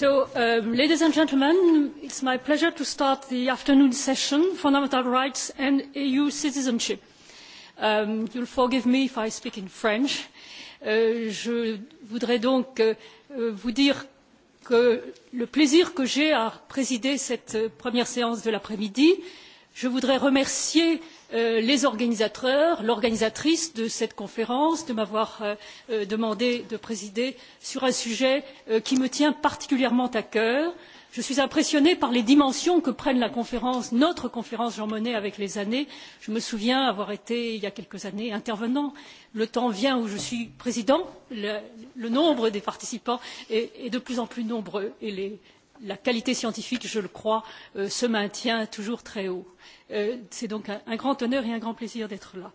So, um, ladies and gentlemen, it's my pleasure to start the afternoon session, Fundamental Rights and EU Citizenship. Um, you'll forgive me if I speak in French. Uh, je voudrais donc uh, uh vous dire que le plaisir que j'ai à présider cette euh, première séance de l'après-midi, je voudrais remercier euh, Euh, les organisateurs, l'organisatrice de cette conférence de m'avoir euh, euh, demandé de présider sur un sujet qui me tient particulièrement à cœur. Je suis impressionnée par les dimensions que prennent la conférence, notre conférence Jean Monnet avec les années. Je me souviens avoir été, il y a quelques années, intervenant. Le temps vient où je suis président. Le, le nombre des participants est, est de plus en plus nombreux et les, la qualité scientifique, je le crois, se maintient toujours très haut Euh, c'est donc un, un grand honneur et un grand plaisir d'être là.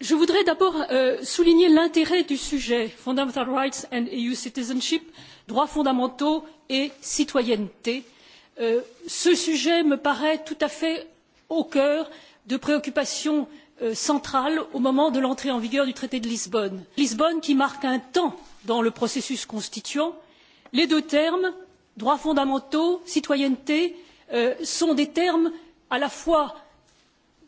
Je voudrais d'abord euh, souligner l'intérêt du sujet Fundamental Rights and EU Citizenship, droits fondamentaux et citoyenneté. Euh, ce sujet me paraît tout à fait au cœur de préoccupations euh, centrales au moment de l'entrée en vigueur du traité de Lisbonne. Lisbonne qui marque un temps dans le processus constituant. Les deux termes, droits fondamentaux, citoyenneté, euh, sont des termes à la fois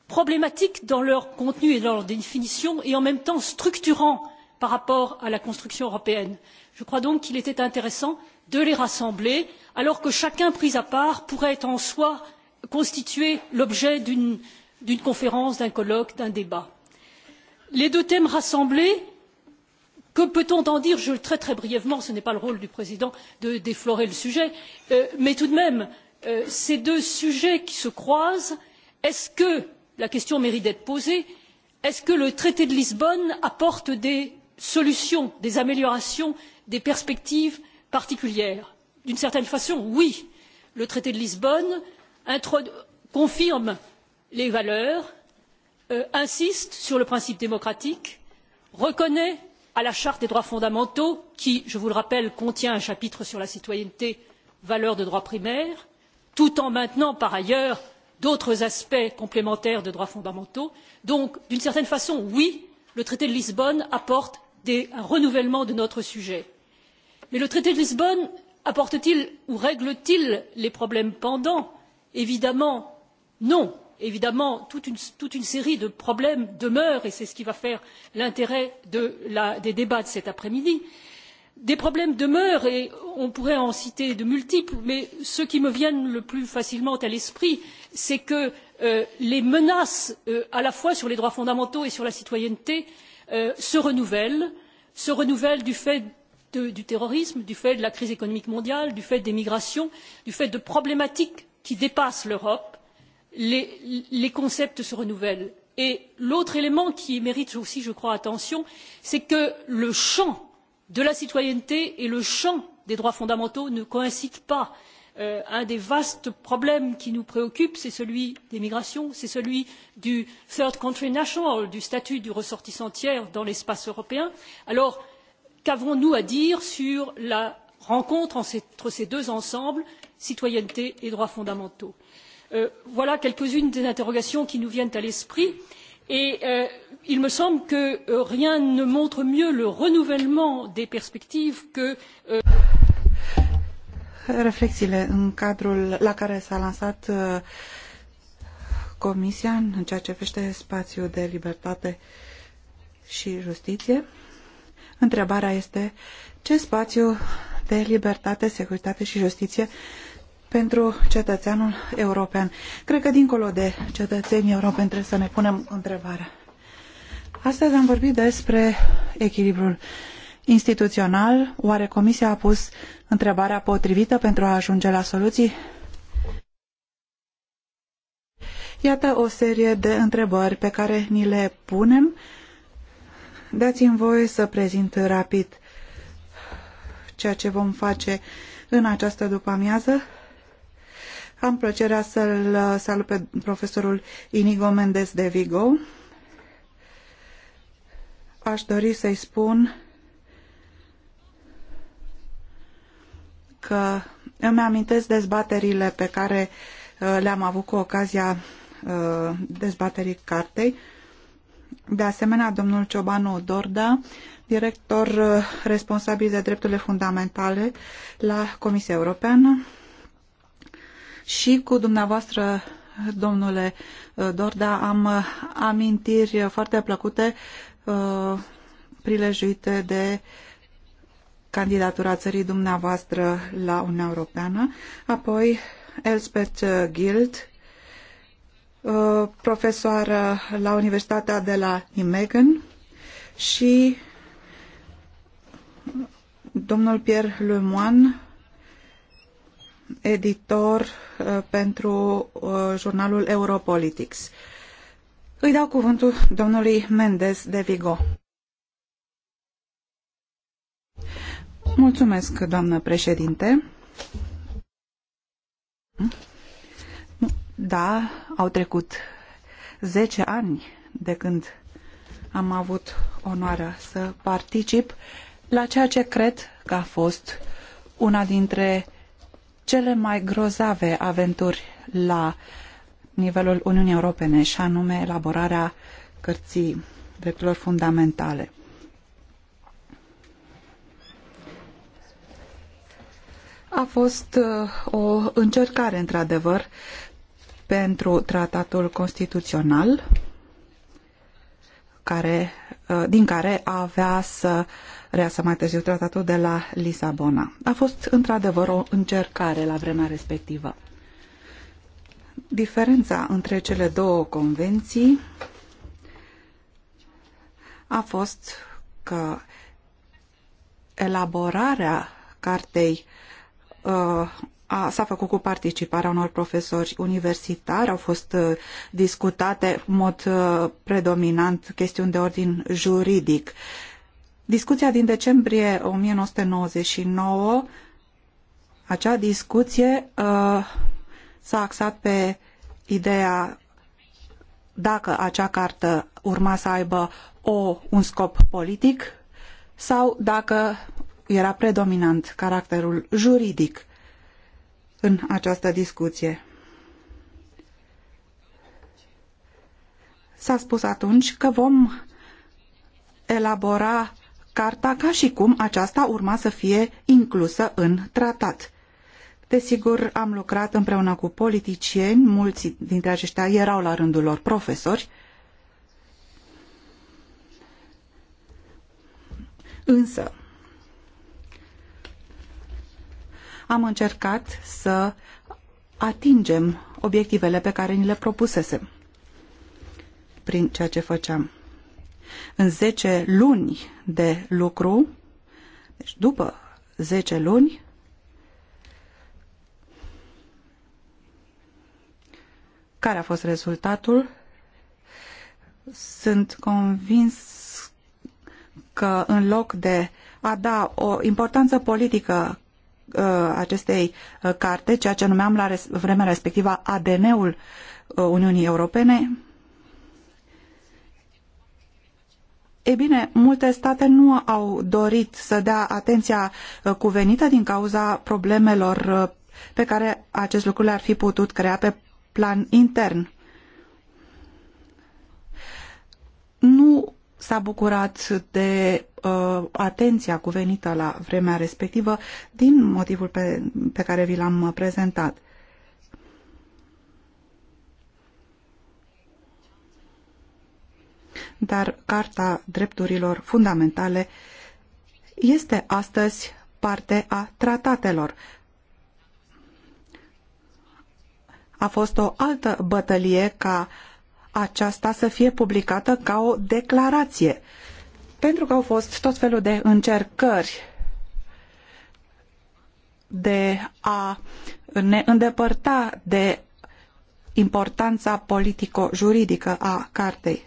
problématiques dans leur contenu et dans leur définition et en même temps structurants par rapport à la construction européenne. je crois donc qu'il était intéressant de les rassembler alors que chacun pris à part pourrait en soi constituer l'objet d'une conférence d'un colloque d'un débat. les deux thèmes rassemblés que peut on en dire? Je très très brièvement ce n'est pas le rôle du président de déflorer le sujet euh, mais tout de même Euh, ces deux sujets qui se croisent est ce que la question mérite d'être posée est ce que le traité de lisbonne apporte des solutions des améliorations des perspectives particulières? d'une certaine façon oui le traité de lisbonne confirme les valeurs euh, insiste sur le principe démocratique reconnaît à la charte des droits fondamentaux qui je vous le rappelle contient un chapitre sur la citoyenneté valeur de droit primaire tout en maintenant par ailleurs d'autres aspects complémentaires de droits fondamentaux. donc d'une certaine façon oui le traité de lisbonne apporte un renouvellement de notre sujet mais le traité de lisbonne apporte t il ou règle t il les problèmes pendants? évidemment non évidemment toute une, toute une série de problèmes demeure et c'est ce qui va faire l'intérêt de des débats de cet après midi des problèmes demeurent et on pourrait en citer de multiples mais ceux qui me viennent le plus facilement à l'esprit c'est que euh, les menaces euh, à la fois sur les droits fondamentaux et sur la citoyenneté euh, se renouvellent se renouvellent du fait de, du terrorisme du fait de la crise économique mondiale du fait des migrations du fait de problématiques qui dépassent l'europe les, les concepts se renouvellent. et l'autre élément qui mérite aussi je crois attention c'est que le champ de la citoyenneté et le champ des droits fondamentaux ne coïncident pas. Euh, un des vastes problèmes qui nous préoccupent c'est celui des migrations, c'est celui du third country national, du statut du ressortissant tiers dans l'espace européen. Alors, qu'avons-nous à dire sur la rencontre entre ces deux ensembles, citoyenneté et droits fondamentaux euh, Voilà quelques-unes des interrogations qui nous viennent à l'esprit. Et euh, il me semble que euh, rien ne montre mieux le renouvellement des perspectives que euh, reflexiile în cadrul la care s-a lansat uh, Comisia în ceea ce privește spațiul de libertate și justiție. Întrebarea este ce spațiu de libertate, securitate și justiție pentru cetățeanul european. Cred că dincolo de cetățenii europeni trebuie să ne punem întrebarea. Astăzi am vorbit despre echilibrul instituțional. Oare Comisia a pus întrebarea potrivită pentru a ajunge la soluții? Iată o serie de întrebări pe care ni le punem. Dați-mi voie să prezint rapid ceea ce vom face în această după-amiază. Am plăcerea să-l salut pe profesorul Inigo Mendes de Vigo, aș dori să-i spun că îmi amintesc dezbaterile pe care uh, le-am avut cu ocazia uh, dezbaterii cartei. De asemenea, domnul Ciobanu Dorda, director uh, responsabil de drepturile fundamentale la Comisia Europeană și cu dumneavoastră Domnule Dorda, am amintiri foarte plăcute Uh, prilejuite de candidatura țării dumneavoastră la Uniunea Europeană, apoi Elspeth Guild, uh, profesoară la Universitatea de la Nijmegen și domnul Pierre Lemoine, editor uh, pentru jurnalul Europolitics. Îi dau cuvântul domnului Mendes de Vigo. Mulțumesc, doamnă președinte. Da, au trecut zece ani de când am avut onoarea să particip la ceea ce cred că a fost una dintre cele mai grozave aventuri la uh, nivelul Uniunii Europene și anume elaborarea cărții drepturilor fundamentale. A fost uh, o încercare, într-adevăr, pentru tratatul constituțional care, uh, din care avea să reasă mai târziu tratatul de la Lisabona. A fost într-adevăr o încercare la vremea respectivă. Diferența între cele două convenții a fost că elaborarea cartei uh, s-a făcut cu participarea unor profesori universitari, au fost uh, discutate în mod uh, predominant chestiuni de ordin juridic. Discuția din decembrie 1999, acea discuție uh, s-a axat pe ideea dacă acea carte urma să aibă o, un scop politic sau dacă era predominant caracterul juridic în această discuție. S-a spus atunci că vom elabora carta ca și cum aceasta urma să fie inclusă în tratat. Desigur, am lucrat împreună cu politicieni, mulți dintre aceștia erau la rândul lor profesori, însă am încercat să atingem obiectivele pe care ni le propusesem prin ceea ce făceam. În 10 luni de lucru, deci după 10 luni, Care a fost rezultatul? Sunt convins că în loc de a da o importanță politică uh, acestei uh, carte, ceea ce numeam la vremea respectivă ADN-ul uh, Uniunii Europene, e bine, multe state nu au dorit să dea atenția cuvenită din cauza problemelor pe care acest lucru le-ar fi putut crea pe plan intern. Nu s-a bucurat de uh, atenția cuvenită la vremea respectivă din motivul pe, pe care vi l-am prezentat. Dar Carta Drepturilor Fundamentale este astăzi parte a tratatelor a fost o altă bătălie ca aceasta să fie publicată ca o declarație. Pentru că au fost tot felul de încercări de a ne îndepărta de importanța politico-juridică a cartei.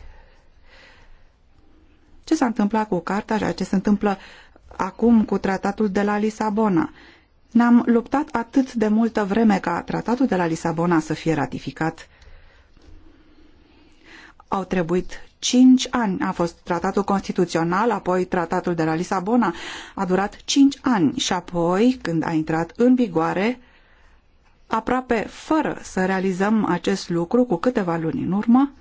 Ce s-a întâmplat cu cartea și ce se întâmplă acum cu tratatul de la Lisabona? Ne-am luptat atât de multă vreme ca tratatul de la Lisabona să fie ratificat. Au trebuit cinci ani. A fost tratatul constituțional, apoi tratatul de la Lisabona. A durat cinci ani și apoi, când a intrat în vigoare, aproape fără să realizăm acest lucru cu câteva luni în urmă,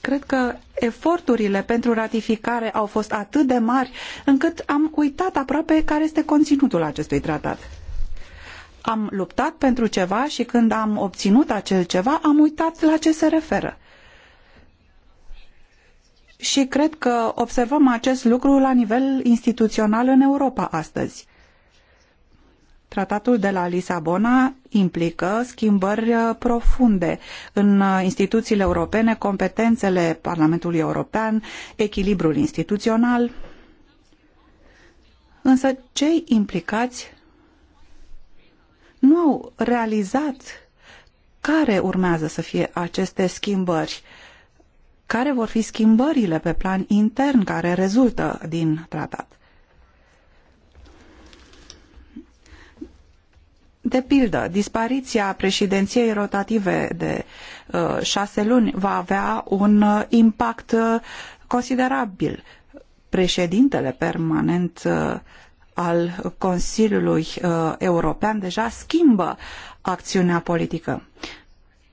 Cred că eforturile pentru ratificare au fost atât de mari încât am uitat aproape care este conținutul acestui tratat. Am luptat pentru ceva și când am obținut acel ceva, am uitat la ce se referă. Și cred că observăm acest lucru la nivel instituțional în Europa astăzi. Tratatul de la Lisabona implică schimbări uh, profunde în uh, instituțiile europene, competențele Parlamentului European, echilibrul instituțional. Însă cei implicați nu au realizat care urmează să fie aceste schimbări, care vor fi schimbările pe plan intern care rezultă din tratat. De pildă, dispariția președinției rotative de uh, șase luni va avea un uh, impact uh, considerabil. Președintele permanent uh, al Consiliului uh, European deja schimbă acțiunea politică.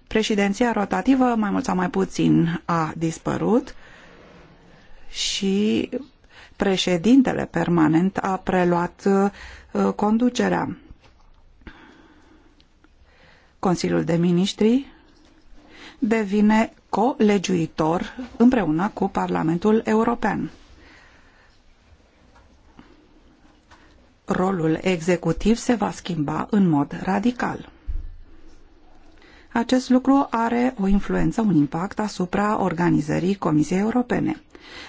Președinția rotativă, mai mult sau mai puțin, a dispărut și președintele permanent a preluat uh, conducerea Consiliul de Ministri devine colegiuitor împreună cu Parlamentul European. Rolul executiv se va schimba în mod radical. Acest lucru are o influență, un impact asupra organizării Comisiei Europene.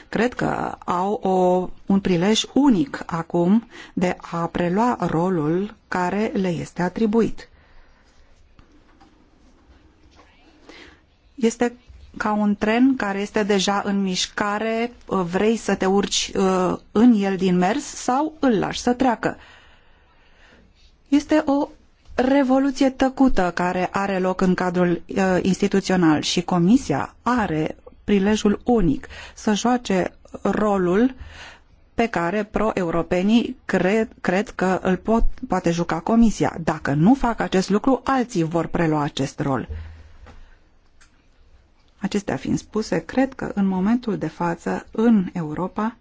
Cred că au o, un prilej unic acum de a prelua rolul care le este atribuit. este ca un tren care este deja în mișcare, uh, vrei să te urci uh, în el din mers sau îl lași să treacă. Este o revoluție tăcută care are loc în cadrul uh, instituțional și Comisia are prilejul unic să joace rolul pe care pro-europenii cred, cred că îl pot, poate juca Comisia. Dacă nu fac acest lucru, alții vor prelua acest rol. Acestea fiind spuse, cred că în momentul de față, în Europa,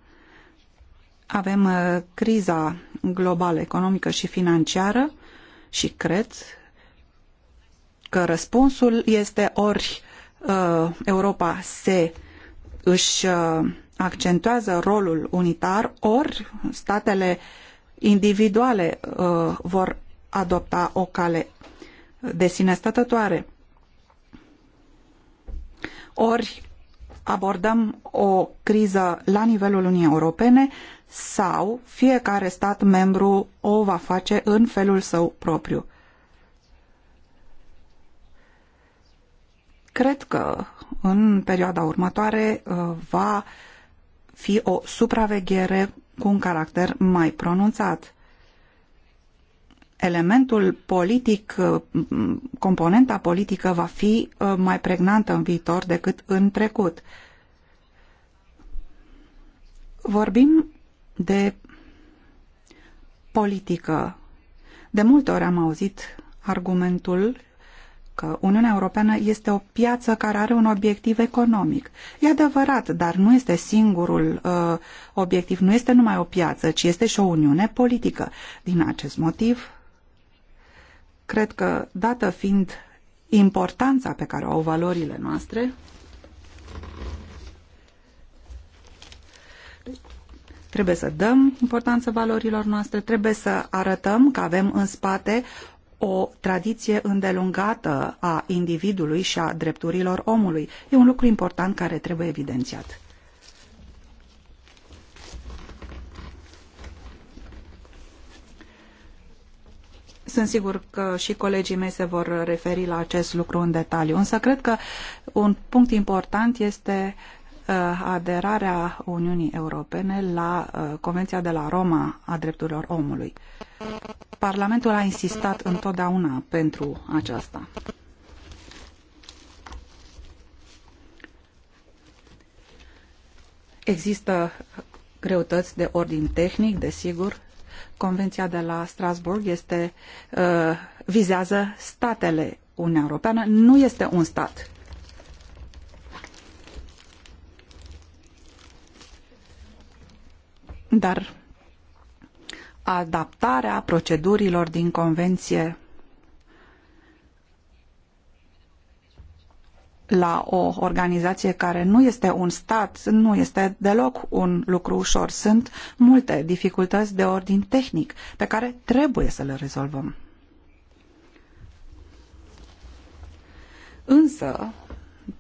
avem uh, criza globală, economică și financiară și cred că răspunsul este ori uh, Europa se își uh, accentuează rolul unitar, ori statele individuale vor adopta o cale de sine stătătoare. Ori abordăm o criză la nivelul Uniunii Europene sau fiecare stat membru o va face în felul său propriu. Cred că în perioada următoare uh, va fi o supraveghere cu un caracter mai pronunțat elementul politic, uh, componenta politică va fi uh, mai pregnantă în viitor decât în trecut. Vorbim de politică. De multe ori am auzit argumentul că Uniunea Europeană este o piață care are un obiectiv economic. E adevărat, dar nu este singurul uh, obiectiv, nu este numai o piață, ci este și o Uniune politică. Din acest motiv, Cred că, dată fiind importanța pe care o au valorile noastre, trebuie să dăm importanță valorilor noastre, trebuie să arătăm că avem în spate o tradiție îndelungată a individului și a drepturilor omului. E un lucru important care trebuie evidențiat. Sunt sigur că și colegii mei se vor referi la acest lucru în detaliu, însă cred că un punct important este uh, aderarea Uniunii Europene la uh, Convenția de la Roma a drepturilor omului. Parlamentul a insistat întotdeauna pentru aceasta. Există greutăți de ordin tehnic, desigur, Convenția de la Strasbourg este, uh, vizează statele Uniunea Europeană, nu este un stat. Dar adaptarea procedurilor din Convenție la o organizație care nu este un stat, nu este deloc un lucru ușor. Sunt multe dificultăți de ordin tehnic pe care trebuie să le rezolvăm. Însă,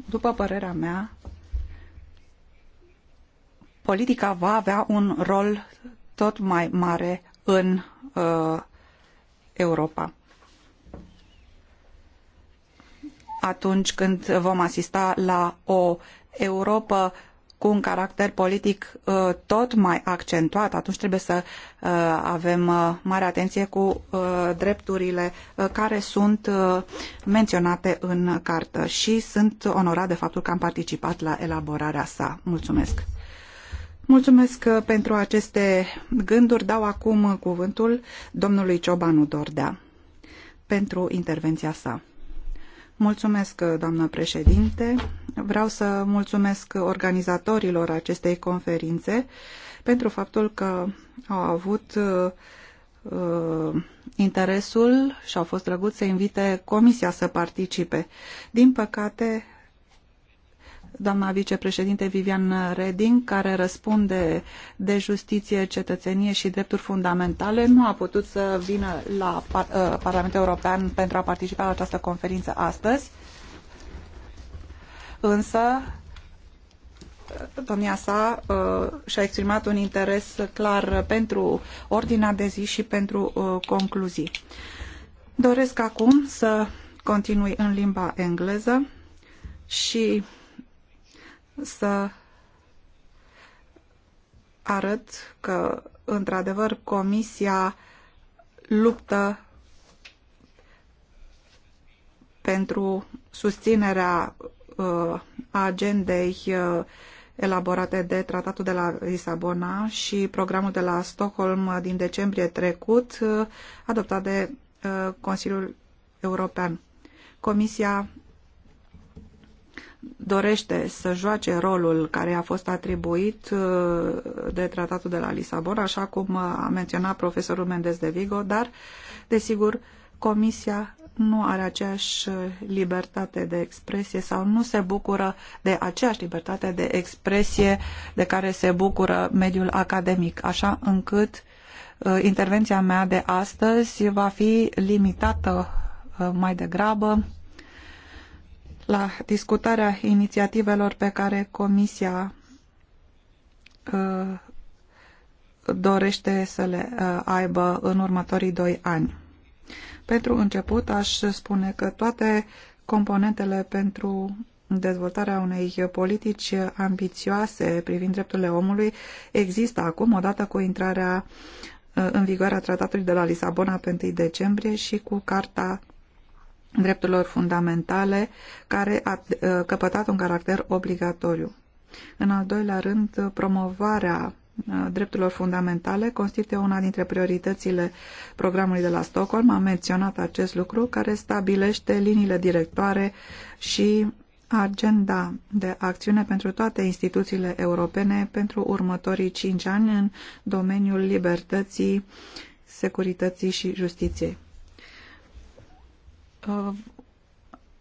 după părerea mea, politica va avea un rol tot mai mare în uh, Europa. atunci când vom asista la o Europă cu un caracter politic uh, tot mai accentuat, atunci trebuie să uh, avem uh, mare atenție cu drepturile care sunt menționate în cartă și sunt onorat de faptul că am participat la elaborarea sa. Mulțumesc! Mulțumesc pentru aceste gânduri. Dau acum cuvântul domnului Ciobanu Dordea pentru intervenția sa. Mulțumesc, doamnă președinte. Vreau să mulțumesc organizatorilor acestei conferințe pentru faptul că au avut uh, interesul și au fost drăguți să invite comisia să participe. Din păcate, doamna vicepreședinte Vivian Reding, care răspunde de justiție, cetățenie și drepturi fundamentale, nu a putut să vină la uh, Parlamentul European pentru a participa la această conferință astăzi. Însă, domnia sa uh, și-a exprimat un interes clar pentru ordinea de zi și pentru uh, concluzii. Doresc acum să continui în limba engleză și să arăt că, într-adevăr, Comisia luptă pentru susținerea uh, agendei uh, elaborate de Tratatul de la Lisabona și programul de la Stockholm din decembrie trecut, uh, adoptat de uh, Consiliul European. Comisia dorește să joace rolul care a fost atribuit uh, de tratatul de la Lisabona, așa cum a menționat profesorul Mendes de Vigo, dar, desigur, Comisia nu are aceeași uh, libertate de expresie sau nu se bucură de aceeași libertate de expresie de care se bucură mediul academic, așa încât uh, intervenția mea de astăzi va fi limitată mai degrabă la discutarea inițiativelor pe care Comisia uh, dorește să le uh, aibă în următorii doi ani. Pentru început, aș spune că toate componentele pentru dezvoltarea unei politici ambițioase privind drepturile omului există acum, odată cu intrarea uh, în vigoare a tratatului de la Lisabona pe 1 decembrie și cu Carta drepturilor fundamentale care a căpătat un caracter obligatoriu. În al doilea rând, promovarea drepturilor fundamentale constituie una dintre prioritățile programului de la Stockholm. Am menționat acest lucru care stabilește liniile directoare și agenda de acțiune pentru toate instituțiile europene pentru următorii cinci ani în domeniul libertății, securității și justiției. Uh,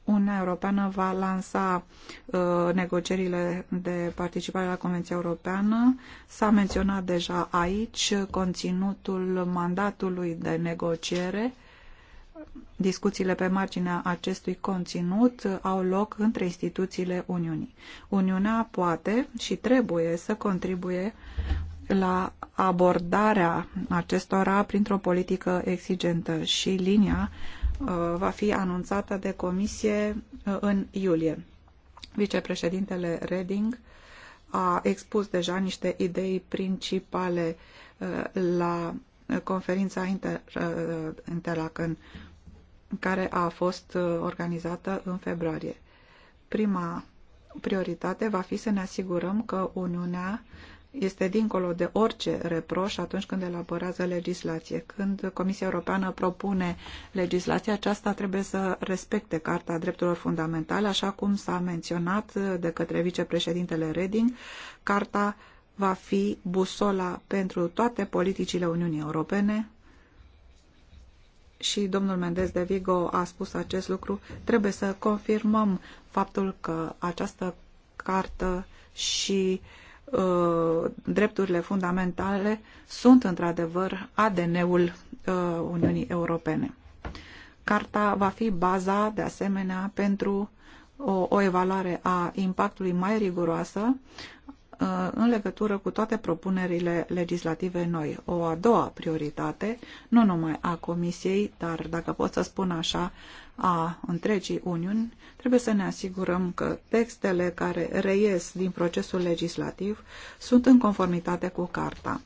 Uniunea Europeană va lansa uh, negocierile de participare la Convenția Europeană. S-a menționat deja aici conținutul mandatului de negociere. Discuțiile pe marginea acestui conținut au loc între instituțiile Uniunii. Uniunea poate și trebuie să contribuie la abordarea acestora printr-o politică exigentă și linia uh, Uh, va fi anunțată de comisie uh, în iulie. Vicepreședintele Reding a expus deja niște idei principale uh, la conferința Interlaken care a fost organizată în februarie. Prima prioritate va fi să ne asigurăm că Uniunea este dincolo de orice reproș atunci când elaborează legislație. Când Comisia Europeană propune legislație, aceasta trebuie să respecte Carta Drepturilor Fundamentale, așa cum s-a menționat de către vicepreședintele Reding. Carta va fi busola pentru toate politicile Uniunii Europene și domnul Mendez de Vigo a spus acest lucru, trebuie să confirmăm faptul că această cartă și uh, Uh, drepturile fundamentale sunt într-adevăr ADN-ul uh, Uniunii Europene. Carta va fi baza, de asemenea, pentru o, o evaluare a impactului mai riguroasă uh, în legătură cu toate propunerile legislative noi. O a doua prioritate, nu numai a Comisiei, dar dacă pot să spun așa, a întregii Uniuni, trebuie să ne asigurăm că textele care reies din procesul legislativ sunt în conformitate cu Carta.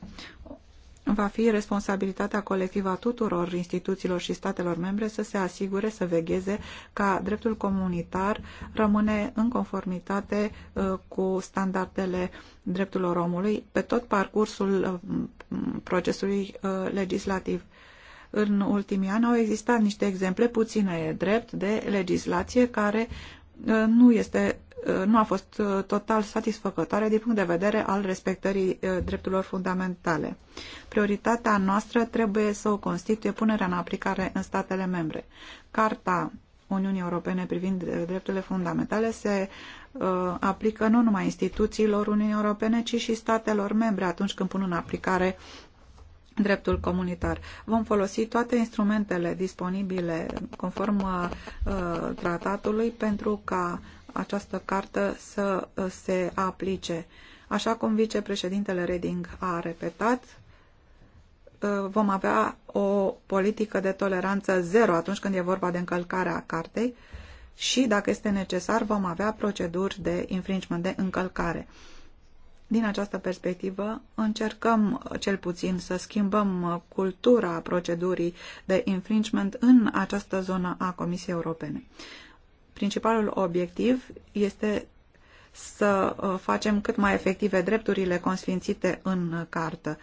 Va fi responsabilitatea colectivă a tuturor instituțiilor și statelor membre să se asigure, să vegheze ca dreptul comunitar rămâne în conformitate uh, cu standardele drepturilor omului pe tot parcursul uh, procesului uh, legislativ în ultimii ani au existat niște exemple, puține e drept, de legislație care uh, nu este uh, nu a fost uh, total satisfăcătoare din punct de vedere al respectării drepturilor fundamentale. Prioritatea noastră trebuie să o constituie punerea în aplicare în statele membre. Carta Uniunii Europene privind drepturile fundamentale se uh, aplică nu numai instituțiilor Uniunii Europene, ci și statelor membre atunci când pun în aplicare dreptul comunitar. Vom folosi toate instrumentele disponibile conform uh, tratatului pentru ca această cartă să uh, se aplice. Așa cum vicepreședintele Reding a repetat, uh, vom avea o politică de toleranță zero atunci când e vorba de încălcarea cartei și, dacă este necesar, vom avea proceduri de infringement, de încălcare. Din această perspectivă, încercăm cel puțin să schimbăm uh, cultura procedurii de infringement în această zonă a Comisiei Europene. Principalul obiectiv este să uh, facem cât mai efective drepturile consfințite în cartă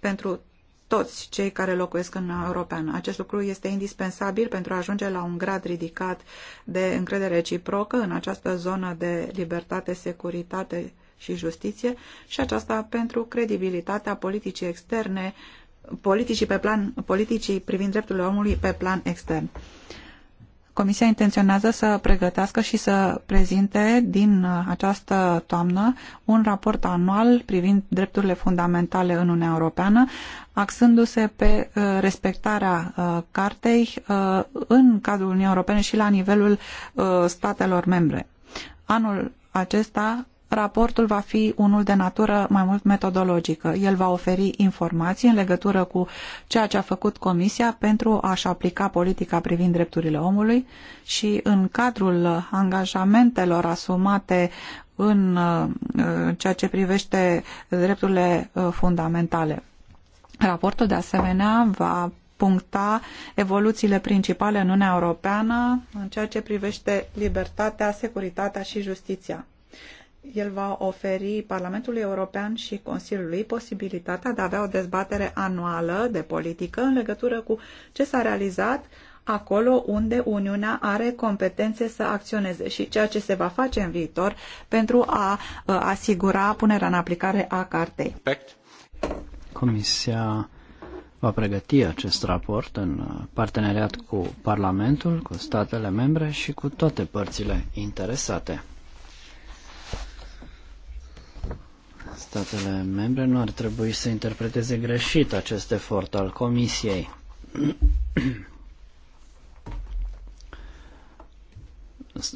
pentru toți cei care locuiesc în Europeană. Acest lucru este indispensabil pentru a ajunge la un grad ridicat de încredere reciprocă în această zonă de libertate, securitate, și Justiție și aceasta pentru credibilitatea politicii externe, politicii, pe plan, politicii privind drepturile omului pe plan extern. Comisia intenționează să pregătească și să prezinte din această toamnă un raport anual privind drepturile fundamentale în Uniunea Europeană, axându-se pe uh, respectarea uh, cartei uh, în cadrul Uniunii Europene și la nivelul statelor membre. Anul acesta raportul va fi unul de natură mai mult metodologică. El va oferi informații în legătură cu ceea ce a făcut Comisia pentru a-și aplica politica privind drepturile omului și în cadrul angajamentelor asumate în uh, ceea ce privește drepturile uh, fundamentale. Raportul de asemenea va puncta evoluțiile principale în Uniunea Europeană în ceea ce privește libertatea, securitatea și justiția el va oferi Parlamentului European și Consiliului posibilitatea de a avea o dezbatere anuală de politică în legătură cu ce s-a realizat acolo unde Uniunea are competențe să acționeze și ceea ce se va face în viitor pentru a asigura punerea în aplicare a cartei. Comisia va pregăti acest raport în parteneriat cu Parlamentul, cu statele membre și cu toate părțile interesate. statele membre nu ar trebui să interpreteze greșit acest efort al Comisiei.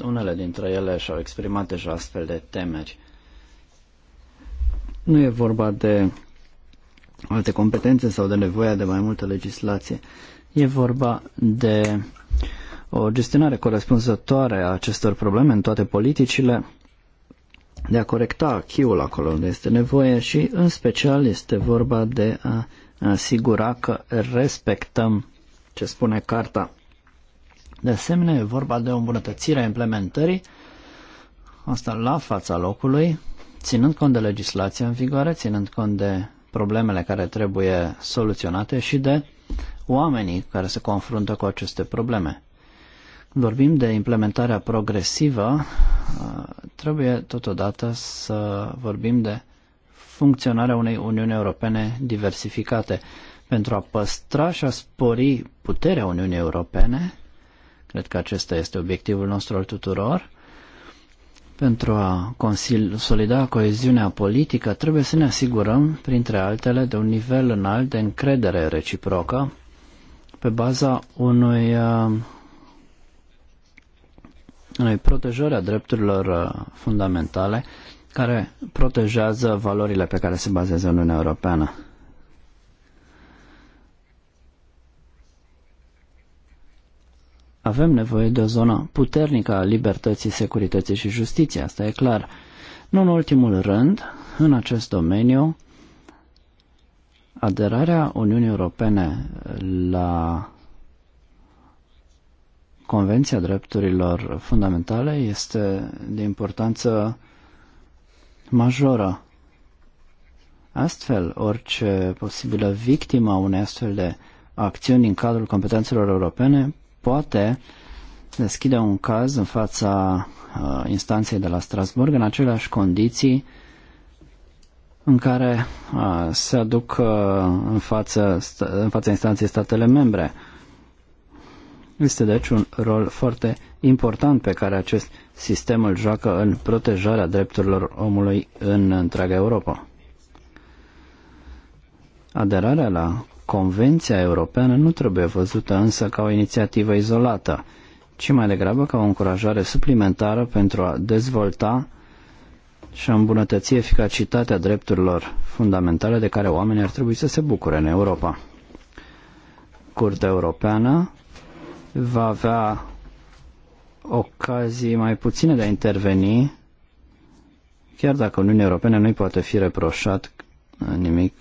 Unele dintre ele și-au exprimat deja astfel de temeri. Nu e vorba de alte competențe sau de nevoia de mai multă legislație. E vorba de o gestionare corespunzătoare a acestor probleme în toate politicile de a corecta chiul acolo unde este nevoie și în special este vorba de a asigura că respectăm ce spune carta. De asemenea, e vorba de o îmbunătățire a implementării, asta la fața locului, ținând cont de legislația în vigoare, ținând cont de problemele care trebuie soluționate și de oamenii care se confruntă cu aceste probleme vorbim de implementarea progresivă, uh, trebuie totodată să vorbim de funcționarea unei Uniuni Europene diversificate. Pentru a păstra și a spori puterea Uniunii Europene, cred că acesta este obiectivul nostru al tuturor, pentru a consolida coeziunea politică, trebuie să ne asigurăm, printre altele, de un nivel înalt de încredere reciprocă pe baza unui uh, unei protejări a drepturilor uh, fundamentale care protejează valorile pe care se bazează Uniunea Europeană. Avem nevoie de o zonă puternică a libertății, securității și justiției, asta e clar. Nu în ultimul rând, în acest domeniu, aderarea Uniunii Europene la Convenția Drepturilor Fundamentale este de importanță majoră. Astfel, orice posibilă victima unei astfel de acțiuni în cadrul competențelor europene poate deschide un caz în fața uh, instanței de la Strasburg în aceleași condiții în care uh, se aduc uh, în, față, în fața instanței statele membre. Uh, este deci un rol foarte important pe care acest sistem îl joacă în protejarea drepturilor omului în întreaga Europa. Aderarea la Convenția Europeană nu trebuie văzută însă ca o inițiativă izolată, ci mai degrabă ca o încurajare suplimentară pentru a dezvolta și a îmbunătăți eficacitatea drepturilor fundamentale de care oamenii ar trebui să se bucure în Europa. Curtea Europeană va avea ocazii mai puține de a interveni, chiar dacă Uniunea Europeană nu-i poate fi reproșat nimic,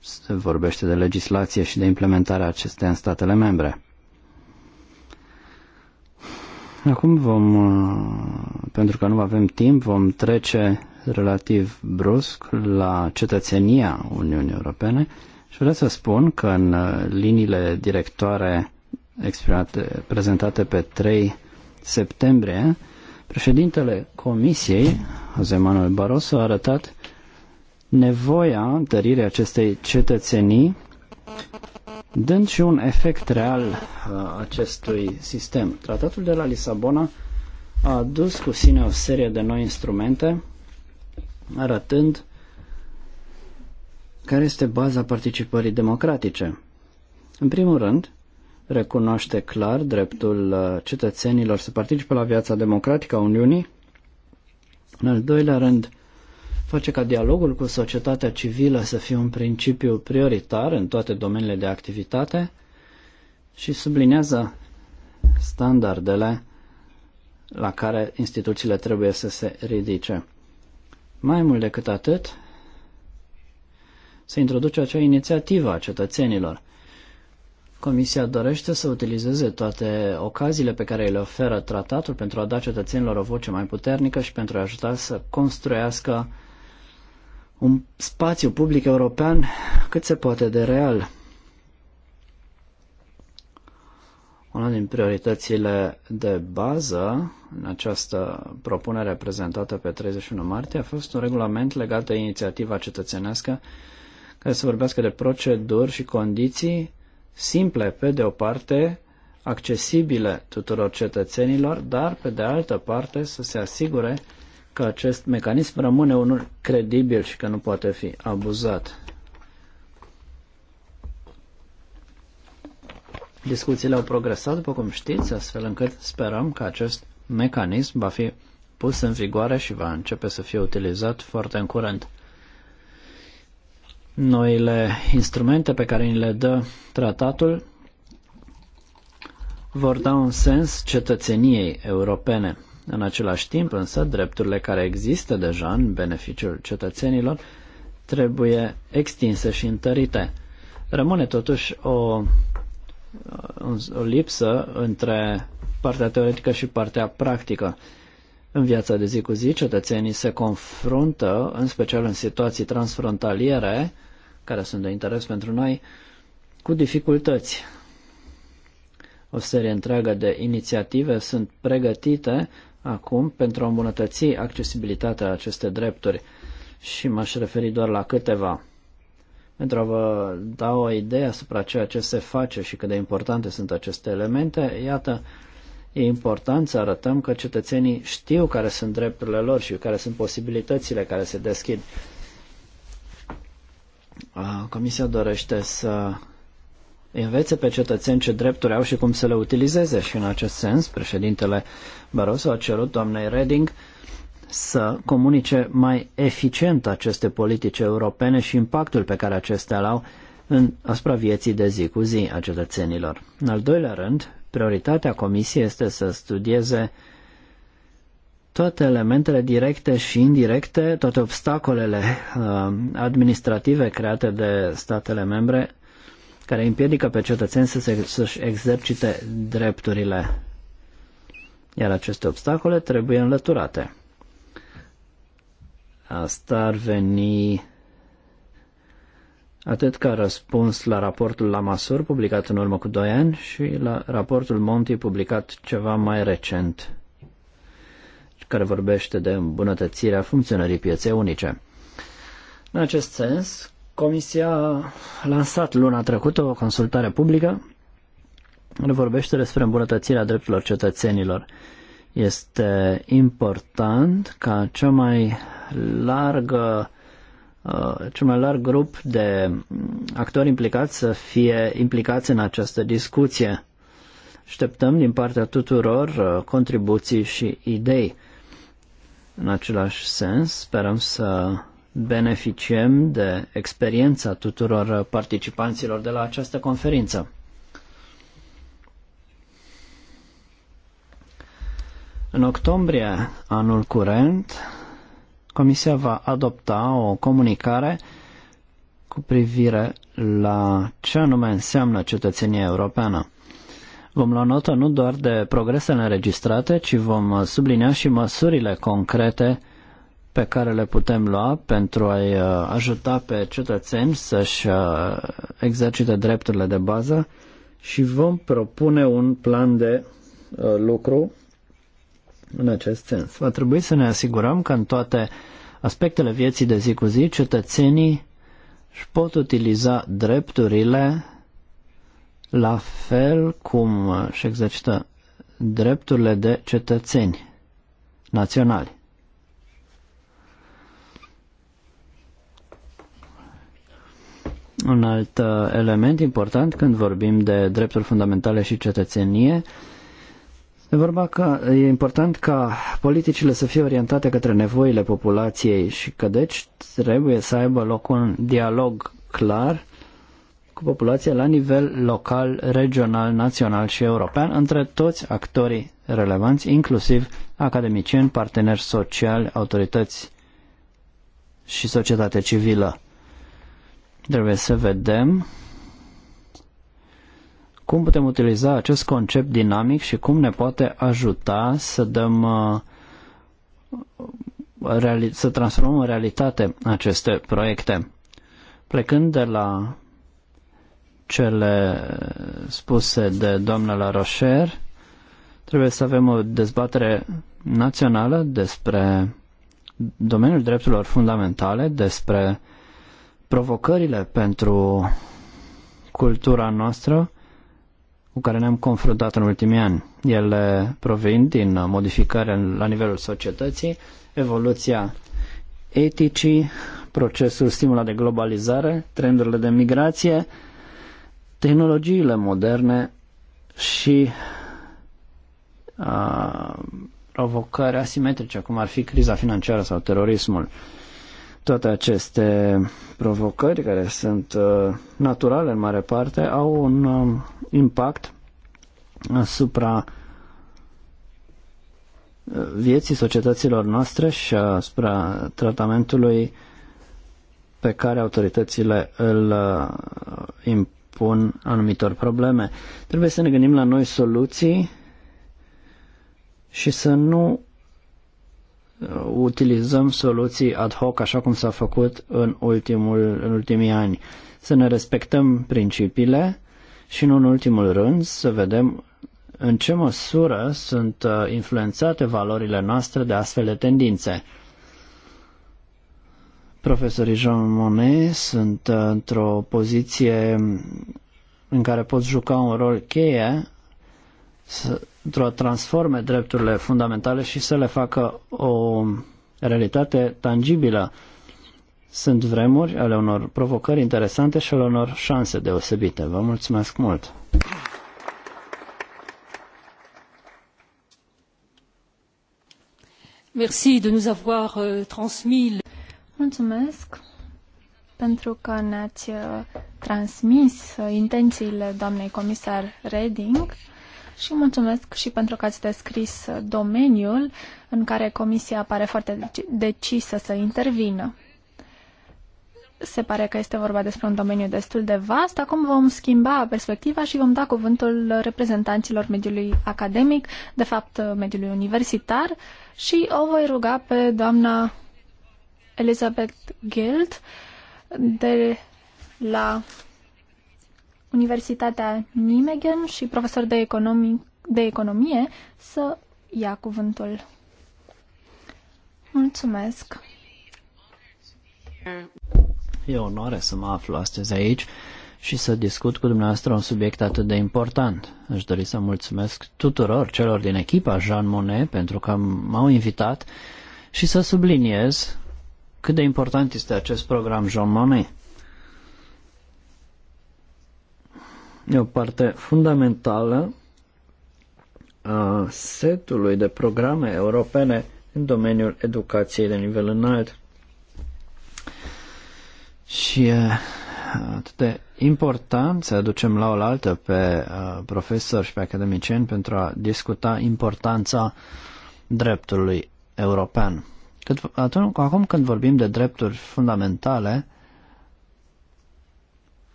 se vorbește de legislație și de implementarea acesteia în statele membre. Acum vom, pentru că nu avem timp, vom trece relativ brusc la cetățenia Uniunii Europene și vreau să spun că în liniile directoare exprimate, prezentate pe 3 septembrie, președintele Comisiei, José Manuel Barroso, a arătat nevoia întăririi acestei cetățenii, dând și un efect real uh, acestui sistem. Tratatul de la Lisabona a adus cu sine o serie de noi instrumente, arătând care este baza participării democratice. În primul rând, recunoaște clar dreptul uh, cetățenilor să participe la viața democratică a Uniunii. În al doilea rând, face ca dialogul cu societatea civilă să fie un principiu prioritar în toate domeniile de activitate și sublinează standardele la care instituțiile trebuie să se ridice. Mai mult decât atât, se introduce acea inițiativă a cetățenilor. Comisia dorește să utilizeze toate ocaziile pe care le oferă tratatul pentru a da cetățenilor o voce mai puternică și pentru a ajuta să construiască un spațiu public european cât se poate de real. Una din prioritățile de bază în această propunere prezentată pe 31 martie a fost un regulament legat de inițiativa cetățenească care să vorbească de proceduri și condiții simple, pe de o parte, accesibile tuturor cetățenilor, dar pe de altă parte să se asigure că acest mecanism rămâne unul credibil și că nu poate fi abuzat. Discuțiile au progresat, după cum știți, astfel încât sperăm că acest mecanism va fi pus în vigoare și va începe să fie utilizat foarte în curând noile instrumente pe care ni le dă tratatul vor da un sens cetățeniei europene. În același timp, însă, drepturile care există deja în beneficiul cetățenilor trebuie extinse și întărite. Rămâne totuși o, o lipsă între partea teoretică și partea practică. În viața de zi cu zi, cetățenii se confruntă, în special în situații transfrontaliere, care sunt de interes pentru noi, cu dificultăți. O serie întreagă de inițiative sunt pregătite acum pentru a îmbunătăți accesibilitatea aceste drepturi și m-aș referi doar la câteva. Pentru a vă da o idee asupra ceea ce se face și cât de importante sunt aceste elemente, iată, e important să arătăm că cetățenii știu care sunt drepturile lor și care sunt posibilitățile care se deschid Uh, comisia dorește să învețe pe cetățeni ce drepturi au și cum să le utilizeze și în acest sens președintele Barroso a cerut doamnei Reding să comunice mai eficient aceste politici europene și impactul pe care acestea l au în, asupra vieții de zi cu zi a cetățenilor. În al doilea rând, prioritatea Comisiei este să studieze toate elementele directe și indirecte, toate obstacolele uh, administrative create de statele membre care împiedică pe cetățeni să se, să-și exercite drepturile. Iar aceste obstacole trebuie înlăturate. Asta ar veni atât ca răspuns la raportul la Masur publicat în urmă cu 2 ani și la raportul Monti publicat ceva mai recent care vorbește de îmbunătățirea funcționării pieței unice. În acest sens, Comisia a lansat luna trecută o consultare publică care vorbește despre îmbunătățirea drepturilor cetățenilor. Este important ca cea mai largă uh, cel mai larg grup de actori implicați să fie implicați în această discuție. Așteptăm din partea tuturor uh, contribuții și idei. În același sens, sperăm să beneficiem de experiența tuturor participanților de la această conferință. În octombrie anul curent, Comisia va adopta o comunicare cu privire la ce anume înseamnă cetățenia europeană. Vom lua notă nu doar de progresele înregistrate, ci vom sublinia și măsurile concrete pe care le putem lua pentru a-i uh, ajuta pe cetățeni să-și uh, exercite drepturile de bază și vom propune un plan de uh, lucru în acest sens. Va trebui să ne asigurăm că în toate aspectele vieții de zi cu zi cetățenii își pot utiliza drepturile la fel cum își exercită drepturile de cetățeni naționali. Un alt uh, element important când vorbim de drepturi fundamentale și cetățenie E vorba că e important ca politicile să fie orientate către nevoile populației și că deci trebuie să aibă loc un dialog clar cu populația la nivel local, regional, național și european, între toți actorii relevanți, inclusiv academicieni, parteneri sociali, autorități și societate civilă. Trebuie să vedem cum putem utiliza acest concept dinamic și cum ne poate ajuta să dăm uh, să transformăm în realitate aceste proiecte. Plecând de la cele spuse de doamna la Rocher, trebuie să avem o dezbatere națională despre domeniul drepturilor fundamentale, despre provocările pentru cultura noastră cu care ne-am confruntat în ultimii ani. Ele provin din modificare la nivelul societății, evoluția eticii, procesul stimulat de globalizare, trendurile de migrație, tehnologiile moderne și a, uh, provocări asimetrice, cum ar fi criza financiară sau terorismul. Toate aceste provocări, care sunt uh, naturale în mare parte, au un um, impact asupra uh, vieții societăților noastre și asupra tratamentului pe care autoritățile îl uh, răspun anumitor probleme. Trebuie să ne gândim la noi soluții și să nu uh, utilizăm soluții ad hoc așa cum s-a făcut în, ultimul, în ultimii ani. Să ne respectăm principiile și, în ultimul rând, să vedem în ce măsură sunt uh, influențate valorile noastre de astfel de tendințe. Profesorii Jean Monnet sunt uh, într-o poziție în care pot juca un rol cheie într-o transforme drepturile fundamentale și să le facă o realitate tangibilă. Sunt vremuri ale unor provocări interesante și ale unor șanse deosebite. Vă mulțumesc mult! Merci de nous avoir euh, transmis Mulțumesc pentru că ne-ați uh, transmis uh, intențiile doamnei comisar Reding și mulțumesc și pentru că ați descris uh, domeniul în care comisia pare foarte deci-, decisă să intervină. Se pare că este vorba despre un domeniu destul de vast. Acum vom schimba perspectiva și vom da cuvântul reprezentanților mediului academic, de fapt mediului universitar, și o voi ruga pe doamna Elizabeth Guild de la Universitatea Nijmegen și profesor de, economi, de economie să ia cuvântul. Mulțumesc! E onoare să mă aflu astăzi aici și să discut cu dumneavoastră un subiect atât de important. Aș dori să mulțumesc tuturor celor din echipa Jean Monnet pentru că m-au invitat și să subliniez cât de important este acest program Jean Monnet? E o parte fundamentală a setului de programe europene în domeniul educației de nivel înalt. Și e atât de important să aducem la oaltă pe uh, profesori și pe academicieni pentru a discuta importanța dreptului european. Cât, atunci, acum când vorbim de drepturi fundamentale,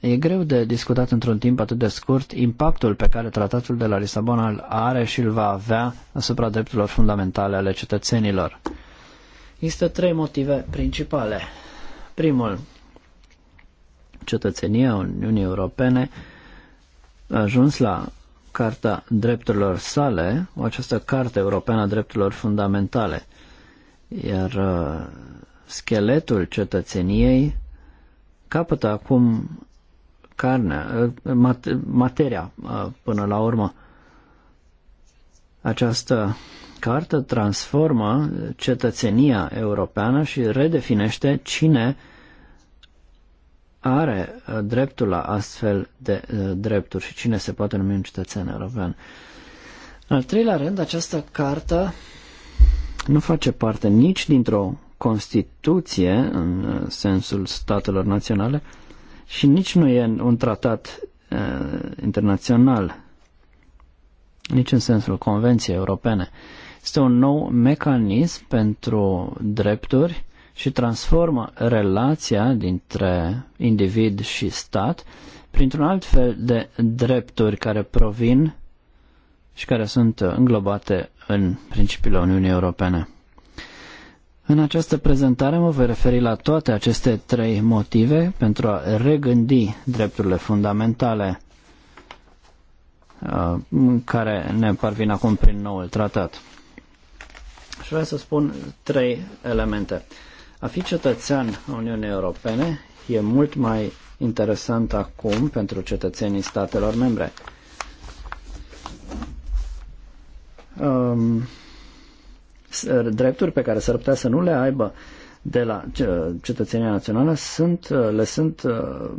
e greu de discutat într-un timp atât de scurt impactul pe care tratatul de la Lisabona îl are și îl va avea asupra drepturilor fundamentale ale cetățenilor. Există trei motive principale. Primul, cetățenia Uniunii Europene a ajuns la Carta Drepturilor sale, această Carte Europeană a Drepturilor Fundamentale – iar uh, scheletul cetățeniei capătă acum carnea, uh, materia uh, până la urmă. Această carte transformă cetățenia europeană și redefinește cine are dreptul la astfel de drepturi și cine se poate numi un cetățean european. În al treilea rând, această carte nu face parte nici dintr-o Constituție în uh, sensul statelor naționale și nici nu e un tratat uh, internațional, nici în sensul Convenției Europene. Este un nou mecanism pentru drepturi și transformă relația dintre individ și stat printr-un alt fel de drepturi care provin și care sunt uh, înglobate în principiile Uniunii Europene. În această prezentare mă voi referi la toate aceste trei motive pentru a regândi drepturile fundamentale uh, care ne parvin acum prin noul tratat. Și vreau să spun trei elemente. A fi cetățean a Uniunii Europene e mult mai interesant acum pentru cetățenii statelor membre. um, uh, drepturi pe care s-ar putea să nu le aibă de la cetățenia națională sunt, uh, le sunt uh,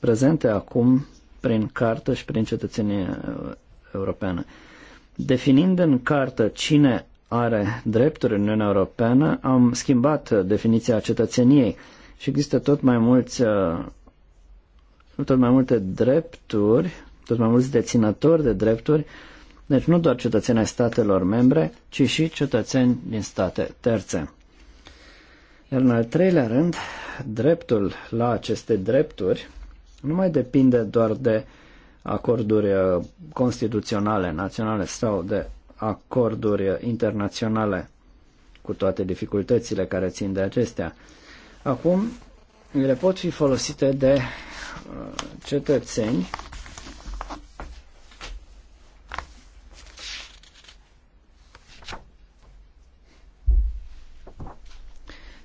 prezente acum prin cartă și prin cetățenie europeană. Definind în cartă cine are drepturi în Uniunea Europeană, am schimbat definiția cetățeniei și există tot mai mulți tot mai multe drepturi, tot mai mulți deținători de drepturi deci nu doar cetățenii statelor membre, ci și cetățeni din state terțe. Iar în al treilea rând, dreptul la aceste drepturi nu mai depinde doar de acorduri uh, constituționale, naționale sau de acorduri internaționale cu toate dificultățile care țin de acestea. Acum, ele pot fi folosite de uh, cetățeni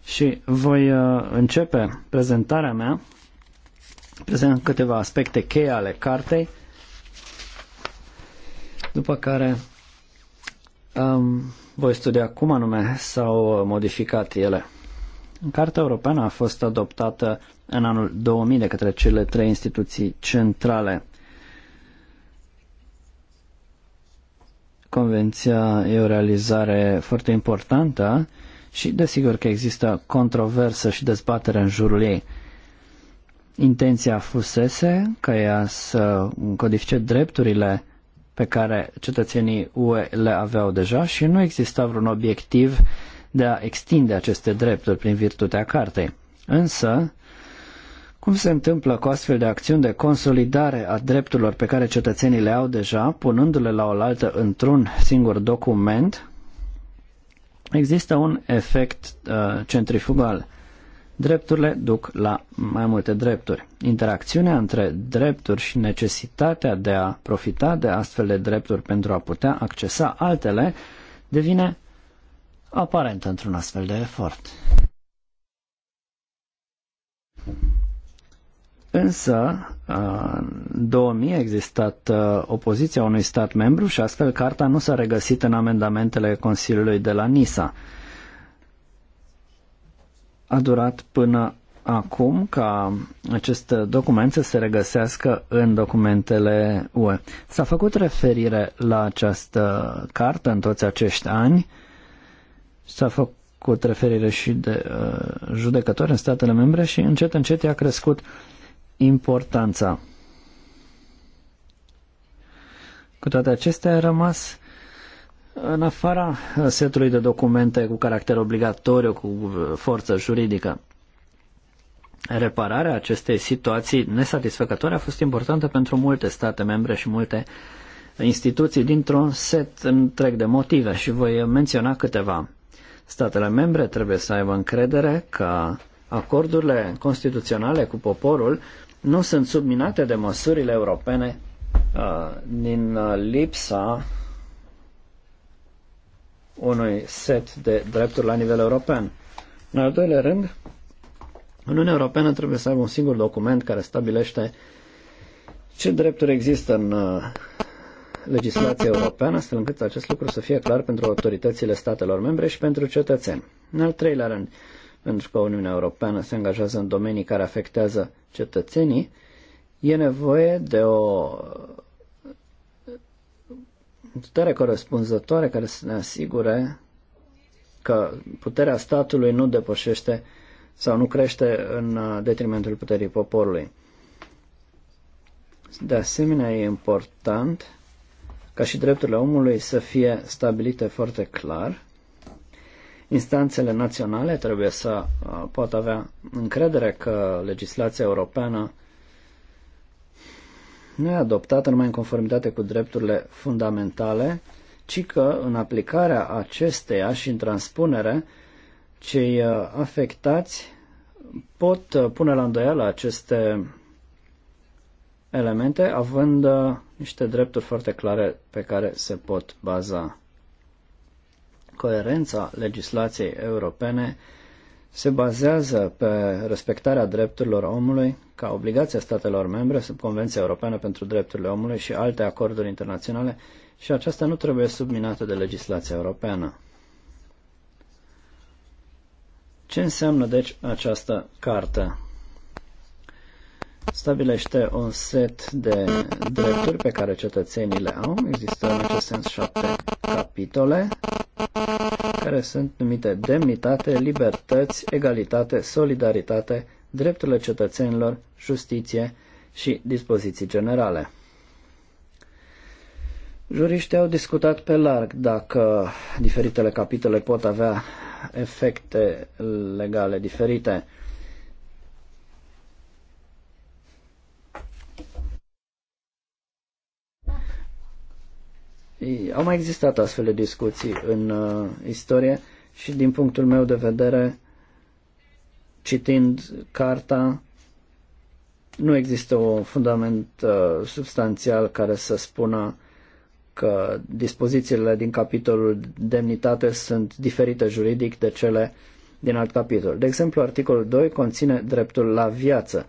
Și voi uh, începe prezentarea mea prezent câteva aspecte cheie ale cartei, după care um, voi studia cum anume s-au uh, modificat ele. Cartea europeană a fost adoptată în anul 2000 de către cele trei instituții centrale. Convenția e o realizare foarte importantă și desigur că există controversă și dezbatere în jurul ei. Intenția fusese ca ea să codifice drepturile pe care cetățenii UE le aveau deja și nu exista vreun obiectiv de a extinde aceste drepturi prin virtutea cartei. Însă, cum se întâmplă cu astfel de acțiuni de consolidare a drepturilor pe care cetățenii le au deja, punându-le la oaltă într-un singur document, Există un efect uh, centrifugal. Drepturile duc la mai multe drepturi. Interacțiunea între drepturi și necesitatea de a profita de astfel de drepturi pentru a putea accesa altele devine aparentă într-un astfel de efort. Însă, în 2000 a existat opoziția unui stat membru și astfel carta nu s-a regăsit în amendamentele Consiliului de la Nisa. A durat până acum ca acest document să se regăsească în documentele UE. S-a făcut referire la această carte în toți acești ani. S-a făcut referire și de uh, judecători în statele membre și încet încet i-a crescut uh, importanța. Cu toate acestea a rămas în afara setului de documente cu caracter obligatoriu, cu forță juridică. Repararea acestei situații nesatisfăcătoare a fost importantă pentru multe state membre și multe instituții dintr-un set întreg de motive și voi menționa câteva. Statele membre trebuie să aibă încredere că acordurile constituționale cu poporul nu sunt subminate de măsurile europene uh, din uh, lipsa unui set de drepturi la nivel european. În al doilea rând, Uniunea Europeană trebuie să aibă un singur document care stabilește ce drepturi există în uh, legislația europeană, astfel încât acest lucru să fie clar pentru autoritățile statelor membre și pentru cetățeni. În al treilea rând, pentru că Uniunea Europeană se angajează în domenii care afectează cetățenii, e nevoie de o putere corespunzătoare care să ne asigure că puterea statului nu depășește sau nu crește în detrimentul puterii poporului. De asemenea, e important ca și drepturile omului să fie stabilite foarte clar Instanțele naționale trebuie să uh, pot avea încredere că legislația europeană nu e adoptată numai în conformitate cu drepturile fundamentale, ci că în aplicarea acesteia și în transpunere, cei uh, afectați pot uh, pune la îndoială aceste elemente, având niște drepturi foarte clare pe care se pot baza. Coerența legislației europene se bazează pe respectarea drepturilor omului ca obligația statelor membre sub Convenția Europeană pentru Drepturile Omului și alte acorduri internaționale și aceasta nu trebuie subminată de legislația europeană. Ce înseamnă deci această carte? Stabilește un set de drepturi pe care cetățenii le au. Există în acest sens șapte capitole care sunt numite demnitate, libertăți, egalitate, solidaritate, drepturile cetățenilor, justiție și dispoziții generale. Juriștii au discutat pe larg dacă diferitele capitole pot avea efecte legale diferite. Au mai existat astfel de discuții în uh, istorie și din punctul meu de vedere, citind carta, nu există un fundament uh, substanțial care să spună că dispozițiile din capitolul demnitate sunt diferite juridic de cele din alt capitol. De exemplu, articolul 2 conține dreptul la viață.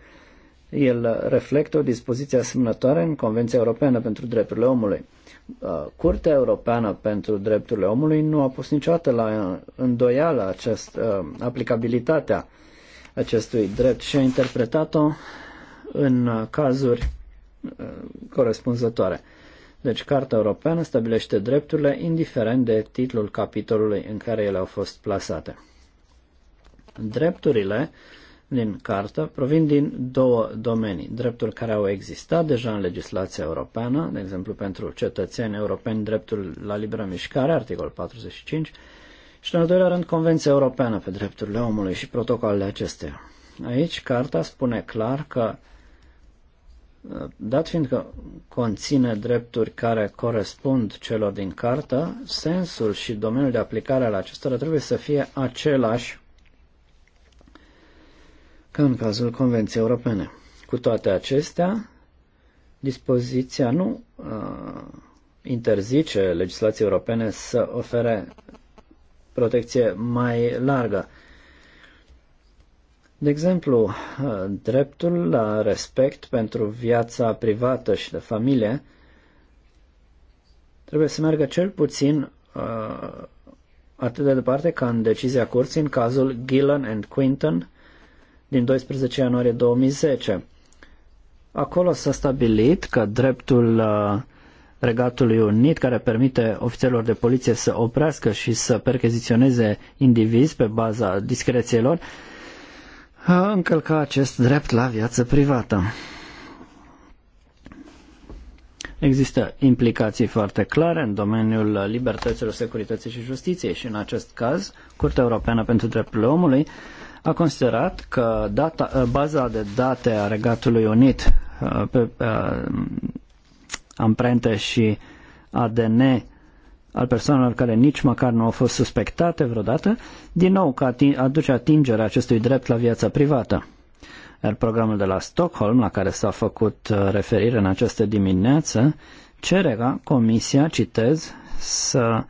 El reflectă o dispoziție asemănătoare în Convenția Europeană pentru Drepturile Omului. Uh, Curtea Europeană pentru Drepturile Omului nu a pus niciodată la îndoială acest, uh, aplicabilitatea acestui drept și a interpretat-o în cazuri uh, corespunzătoare. Deci, Carta Europeană stabilește drepturile indiferent de titlul capitolului în care ele au fost plasate. Drepturile uh, din cartă provin din două domenii. Drepturi care au existat deja în legislația europeană, de exemplu pentru cetățeni europeni dreptul la liberă mișcare, articol 45, și în al doilea rând Convenția Europeană pe drepturile omului și protocolele acesteia. Aici carta spune clar că dat fiind că conține drepturi care corespund celor din cartă, sensul și domeniul de aplicare al acestora trebuie să fie același ca în cazul Convenției Europene. Cu toate acestea, dispoziția nu uh, interzice legislației europene să ofere protecție mai largă. De exemplu, uh, dreptul la respect pentru viața privată și de familie trebuie să meargă cel puțin uh, atât de departe ca în decizia curții în cazul Gillan and Quinton din 12 ianuarie 2010. Acolo s-a stabilit că dreptul uh, Regatului Unit, care permite ofițerilor de poliție să oprească și să percheziționeze indivizi pe baza discreției lor, a încălca acest drept la viață privată. Există implicații foarte clare în domeniul libertăților, securității și justiției și în acest caz, Curtea Europeană pentru Drepturile Omului a considerat că data, uh, baza de date a Regatului Unit uh, pe uh, amprente și ADN al persoanelor care nici măcar nu au fost suspectate vreodată, din nou că aduce atingerea acestui drept la viața privată. Iar programul de la Stockholm, la care s-a făcut referire în această dimineață, cere ca Comisia, citez, să uh,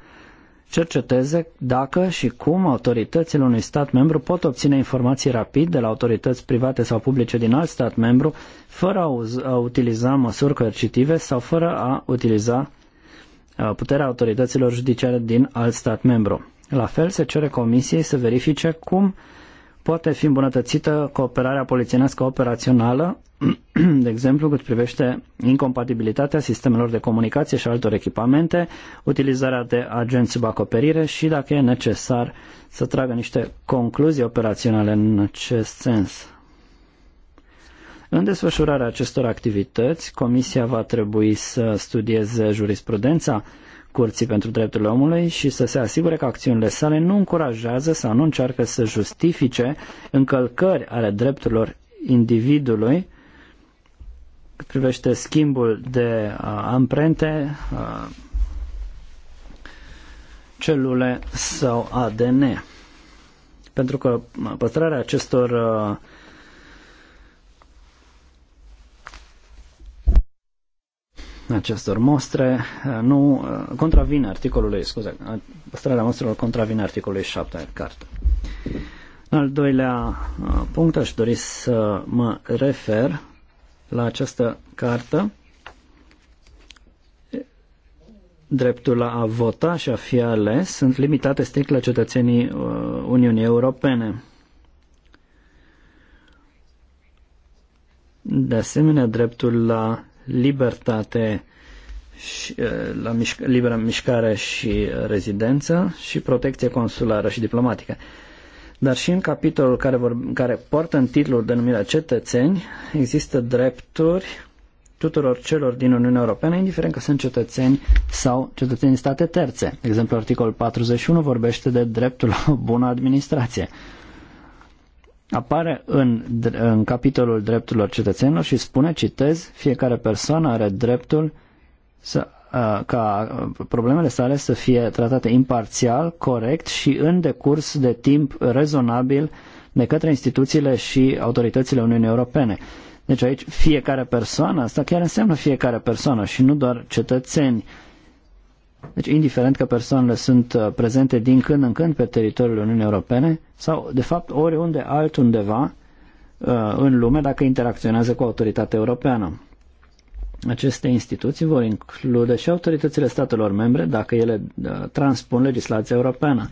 cerceteze dacă și cum autoritățile unui stat membru pot obține informații rapid de la autorități private sau publice din alt stat membru fără a utiliza măsuri coercitive sau fără a utiliza puterea autorităților judiciare din alt stat membru. La fel se cere comisiei să verifice cum uh, poate fi îmbunătățită cooperarea polițienească operațională, de exemplu cât privește incompatibilitatea sistemelor de comunicație și altor echipamente, utilizarea de agenți sub acoperire și, dacă e necesar, să tragă niște concluzii operaționale în acest sens. În desfășurarea acestor activități, Comisia va trebui să studieze jurisprudența Curții pentru Drepturile Omului și să se asigure că acțiunile sale nu încurajează sau nu încearcă să justifice încălcări ale drepturilor individului cât privește schimbul de uh, amprente, uh, celule sau ADN. Pentru că păstrarea acestor uh, acestor mostre eh, nu eh, contravine articolului, scuze, păstrarea mostrelor contravine articolului 7 al carte. În al doilea eh, punct aș dori să mă refer la această carte dreptul la a vota și a fi ales sunt limitate strict la cetățenii Uniunii Europene. De asemenea, dreptul la libertate, și, eh, la mișc- liberă mișcare și eh, rezidență și protecție consulară și diplomatică. Dar și în capitolul care, vor, care poartă în titlul denumirea cetățeni, există drepturi tuturor celor din Uniunea Europeană, indiferent că sunt cetățeni sau cetățeni state terțe. De exemplu, articolul 41 vorbește de dreptul la bună administrație apare în, în capitolul drepturilor cetățenilor și spune, citez, fiecare persoană are dreptul să, ca problemele sale să fie tratate imparțial, corect și în decurs de timp rezonabil de către instituțiile și autoritățile Uniunii Europene. Deci aici fiecare persoană, asta chiar înseamnă fiecare persoană și nu doar cetățeni. Uh, deci, indiferent că persoanele sunt uh, prezente din când în când pe teritoriul Uniunii Europene sau, de fapt, oriunde altundeva uh, în lume dacă interacționează cu autoritatea europeană. Aceste instituții vor include și autoritățile statelor membre dacă ele uh, transpun legislația europeană.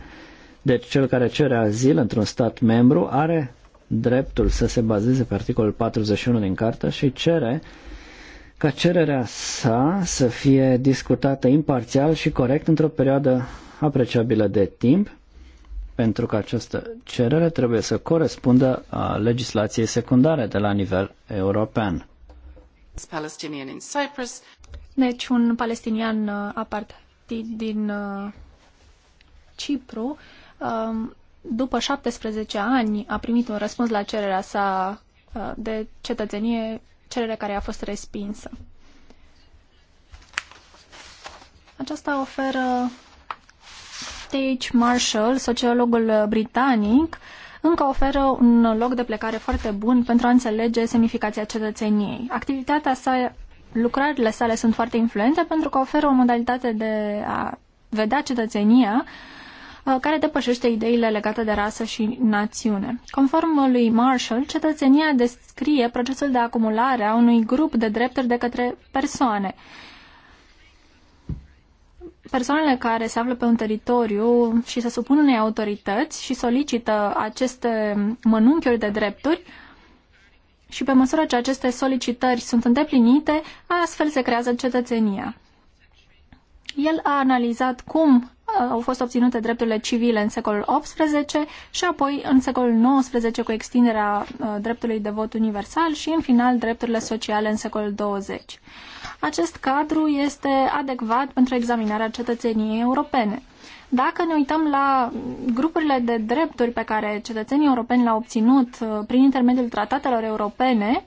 Deci cel care cere azil într-un stat membru are dreptul să se bazeze pe articolul 41 din cartă și cere uh, ca cererea sa să fie discutată imparțial și corect într-o perioadă apreciabilă de timp, pentru că această cerere trebuie să corespundă a legislației secundare de la nivel european. Deci un palestinian a partit din Cipru, după 17 ani, a primit un răspuns la cererea sa de cetățenie cerere care a fost respinsă. Aceasta oferă T.H. Marshall, sociologul britanic, încă oferă un loc de plecare foarte bun pentru a înțelege semnificația cetățeniei. Activitatea sa, lucrările sale sunt foarte influente pentru că oferă o modalitate de a vedea cetățenia Uh, care depășește ideile legate de rasă și națiune. Conform lui Marshall, cetățenia descrie procesul de acumulare a unui grup de drepturi de către persoane. Persoanele care se află pe un teritoriu și se supun unei autorități și solicită aceste mănunchiuri de drepturi, și pe măsură ce aceste solicitări sunt îndeplinite, astfel se creează cetățenia. El a analizat cum uh, au fost obținute drepturile civile în secolul XVIII și apoi în secolul XIX cu extinderea uh, dreptului de vot universal și în final drepturile sociale în secolul XX. Acest cadru este adecvat pentru examinarea cetățeniei europene. Dacă ne uităm la grupurile de drepturi pe care cetățenii europeni le-au obținut uh, prin intermediul tratatelor europene,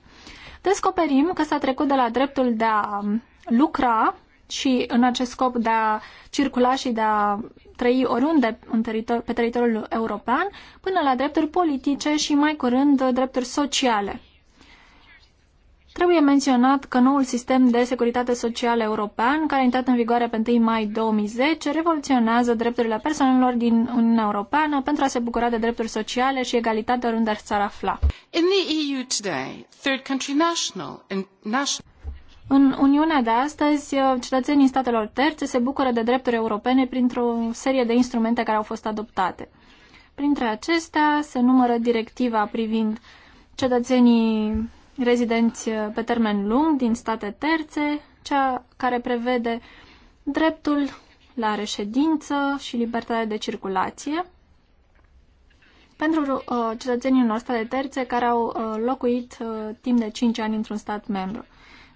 descoperim că s-a trecut de la dreptul de a lucra și în acest scop de a circula și de a trăi oriunde în teritor- pe teritoriul european, până la drepturi politice și mai curând drepturi sociale. Trebuie menționat că noul sistem de securitate socială european, care a intrat în vigoare pe 1 mai 2010, revoluționează drepturile persoanelor din Uniunea Europeană pentru a se bucura de drepturi sociale și egalitate oriunde ar s-ar afla. In the EU today, third country national and national în Uniunea de astăzi, uh, cetățenii statelor terțe se bucură de drepturi europene printr-o serie de instrumente care au fost adoptate. Printre acestea se numără directiva privind cetățenii rezidenți uh, pe termen lung din state terțe, cea care prevede dreptul la reședință și libertatea de circulație. Pentru uh, cetățenii unor state terțe care au uh, locuit uh, timp de 5 ani într-un stat membru.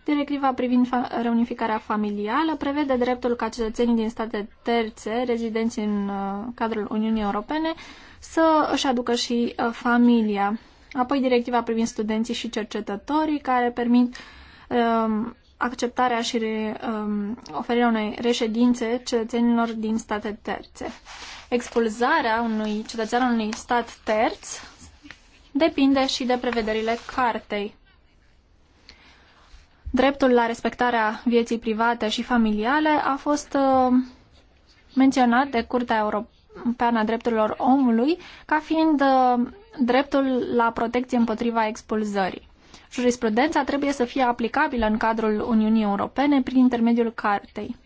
Directiva privind fa- reunificarea familială prevede dreptul ca cetățenii din state terțe, rezidenți în uh, cadrul Uniunii Europene, să își aducă și uh, familia. Apoi directiva privind studenții și cercetătorii, care permit um, uh, acceptarea și re, um, oferirea unei reședințe cetățenilor din state terțe. Expulzarea unui cetățean unui stat terț depinde și de prevederile cartei dreptul la respectarea vieții private și familiale a fost uh, menționat de Curtea Europeană a Drepturilor Omului ca fiind uh, dreptul la protecție împotriva expulzării. Jurisprudența trebuie să fie aplicabilă în cadrul Uniunii Europene prin intermediul cartei.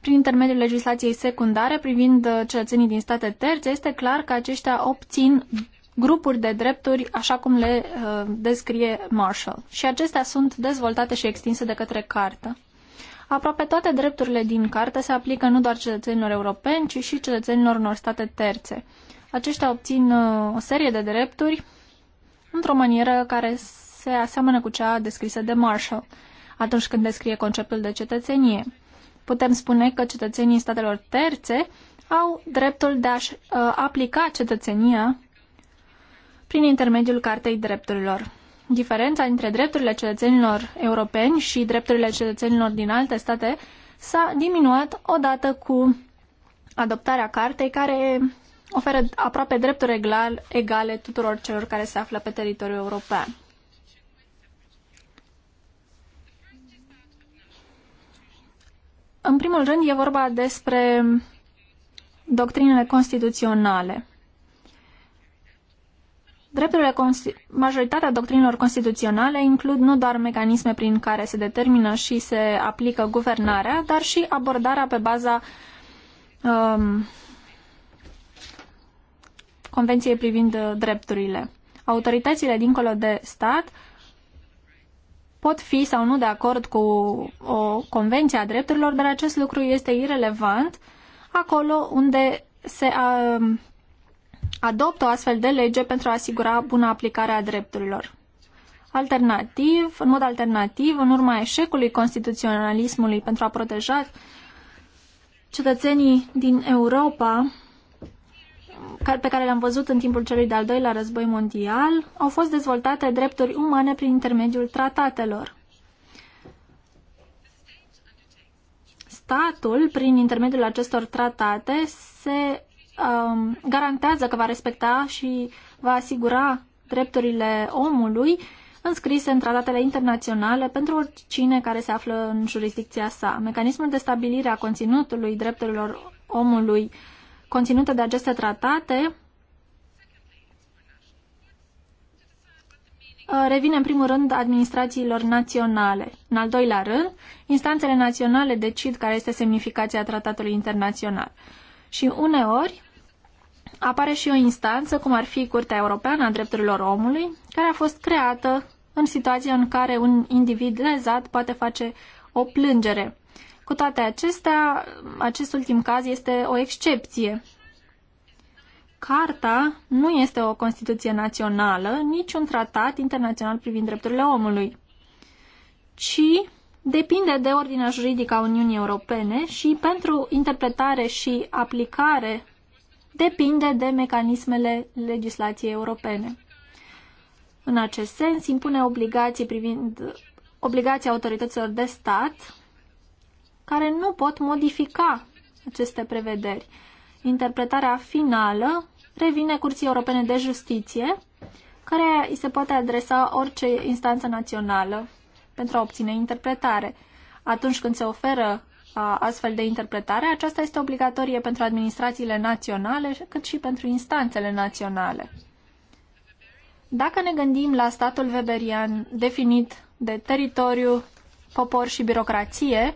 Prin intermediul legislației secundare privind uh, cetățenii din state terțe, este clar că aceștia obțin grupuri de drepturi, așa cum le uh, descrie Marshall. Și acestea sunt dezvoltate și extinse de către cartă. Aproape toate drepturile din carte se aplică nu doar cetățenilor europeni, ci și cetățenilor unor state terțe. Aceștia obțin uh, o serie de drepturi într-o manieră care se aseamănă cu cea descrisă de Marshall atunci când descrie conceptul de cetățenie. Putem spune că cetățenii statelor terțe au dreptul de a-și uh, aplica cetățenia prin intermediul Cartei Drepturilor. Diferența dintre drepturile cetățenilor europeni și drepturile cetățenilor din alte state s-a diminuat odată cu adoptarea cartei care oferă aproape drepturi egal, egale tuturor celor care se află pe teritoriul european. În primul rând, e vorba despre doctrinele constituționale. Drepturile majoritatea doctrinilor constituționale includ nu doar mecanisme prin care se determină și se aplică guvernarea, dar și abordarea pe baza um, Convenției privind uh, drepturile. Autoritățile dincolo de stat pot fi sau nu de acord cu o convenție a drepturilor, dar acest lucru este irelevant acolo unde se um, adoptă o astfel de lege pentru a asigura bună aplicare a drepturilor. Alternativ, în mod alternativ, în urma eșecului constituționalismului pentru a proteja cetățenii din Europa, pe care le-am văzut în timpul celui de-al doilea război mondial, au fost dezvoltate drepturi umane prin intermediul tratatelor. Statul, prin intermediul acestor tratate, se um, garantează că va respecta și va asigura drepturile omului înscrise în tratatele internaționale pentru oricine care se află în jurisdicția sa. Mecanismul de stabilire a conținutului drepturilor omului conținută de aceste tratate uh, revine în primul rând administrațiilor naționale. În al doilea rând, instanțele naționale decid care este semnificația tratatului internațional. Și uneori, apare și o instanță, cum ar fi Curtea Europeană a Drepturilor Omului, care a fost creată în situația în care un individ lezat poate face o plângere. Cu toate acestea, acest ultim caz este o excepție. Carta nu este o Constituție națională, nici un tratat internațional privind drepturile omului, ci depinde de ordinea juridică a Uniunii Europene și pentru interpretare și aplicare depinde de mecanismele legislației europene. În acest sens, impune obligații privind obligații autorităților de stat care nu pot modifica aceste prevederi. Interpretarea finală revine Curții Europene de Justiție, care îi se poate adresa orice instanță națională pentru a obține interpretare. Atunci când se oferă astfel de interpretare. Aceasta este obligatorie pentru administrațiile naționale, cât și pentru instanțele naționale. Dacă ne gândim la statul weberian definit de teritoriu, popor și birocrație,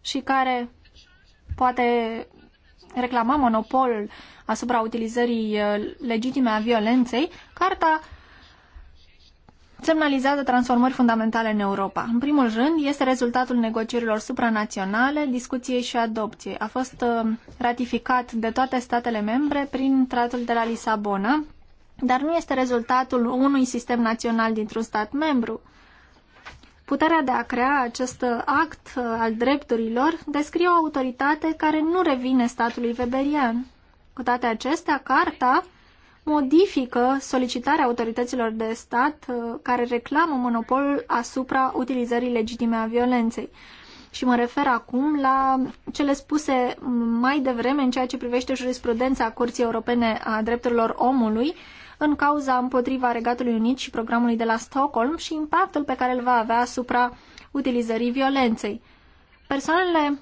și care poate reclama monopolul asupra utilizării uh, legitime a violenței, carta semnalizează transformări fundamentale în Europa. În primul rând, este rezultatul negocierilor supranaționale, discuției și adopției. A fost uh, ratificat de toate statele membre prin tratul de la Lisabona, dar nu este rezultatul unui sistem național dintr-un stat membru. Puterea de a crea acest act uh, al drepturilor descrie o autoritate care nu revine statului weberian. Cu toate acestea, carta modifică solicitarea autorităților de stat uh, care reclamă monopolul asupra utilizării legitime a violenței. Și mă refer acum la cele spuse mai devreme în ceea ce privește jurisprudența Curții Europene a Drepturilor Omului în cauza împotriva Regatului Unit și programului de la Stockholm și impactul pe care îl va avea asupra utilizării violenței. Persoanele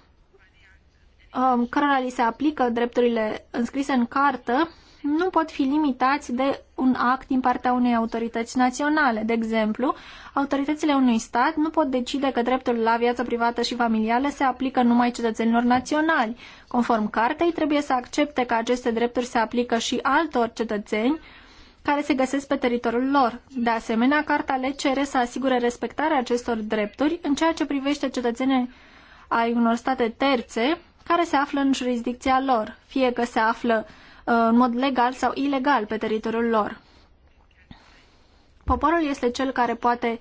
um, cărora li se aplică drepturile înscrise în cartă nu pot fi limitați de un act din partea unei autorități naționale. De exemplu, autoritățile unui stat nu pot decide că dreptul la viață privată și familială se aplică numai cetățenilor naționali. Conform cartei, trebuie să accepte că aceste drepturi se aplică și altor cetățeni care se găsesc pe teritoriul lor. De asemenea, carta le cere să asigure respectarea acestor drepturi în ceea ce privește cetățenii ai unor state terțe care se află în jurisdicția lor, fie că se află Uh, în mod legal sau ilegal pe teritoriul lor. Poporul este cel care poate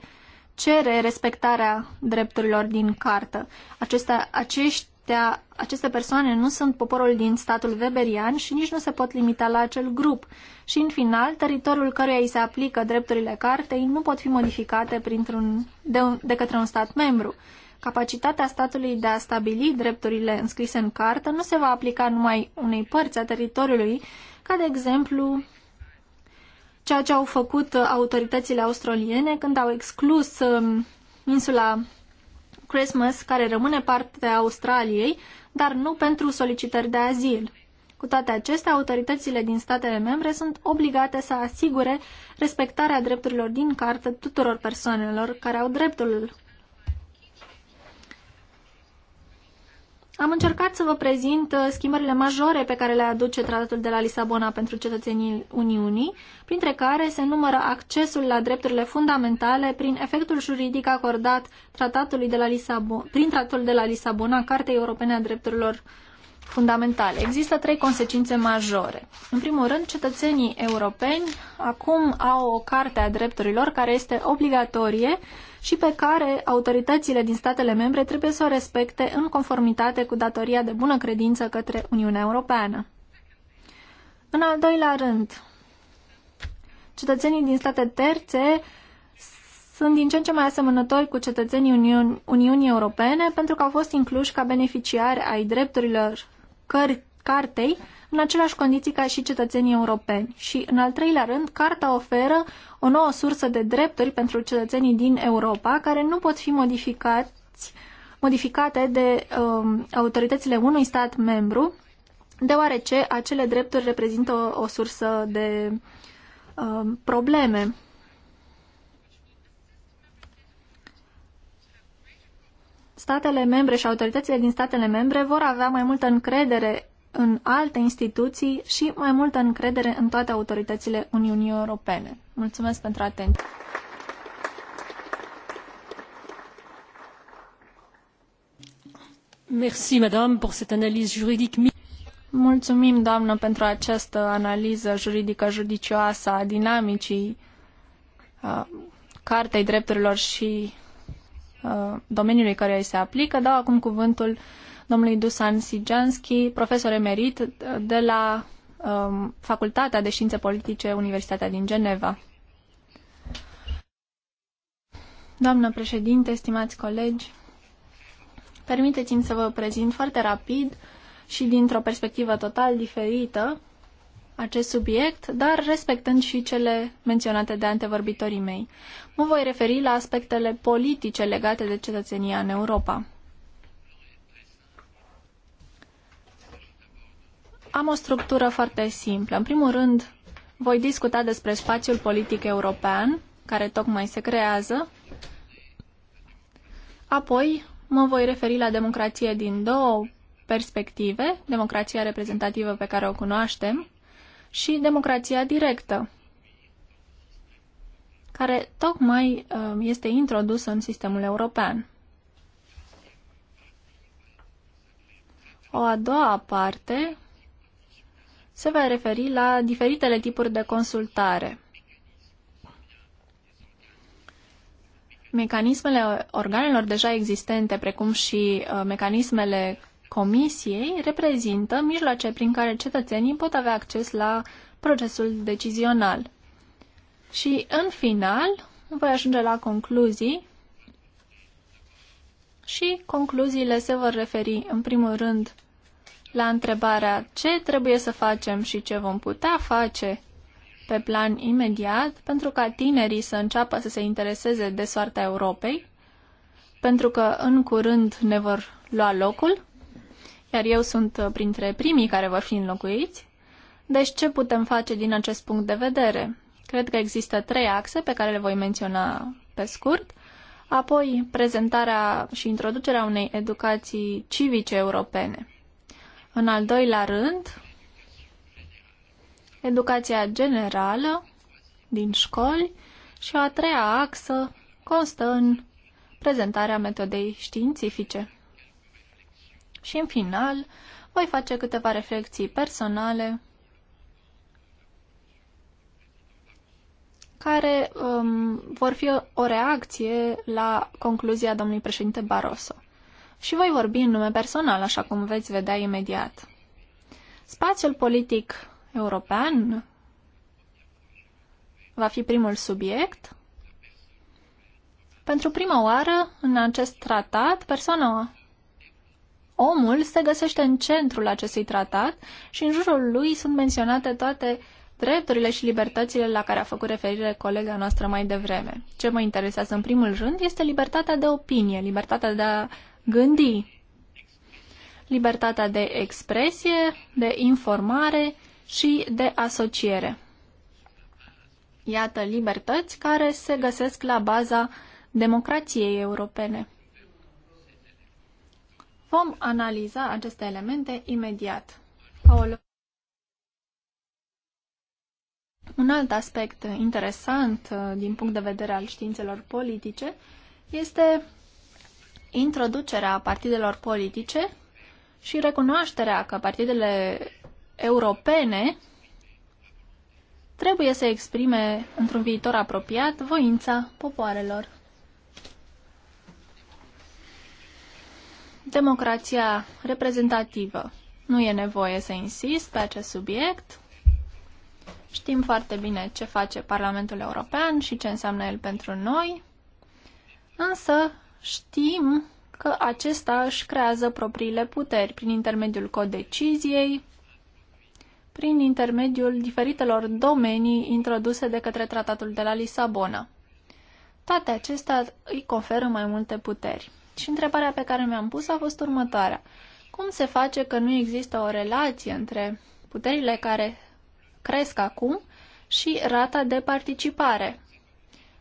cere respectarea drepturilor din cartă. Acestea, aceștia, aceste persoane nu sunt poporul din statul weberian și nici nu se pot limita la acel grup. Și, în final, teritoriul căruia îi se aplică drepturile cartei nu pot fi modificate printr-un, de, un, de către un stat membru. Capacitatea statului de a stabili drepturile înscrise în cartă nu se va aplica numai unei părți a teritoriului, ca de exemplu ceea ce au făcut autoritățile australiene când au exclus um, insula Christmas, care rămâne parte a Australiei, dar nu pentru solicitări de azil. Cu toate acestea, autoritățile din statele membre sunt obligate să asigure respectarea drepturilor din cartă tuturor persoanelor care au dreptul Am încercat să vă prezint uh, schimbările majore pe care le aduce tratatul de la Lisabona pentru cetățenii Uniunii, printre care se numără accesul la drepturile fundamentale prin efectul juridic acordat tratatului de la Lisabona, prin tratatul de la Lisabona, Cartei Europene a Drepturilor fundamentale. Există trei consecințe majore. În primul rând, cetățenii europeni acum au o carte a drepturilor care este obligatorie și pe care autoritățile din statele membre trebuie să o respecte în conformitate cu datoria de bună credință către Uniunea Europeană. În al doilea rând, cetățenii din state terțe sunt din ce în ce mai asemănători cu cetățenii Uniun Uniunii Europene pentru că au fost incluși ca beneficiari ai drepturilor cărții cartei în aceleași condiții ca și cetățenii europeni. Și, în al treilea rând, carta oferă o nouă sursă de drepturi pentru cetățenii din Europa, care nu pot fi modificați, modificate de um, autoritățile unui stat membru, deoarece acele drepturi reprezintă o, o sursă de um, probleme. statele membre și autoritățile din statele membre vor avea mai multă încredere în alte instituții și mai multă încredere în toate autoritățile Uniunii Europene. Mulțumesc pentru atenție! Merci, madame, pour cette analyse juridique. Mulțumim, doamnă, pentru această analiză juridică judicioasă a dinamicii uh, Cartei Drepturilor și uh, domeniului care îi se aplică. Dau acum cuvântul uh, domnului Dusan Sijanski, profesor emerit de la um, Facultatea de Științe Politice, Universitatea din Geneva. Doamnă președinte, stimați colegi, permiteți-mi să vă prezint foarte rapid și dintr-o perspectivă total diferită acest subiect, dar respectând și cele menționate de antevorbitorii mei. Mă voi referi la aspectele politice legate de cetățenia în Europa. Am o structură foarte simplă. În primul rând, voi discuta despre spațiul politic european, care tocmai se creează. Apoi, mă voi referi la democrație din două perspective, democrația reprezentativă pe care o cunoaștem și democrația directă, care tocmai uh, este introdusă în sistemul european. O a doua parte se va referi la diferitele tipuri de consultare. Mecanismele organelor deja existente, precum și uh, mecanismele comisiei, reprezintă mijloace prin care cetățenii pot avea acces la procesul decizional. Și, în final, voi ajunge la concluzii și concluziile se vor referi, în primul rând, la întrebarea ce trebuie să facem și ce vom putea face pe plan imediat pentru ca tinerii să înceapă să se intereseze de soarta Europei, pentru că în curând ne vor lua locul, iar eu sunt uh, printre primii care vor fi înlocuiți. Deci ce putem face din acest punct de vedere? Cred că există trei axe pe care le voi menționa pe scurt. Apoi, prezentarea și introducerea unei educații civice europene. În al doilea rând, educația generală din școli și a treia axă constă în prezentarea metodei științifice. Și în final, voi face câteva reflexii personale care um, vor fi o reacție la concluzia domnului președinte Barroso și voi vorbi în nume personal, așa cum veți vedea imediat. Spațiul politic european va fi primul subiect. Pentru prima oară, în acest tratat, persoana Omul se găsește în centrul acestui tratat și în jurul lui sunt menționate toate drepturile și libertățile la care a făcut referire colega noastră mai devreme. Ce mă interesează în primul rând este libertatea de opinie, libertatea de a gândi. Libertatea de expresie, de informare și de asociere. Iată libertăți care se găsesc la baza democrației europene. Vom analiza aceste elemente imediat. Paolo. Un alt aspect interesant uh, din punct de vedere al științelor politice este introducerea partidelor politice și recunoașterea că partidele europene trebuie să exprime într-un viitor apropiat voința popoarelor. Democrația reprezentativă. Nu e nevoie să insist pe acest subiect. Știm foarte bine ce face Parlamentul European și ce înseamnă el pentru noi, însă Știm că acesta își creează propriile puteri prin intermediul codeciziei, prin intermediul diferitelor domenii introduse de către tratatul de la Lisabona. Toate acestea îi conferă mai multe puteri. Și întrebarea pe care mi-am pus a fost următoarea. Cum se face că nu există o relație între puterile care cresc acum și rata de participare?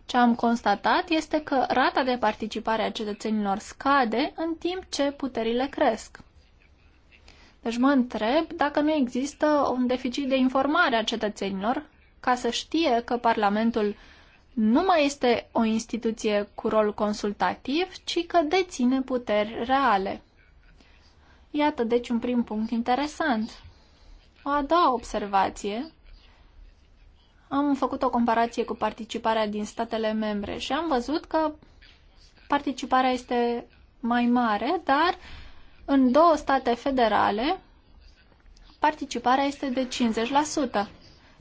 Ce am constatat este că rata de participare a cetățenilor scade în timp ce puterile cresc. Deci mă întreb dacă nu există un deficit de informare a cetățenilor ca să știe că Parlamentul nu mai este o instituție cu rol consultativ, ci că deține puteri reale. Iată deci un prim punct interesant. O a doua observație am făcut o comparație cu participarea din statele membre și am văzut că participarea este mai mare, dar în două state federale participarea este de 50%,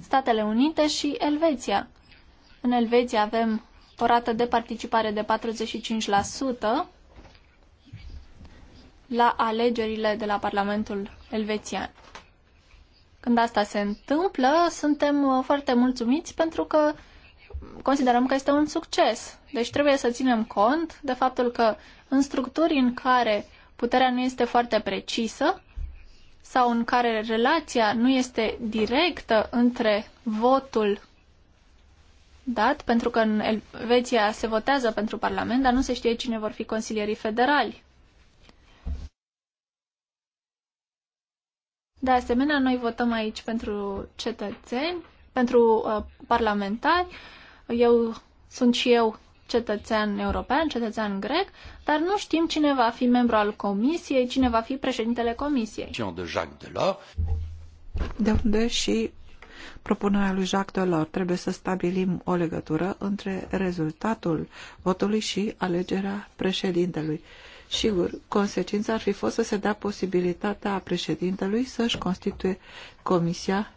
Statele Unite și Elveția. În Elveția avem o rată de participare de 45% la alegerile de la Parlamentul Elvețian. Când asta se întâmplă, suntem uh, foarte mulțumiți pentru că considerăm că este un succes. Deci trebuie să ținem cont de faptul că în structuri în care puterea nu este foarte precisă sau în care relația nu este directă între votul dat, pentru că în Elveția se votează pentru Parlament, dar nu se știe cine vor fi consilierii federali. De asemenea, noi votăm aici pentru cetățeni, pentru uh, parlamentari. Eu sunt și eu cetățean european, cetățean grec, dar nu știm cine va fi membru al comisiei, cine va fi președintele comisiei. De Jacques Delors. De unde și propunerea lui Jacques Delors trebuie să stabilim o legătură între rezultatul votului și alegerea președintelui. Uh, Sigur, consecința ar fi fost să se dea posibilitatea președintelui să-și constituie comisia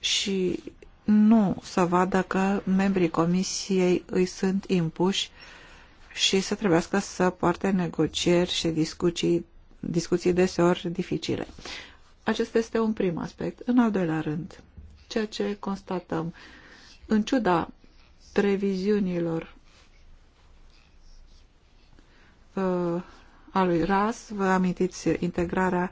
și nu să vadă că membrii comisiei îi sunt impuși și să trebuiască să poarte negocieri și discuții, discuții deseori dificile. Acesta este un prim aspect. În al doilea rând, ceea ce constatăm, în ciuda previziunilor Uh, a lui Ras, vă amintiți integrarea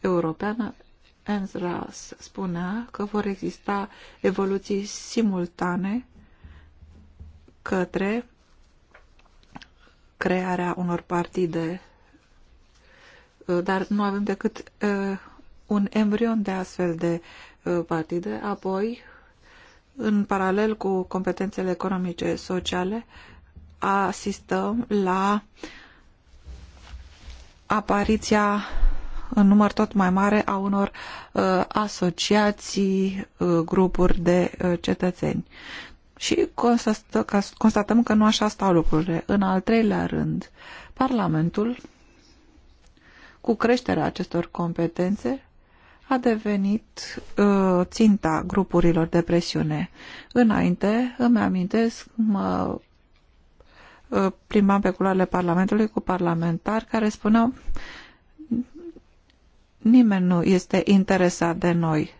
europeană, Ernst Ras spunea că vor exista evoluții simultane către crearea unor partide, uh, dar nu avem decât uh, un embrion de astfel de partide, apoi, în paralel cu competențele economice sociale, asistăm la uh, apariția în număr tot mai mare a unor uh, asociații, uh, grupuri de uh, cetățeni. Și constatăm că nu așa stau lucrurile. În al treilea rând, Parlamentul, cu creșterea acestor competențe, a devenit uh, ținta grupurilor de presiune. Înainte, îmi amintesc, mă Uh, plimbam pe culoarele Parlamentului cu parlamentari care spuneau nimeni nu este interesat de noi.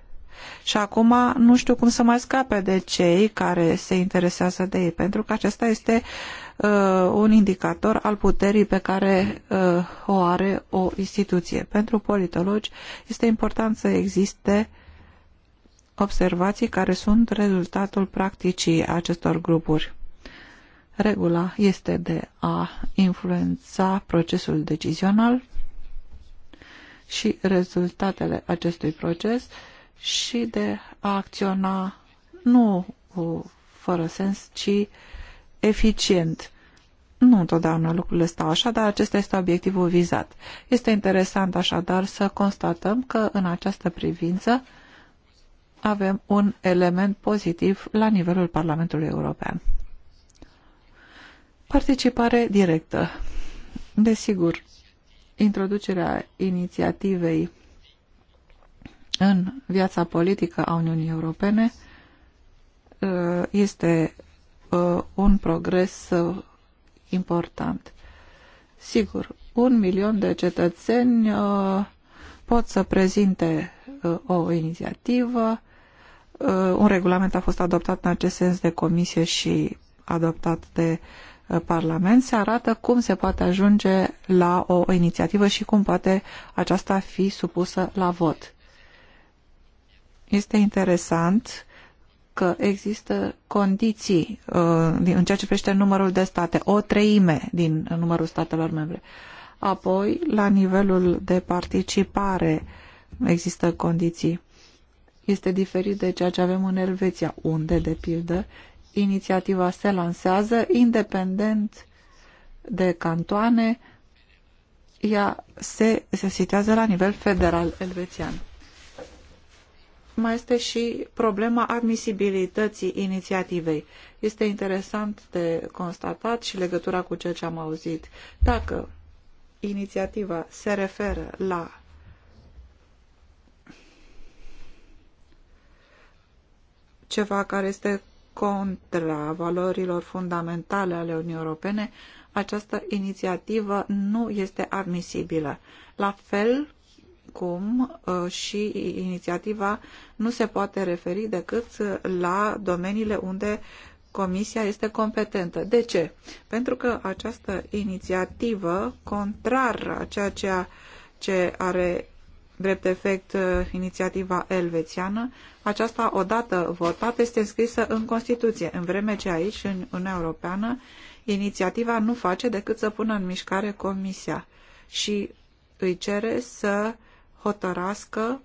Și acum nu știu cum să mai scape de cei care se interesează de ei, pentru că acesta este uh, un indicator al puterii pe care uh, o are o instituție. Pentru politologi este important să existe observații care sunt rezultatul practicii acestor grupuri. Regula este de a influența procesul decizional și rezultatele acestui proces și de a acționa nu uh, fără sens, ci eficient. Nu întotdeauna lucrurile stau așa, dar acesta este obiectivul vizat. Este interesant așadar să constatăm că în această privință avem un element pozitiv la nivelul Parlamentului European. Participare directă. Desigur, introducerea inițiativei în viața politică a Uniunii Europene uh, este uh, un progres uh, important. Sigur, un milion de cetățeni pot să prezinte o inițiativă. Un regulament a fost adoptat în acest sens de comisie și adoptat de uh, Parlament se arată cum se poate ajunge la o inițiativă și cum poate aceasta fi supusă la vot. Este interesant că există condiții uh, în ceea ce privește numărul de state, o treime din numărul statelor membre. Apoi, la nivelul de participare există condiții. Este diferit de ceea ce avem în Elveția, unde, de pildă, inițiativa se lansează independent de cantoane, ea se, se situează la nivel federal elvețian. Mai este și problema admisibilității inițiativei. Este interesant de constatat și legătura cu ceea ce am auzit. Dacă inițiativa se referă la ceva care este contra valorilor fundamentale ale Uniunii Europene, această inițiativă nu este admisibilă. La fel cum uh, și inițiativa nu se poate referi decât la domeniile unde Comisia este competentă. De ce? Pentru că această inițiativă, contrar a ceea ce, ce are drept efect uh, inițiativa elvețiană, aceasta odată votată este înscrisă în Constituție, în vreme ce aici, în Uniunea Europeană, inițiativa nu face decât să pună în mișcare Comisia și îi cere să hotărască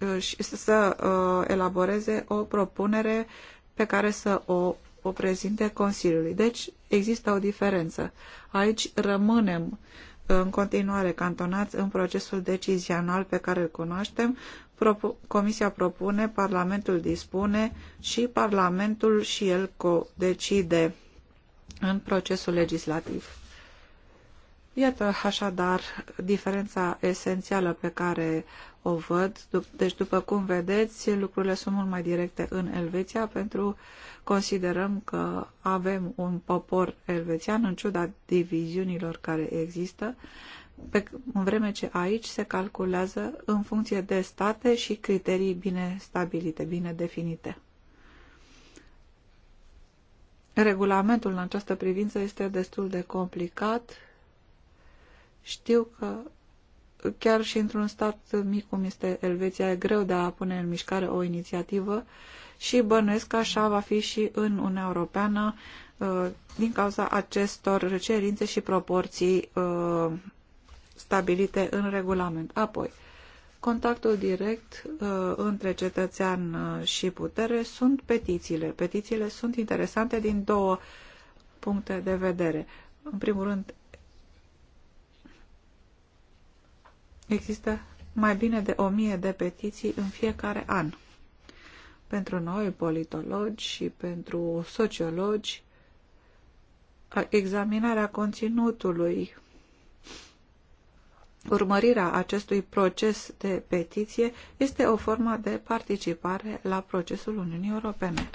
uh, și să uh, elaboreze o propunere pe care să o, o prezinte Consiliului. Deci există o diferență. Aici rămânem în continuare cantonați în procesul decizional pe care îl cunoaștem, Comisia propune, Parlamentul dispune și Parlamentul și el co-decide în procesul legislativ. Iată așadar diferența esențială pe care o văd. Deci, după cum vedeți, lucrurile sunt mult mai directe în Elveția pentru considerăm că avem un popor elvețian în ciuda diviziunilor care există, pe, în vreme ce aici se calculează în funcție de state și criterii bine stabilite, bine definite. Regulamentul în această privință este destul de complicat știu că chiar și într-un stat mic cum este Elveția e greu de a pune în mișcare o inițiativă și bănuiesc că așa va fi și în Uniunea Europeană uh, din cauza acestor cerințe și proporții uh, stabilite în regulament. Apoi, contactul direct uh, între cetățean și putere sunt petițiile. Petițiile sunt interesante din două puncte de vedere. În primul rând, Există mai bine de o mie de petiții în fiecare an. Pentru noi, politologi și pentru sociologi, examinarea conținutului, urmărirea acestui proces de petiție este o formă de participare la procesul Uniunii Europene.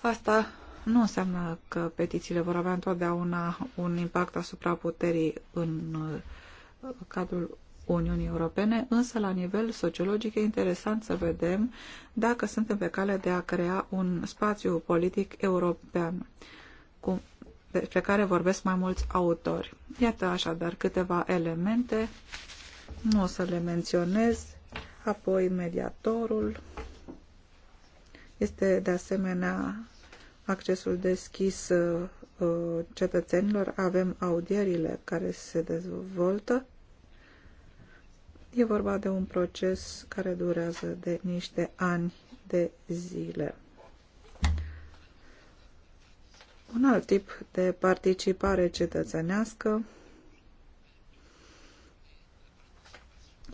Asta nu înseamnă că petițiile vor avea întotdeauna un impact asupra puterii în cadrul Uniunii Europene, însă la nivel sociologic e interesant să vedem dacă suntem pe cale de a crea un spațiu politic european, cu, despre care vorbesc mai mulți autori. Iată așadar câteva elemente, nu o să le menționez, apoi mediatorul, este de asemenea accesul deschis uh, Uh, cetățenilor, avem audierile care se dezvoltă. E vorba de un proces care durează de niște ani de zile. Un alt tip de participare cetățenească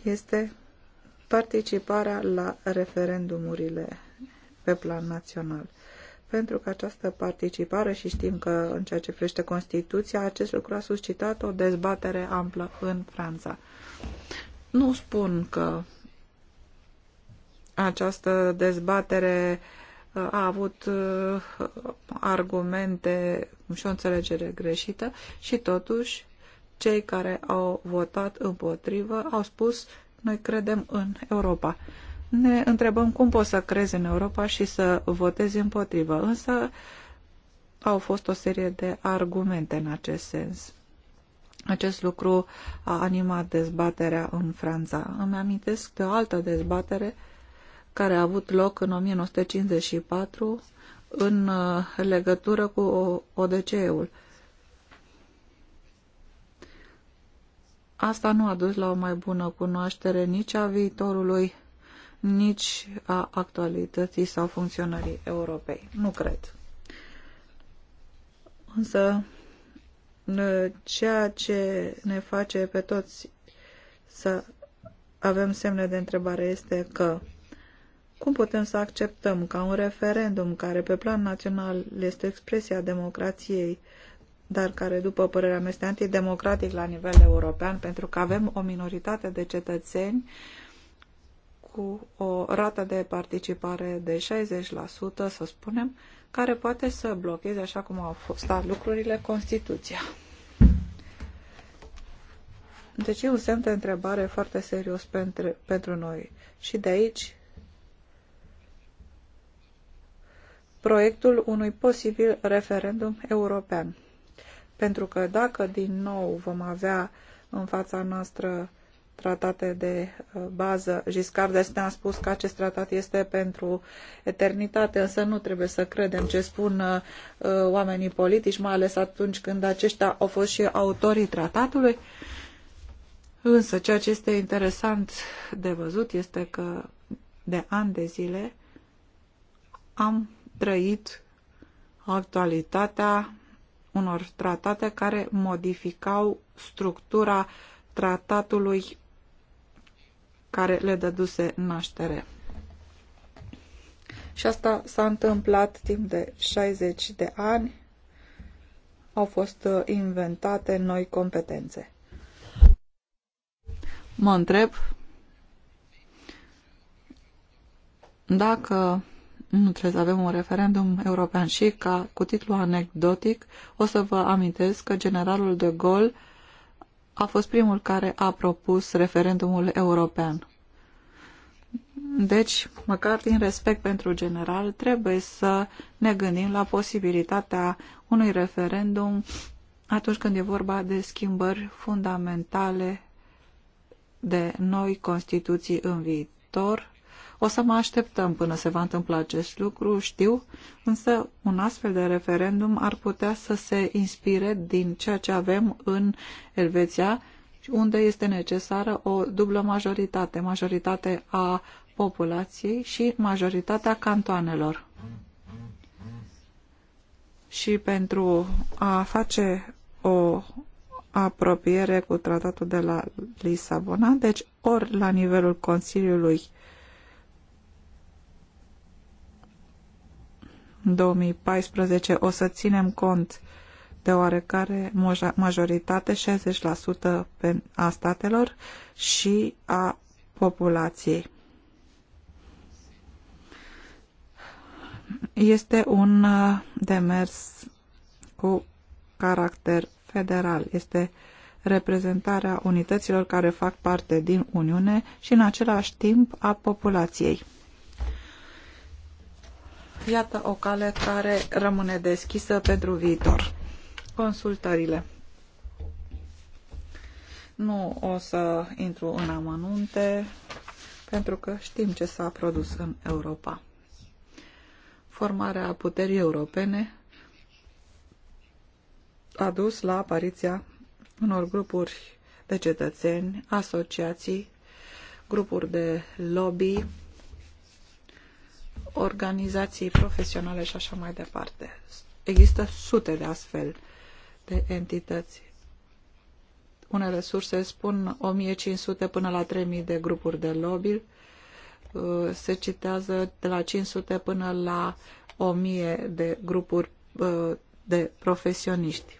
este participarea la referendumurile pe plan național pentru că această participare și știm că în ceea ce privește Constituția, acest lucru a suscitat o dezbatere amplă în Franța. Nu spun că această dezbatere uh, a avut uh, argumente și o înțelegere greșită și totuși cei care au votat împotrivă au spus noi credem în Europa ne întrebăm cum poți să crezi în Europa și să votezi împotrivă. Însă au fost o serie de argumente în acest sens. Acest lucru a animat dezbaterea în Franța. Îmi amintesc de o altă dezbatere care a avut loc în 1954 în uh, legătură cu ODC-ul. Asta nu a dus la o mai bună cunoaștere nici a viitorului nici a actualității sau funcționării Europei. Nu cred. Însă, ceea ce ne face pe toți să avem semne de întrebare este că cum putem să acceptăm ca un referendum care pe plan național este expresia democrației, dar care, după părerea mea, este antidemocratic la nivel european, pentru că avem o minoritate de cetățeni uh, cu o rată de participare de 60%, să spunem, care poate să blocheze, așa cum au fost lucrurile, Constituția. Deci e un semn de întrebare foarte serios pentru, pentru noi. Și de aici proiectul unui posibil referendum european. Pentru că dacă din nou vom avea în fața noastră uh, tratate de uh, bază. Giscard d'Estaing a spus că acest tratat este pentru eternitate, însă nu trebuie să credem ce spun uh, uh, oamenii politici, mai ales atunci când aceștia au fost și autorii tratatului. Însă ceea ce este interesant de văzut este că de ani de zile am trăit actualitatea unor tratate care modificau structura tratatului care le dăduse naștere. Și asta s-a întâmplat timp de 60 de ani. Au fost uh, inventate noi competențe. Mă întreb dacă nu trebuie să avem un referendum european și ca cu titlu anecdotic o să vă amintesc că generalul de Gaulle a fost primul care a propus referendumul european. Deci, măcar din respect pentru general, trebuie să ne gândim la posibilitatea unui referendum atunci când e vorba de schimbări fundamentale de noi Constituții în viitor, o să mă așteptăm până se va întâmpla acest lucru, știu, însă un astfel de referendum ar putea să se inspire din ceea ce avem în Elveția, unde este necesară o dublă majoritate, majoritate a populației și majoritatea cantoanelor. Și pentru a face o apropiere cu tratatul de la Lisabona, deci ori la nivelul Consiliului în 2014 o să ținem cont de oarecare majoritate, 60% a statelor și a populației. Este un uh, demers cu caracter federal. Este reprezentarea unităților care fac parte din Uniune și în același timp a populației. Iată o cale care rămâne deschisă pentru viitor. Consultările. Nu o să intru în amănunte, pentru că știm ce s-a produs în Europa. Formarea puterii europene a dus la apariția unor grupuri de cetățeni, asociații, grupuri de lobby, organizații profesionale și așa mai departe. Există sute de astfel de entități. Unele surse spun 1500 până la 3000 de grupuri de lobby. Uh, se citează de la 500 până la 1000 de grupuri uh, de profesioniști.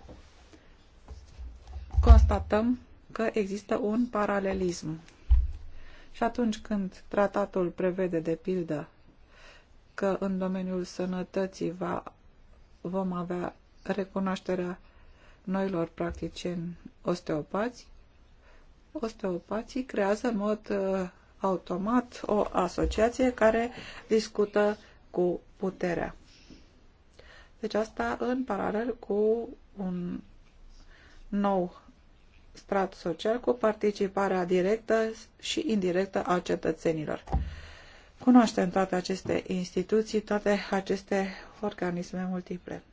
Constatăm că există un paralelism. Și atunci când tratatul prevede, de pildă, că în domeniul sănătății va, vom avea recunoașterea noilor practicieni osteopați, osteopații creează în mod uh, automat o asociație care discută cu puterea. Deci asta în paralel cu un nou strat social cu participarea directă și indirectă a cetățenilor. Cunoaștem toate aceste instituții, toate aceste organisme multiple.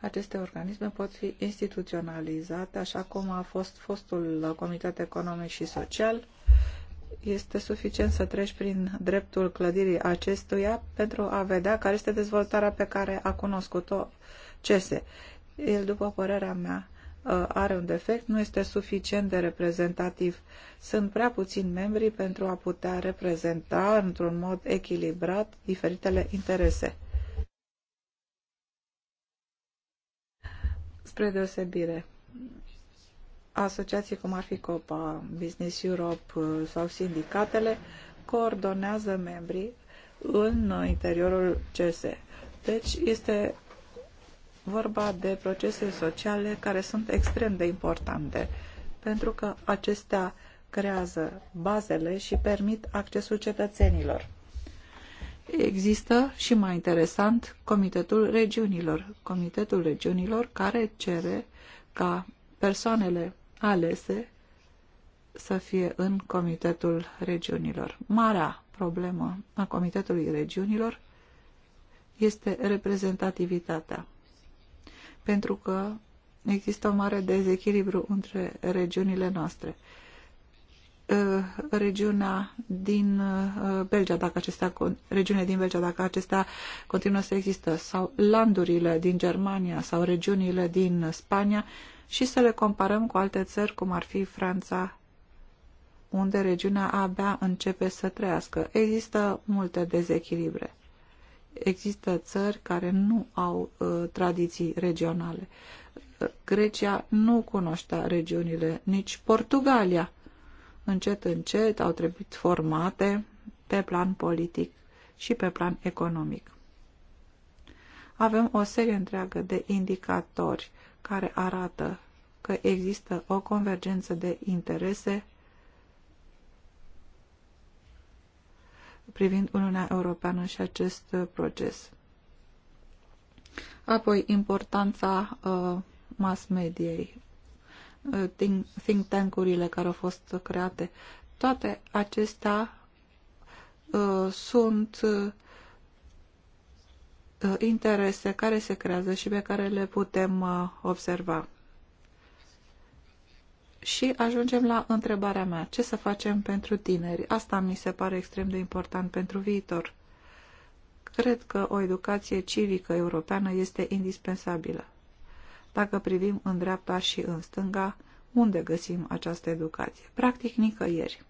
Aceste organisme pot fi instituționalizate, așa cum a fost fostul Comitet Economic și Social. Este suficient să treci prin dreptul clădirii acestuia pentru a vedea care este dezvoltarea pe care a cunoscut-o CESE. El, după părerea mea, Uh, are un defect, nu este suficient de reprezentativ. Sunt prea puțini membri pentru a putea reprezenta într-un mod echilibrat diferitele interese. Spre deosebire, asociații cum ar fi COPA, Business Europe uh, sau sindicatele coordonează membrii în interiorul CSE. Deci este vorba de procese sociale care sunt extrem de importante, pentru că acestea creează bazele și permit accesul cetățenilor. Există și mai interesant Comitetul Regiunilor, Comitetul Regiunilor care cere ca persoanele alese să fie în Comitetul Regiunilor. Marea problemă a Comitetului Regiunilor este reprezentativitatea pentru că există o mare dezechilibru între regiunile noastre. Uh, regiunea din uh, Belgia, dacă acestea, regiune din Belgia, dacă acestea continuă să există, sau landurile din Germania, sau regiunile din Spania, și să le comparăm cu alte țări, cum ar fi Franța, unde regiunea abia începe să trăiască. Există multe dezechilibre. Există țări care nu au uh, tradiții regionale. Uh, Grecia nu cunoștea regiunile, nici Portugalia. Încet, încet au trebuit formate pe plan politic și pe plan economic. Avem o serie întreagă de indicatori care arată că există o convergență de interese privind Uniunea Europeană și acest uh, proces. Apoi, importanța uh, mass mediei, uh, think tank-urile care au fost create, toate acestea sunt interese care se creează și pe care le putem observa. Și ajungem la întrebarea mea. Ce să facem pentru tineri? Asta mi se pare extrem de important pentru viitor. Cred că o educație civică europeană este indispensabilă. Dacă privim în dreapta și în stânga, unde găsim această educație? Practic nicăieri.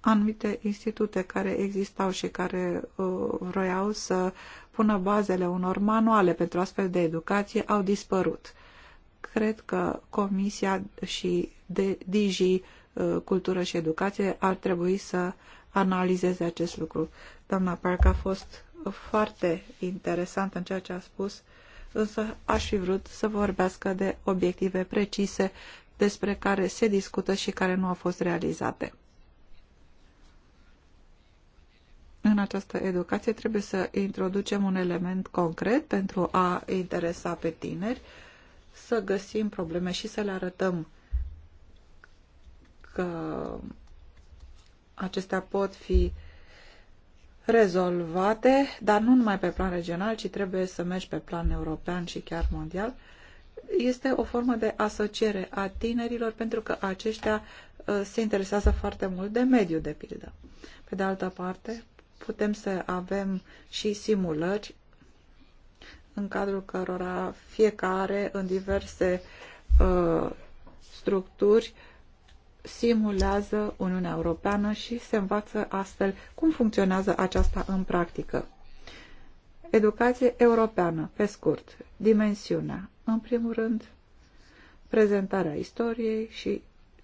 Anumite institute care existau și care uh, vroiau să pună bazele unor manuale pentru astfel de educație au dispărut. Uh, cred că Comisia și de Digi uh, Cultură și Educație ar trebui să analizeze acest lucru. Doamna Parc a fost foarte interesant în ceea ce a spus, însă aș fi vrut să vorbească de obiective precise despre care se discută și care nu au fost realizate. În această educație trebuie să introducem un element concret pentru a interesa pe tineri, uh, să găsim probleme și să le arătăm că acestea pot fi rezolvate, dar nu numai pe plan regional, ci trebuie să mergi pe plan european și chiar mondial, este o formă de asociere a tinerilor pentru că aceștia uh, se interesează foarte mult de mediu, de pildă. Pe de altă parte, putem să avem și simulări în cadrul cărora fiecare în diverse uh, structuri simulează Uniunea Europeană și se învață astfel cum funcționează aceasta în practică. Educație europeană, pe scurt, dimensiunea. În primul rând, prezentarea istoriei și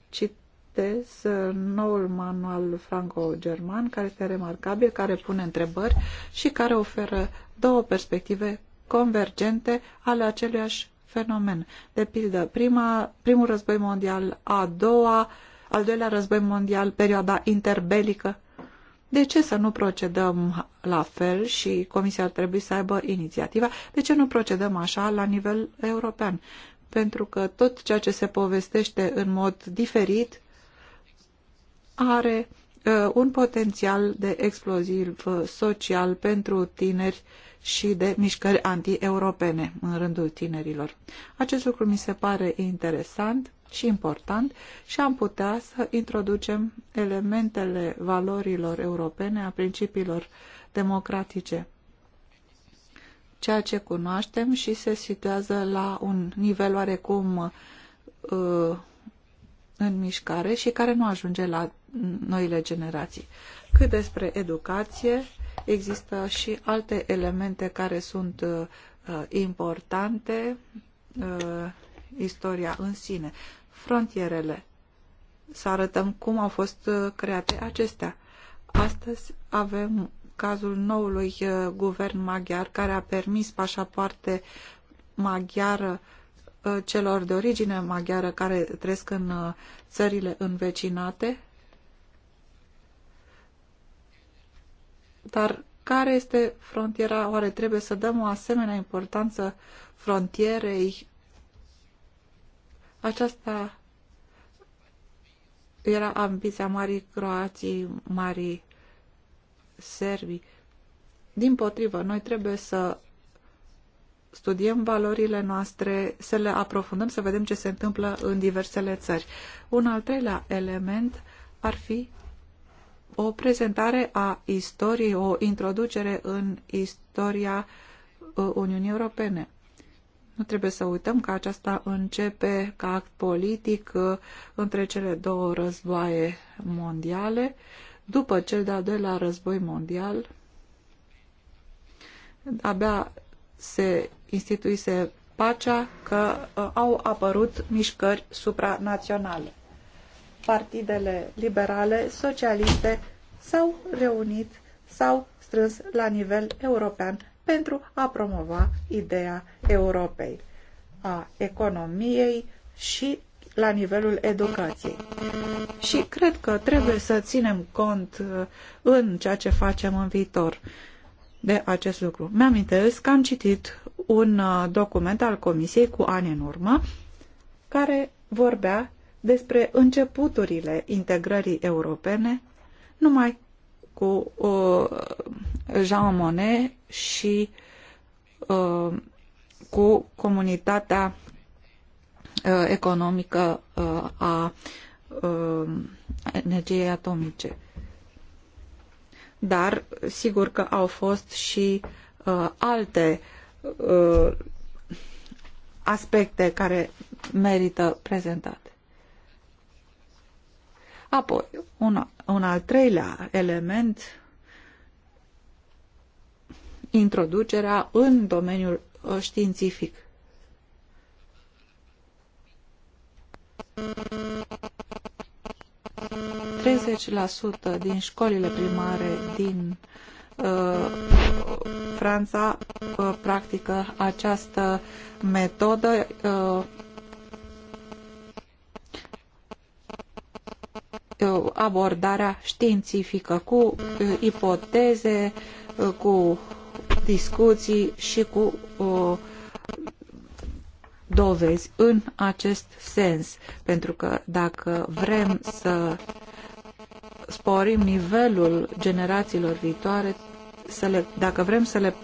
citez uh, noul manual franco-german, care este remarcabil, care pune întrebări și care oferă două perspective convergente ale aceluiași fenomen. De pildă, prima, primul război mondial, a doua, al doilea război mondial, perioada interbelică. De ce să nu procedăm la fel și Comisia ar trebui să aibă inițiativa? De ce nu procedăm așa la nivel european? Pentru că tot ceea ce se povestește în mod diferit are uh, un potențial de exploziv uh, social pentru tineri uh, și de mișcări anti-europene în rândul tinerilor. Acest lucru mi se pare interesant și important și am putea să introducem elementele valorilor europene, a principiilor democratice, ceea ce cunoaștem și se situează la un nivel oarecum uh, în mișcare și care nu ajunge la noile generații. Cât despre educație, Există și alte elemente care sunt uh, importante, uh, istoria în sine, frontierele. Să arătăm cum au fost uh, create acestea. Astăzi avem cazul noului guvern maghiar care a permis pașapoarte maghiară celor de origine maghiară care trăiesc în țările învecinate Dar care este frontiera? Oare trebuie să dăm o asemenea importanță frontierei? Aceasta era ambiția Marii Croații, Marii Serbii. Din potrivă, noi trebuie să studiem valorile noastre, să le aprofundăm, să vedem ce se întâmplă în diversele țări. Un al treilea element ar fi o prezentare a istoriei, o introducere în istoria uh, Uniunii Europene. Nu trebuie să uităm că aceasta începe ca act politic uh, între cele două războaie mondiale. După cel de-al doilea război mondial, abia se instituise pacea că uh, au apărut mișcări supranaționale partidele liberale, socialiste s-au reunit, s-au strâns la nivel european pentru a promova ideea Europei, a economiei și la nivelul educației. Și cred că trebuie să ținem cont uh, în ceea ce facem în viitor de acest lucru. mi am că am citit un uh, document al Comisiei cu ani în urmă care vorbea despre începuturile integrării europene numai cu uh, Jean Monnet și uh, cu comunitatea uh, economică uh, a uh, energiei atomice. Dar sigur că au fost și uh, alte uh, aspecte care merită prezentate. Apoi, un, un al treilea element, introducerea în domeniul uh, științific. sută din școlile primare din uh, Franța uh, practică această metodă Uh, abordarea științifică cu uh, ipoteze, uh, cu discuții și cu dovezi în acest sens. Pentru că dacă vrem să sporim nivelul generațiilor viitoare, să le, dacă vrem să le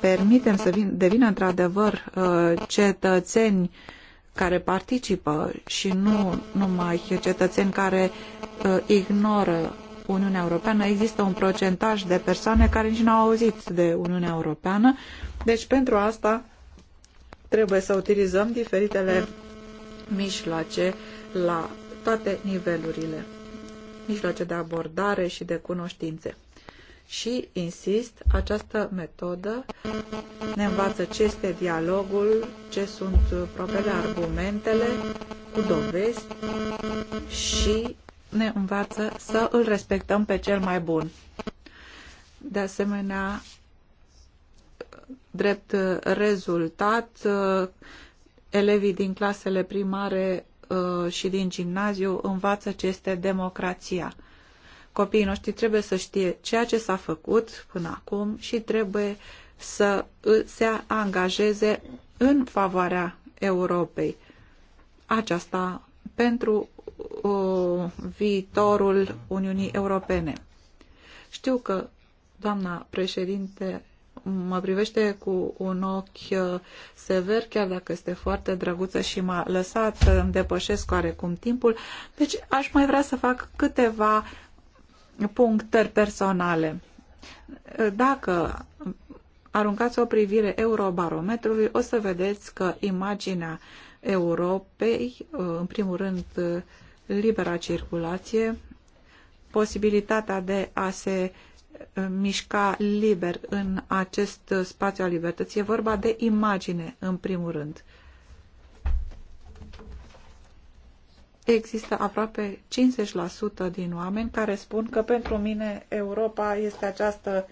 permitem să vin, devină într-adevăr cetățeni care participă și nu numai cetățeni care uh, ignoră Uniunea Europeană, există un procentaj de persoane care nici nu au auzit de Uniunea Europeană. Deci pentru asta trebuie să utilizăm diferitele mijloace la toate nivelurile, mijloace de abordare și de cunoștințe și, insist, această metodă ne învață ce este dialogul, ce sunt propriile argumentele cu dovezi și ne învață să îl respectăm pe cel mai bun. De asemenea, drept rezultat, elevii din clasele primare uh, și din gimnaziu învață ce este democrația. Copiii noștri trebuie să știe ceea ce s-a făcut până acum și trebuie să se angajeze în favoarea Europei. Aceasta pentru uh, viitorul Uniunii Europene. Știu că doamna președinte mă privește cu un ochi uh, sever, chiar dacă este foarte drăguță și m-a lăsat să îmi depășesc oarecum timpul. Deci aș mai vrea să fac câteva punctări personale. Dacă aruncați o privire eurobarometrului, o să vedeți că imaginea Europei, în primul rând libera circulație, posibilitatea de a se mișca liber în acest spațiu al libertății. E vorba de imagine, în primul rând. există aproape 50% din oameni care spun că pentru mine Europa este această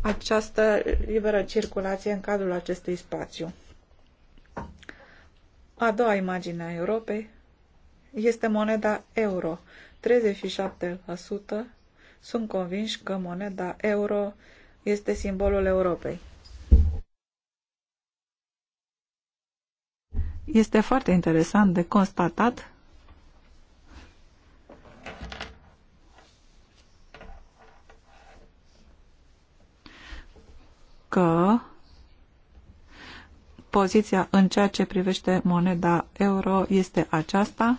această liberă circulație în cadrul acestui spațiu. A doua imagine a Europei este moneda euro. 37% sunt convinși că moneda euro este simbolul Europei. Este foarte interesant de constatat că poziția în ceea ce privește moneda euro este aceasta.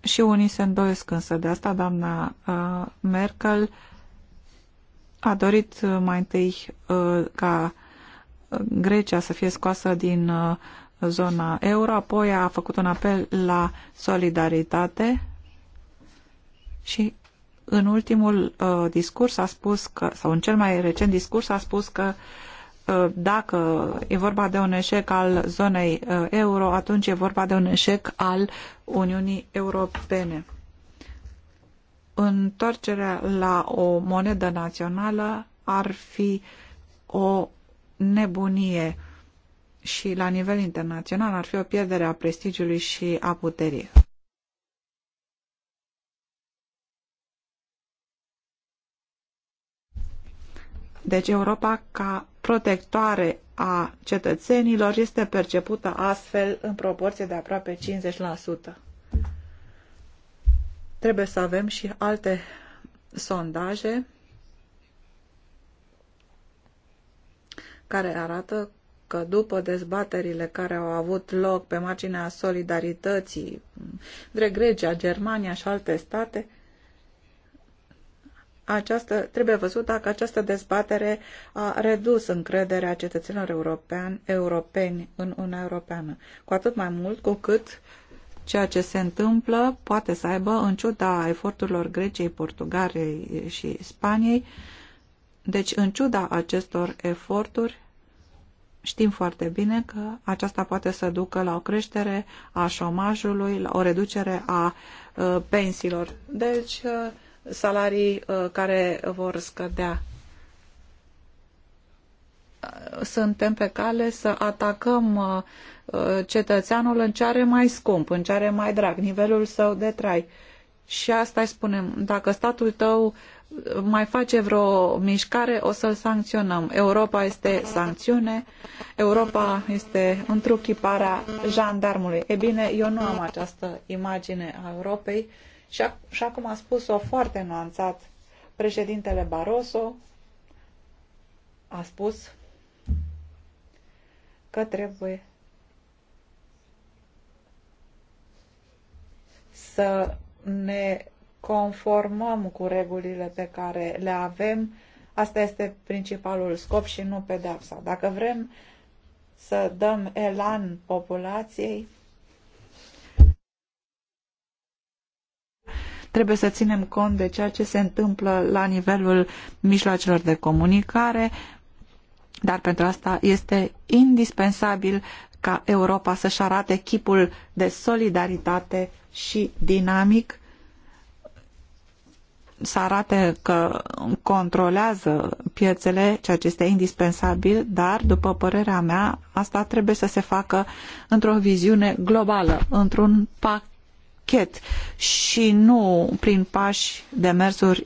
Și unii se îndoiesc însă de asta, doamna uh, Merkel a dorit uh, mai întâi uh, ca uh, Grecia să fie scoasă din zona euro, apoi a făcut un apel la solidaritate și în ultimul discurs a spus că, sau în cel mai recent discurs a spus că dacă e vorba de un eșec al zonei euro, atunci e vorba de un eșec al Uniunii Europene întoarcerea la o monedă națională ar fi o nebunie și la nivel internațional ar fi o pierdere a prestigiului și a puterii. Deci Europa ca protectoare a cetățenilor este percepută astfel în proporție de aproape 50%. Trebuie să avem și alte sondaje care arată că după dezbaterile care au avut loc pe marginea solidarității între Grecia, Germania și alte state, această, trebuie văzut dacă această dezbatere a redus încrederea cetățenilor europeni în Uniunea Europeană. Cu atât mai mult cu cât Ceea ce se întâmplă poate să aibă, în ciuda eforturilor Greciei, Portugalei și Spaniei, deci în ciuda acestor eforturi, știm foarte bine că aceasta poate să ducă la o creștere a șomajului, la o reducere a uh, pensiilor. Deci, uh, salarii uh, care vor scădea. Suntem pe cale să atacăm Uh, cetățeanul în ce are mai scump, în ce are mai drag, nivelul său de trai. Și asta îi spunem, dacă statul tău mai face vreo mișcare, o să-l sancționăm. Europa este sancțiune, Europa este întruchiparea jandarmului. E bine, eu nu am această imagine a Europei și și cum a spus-o foarte nuanțat președintele Barroso, a spus că trebuie să ne conformăm cu regulile pe care le avem. Asta este principalul scop și nu pedeapsa. Dacă vrem să dăm elan populației, trebuie să ținem cont de ceea ce se întâmplă la nivelul mijloacelor de comunicare, dar pentru asta este indispensabil ca Europa să-și arate chipul de solidaritate și dinamic, să arate că controlează piețele, ceea ce este indispensabil, dar, după părerea mea, asta trebuie să se facă într-o viziune globală, într-un pachet și nu prin pași de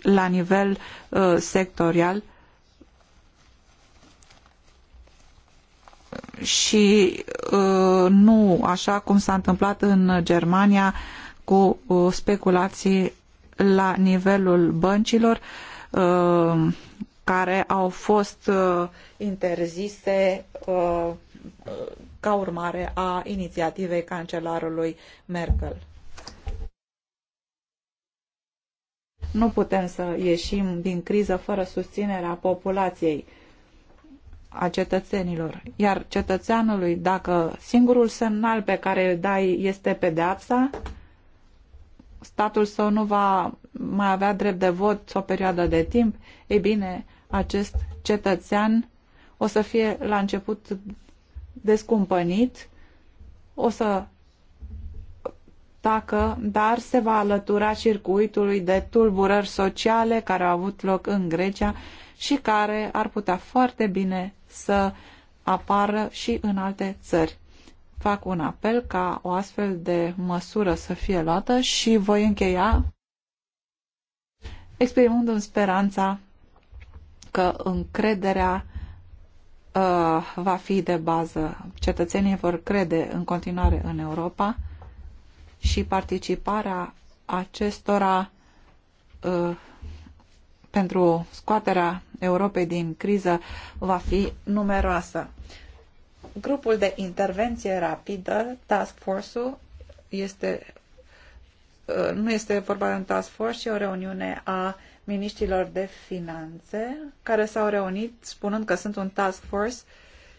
la nivel uh, sectorial, uh, și uh, nu așa cum s-a întâmplat în Germania cu uh, speculații la nivelul băncilor uh, care au fost interzise ca urmare a inițiativei cancelarului Merkel. Nu putem să ieșim din criză fără susținerea populației a cetățenilor. Iar cetățeanului, dacă singurul semnal pe care îl dai este pedeapsa, statul său nu va mai avea drept de vot o perioadă de timp, e bine, acest cetățean o să fie la început descumpănit, o să tacă, dar se va alătura circuitului de tulburări sociale care au avut loc în Grecia și care ar putea foarte bine să apară și în alte țări. Fac un apel ca o astfel de măsură să fie luată și voi încheia exprimându-mi speranța că încrederea uh, va fi de bază. Cetățenii vor crede în continuare în Europa și participarea acestora uh, pentru scoaterea Europei din criză va fi numeroasă. Grupul de intervenție rapidă, Task Force-ul, este, uh, nu este vorba de un Task Force, ci o reuniune a miniștilor de finanțe care s-au reunit spunând că sunt un Task Force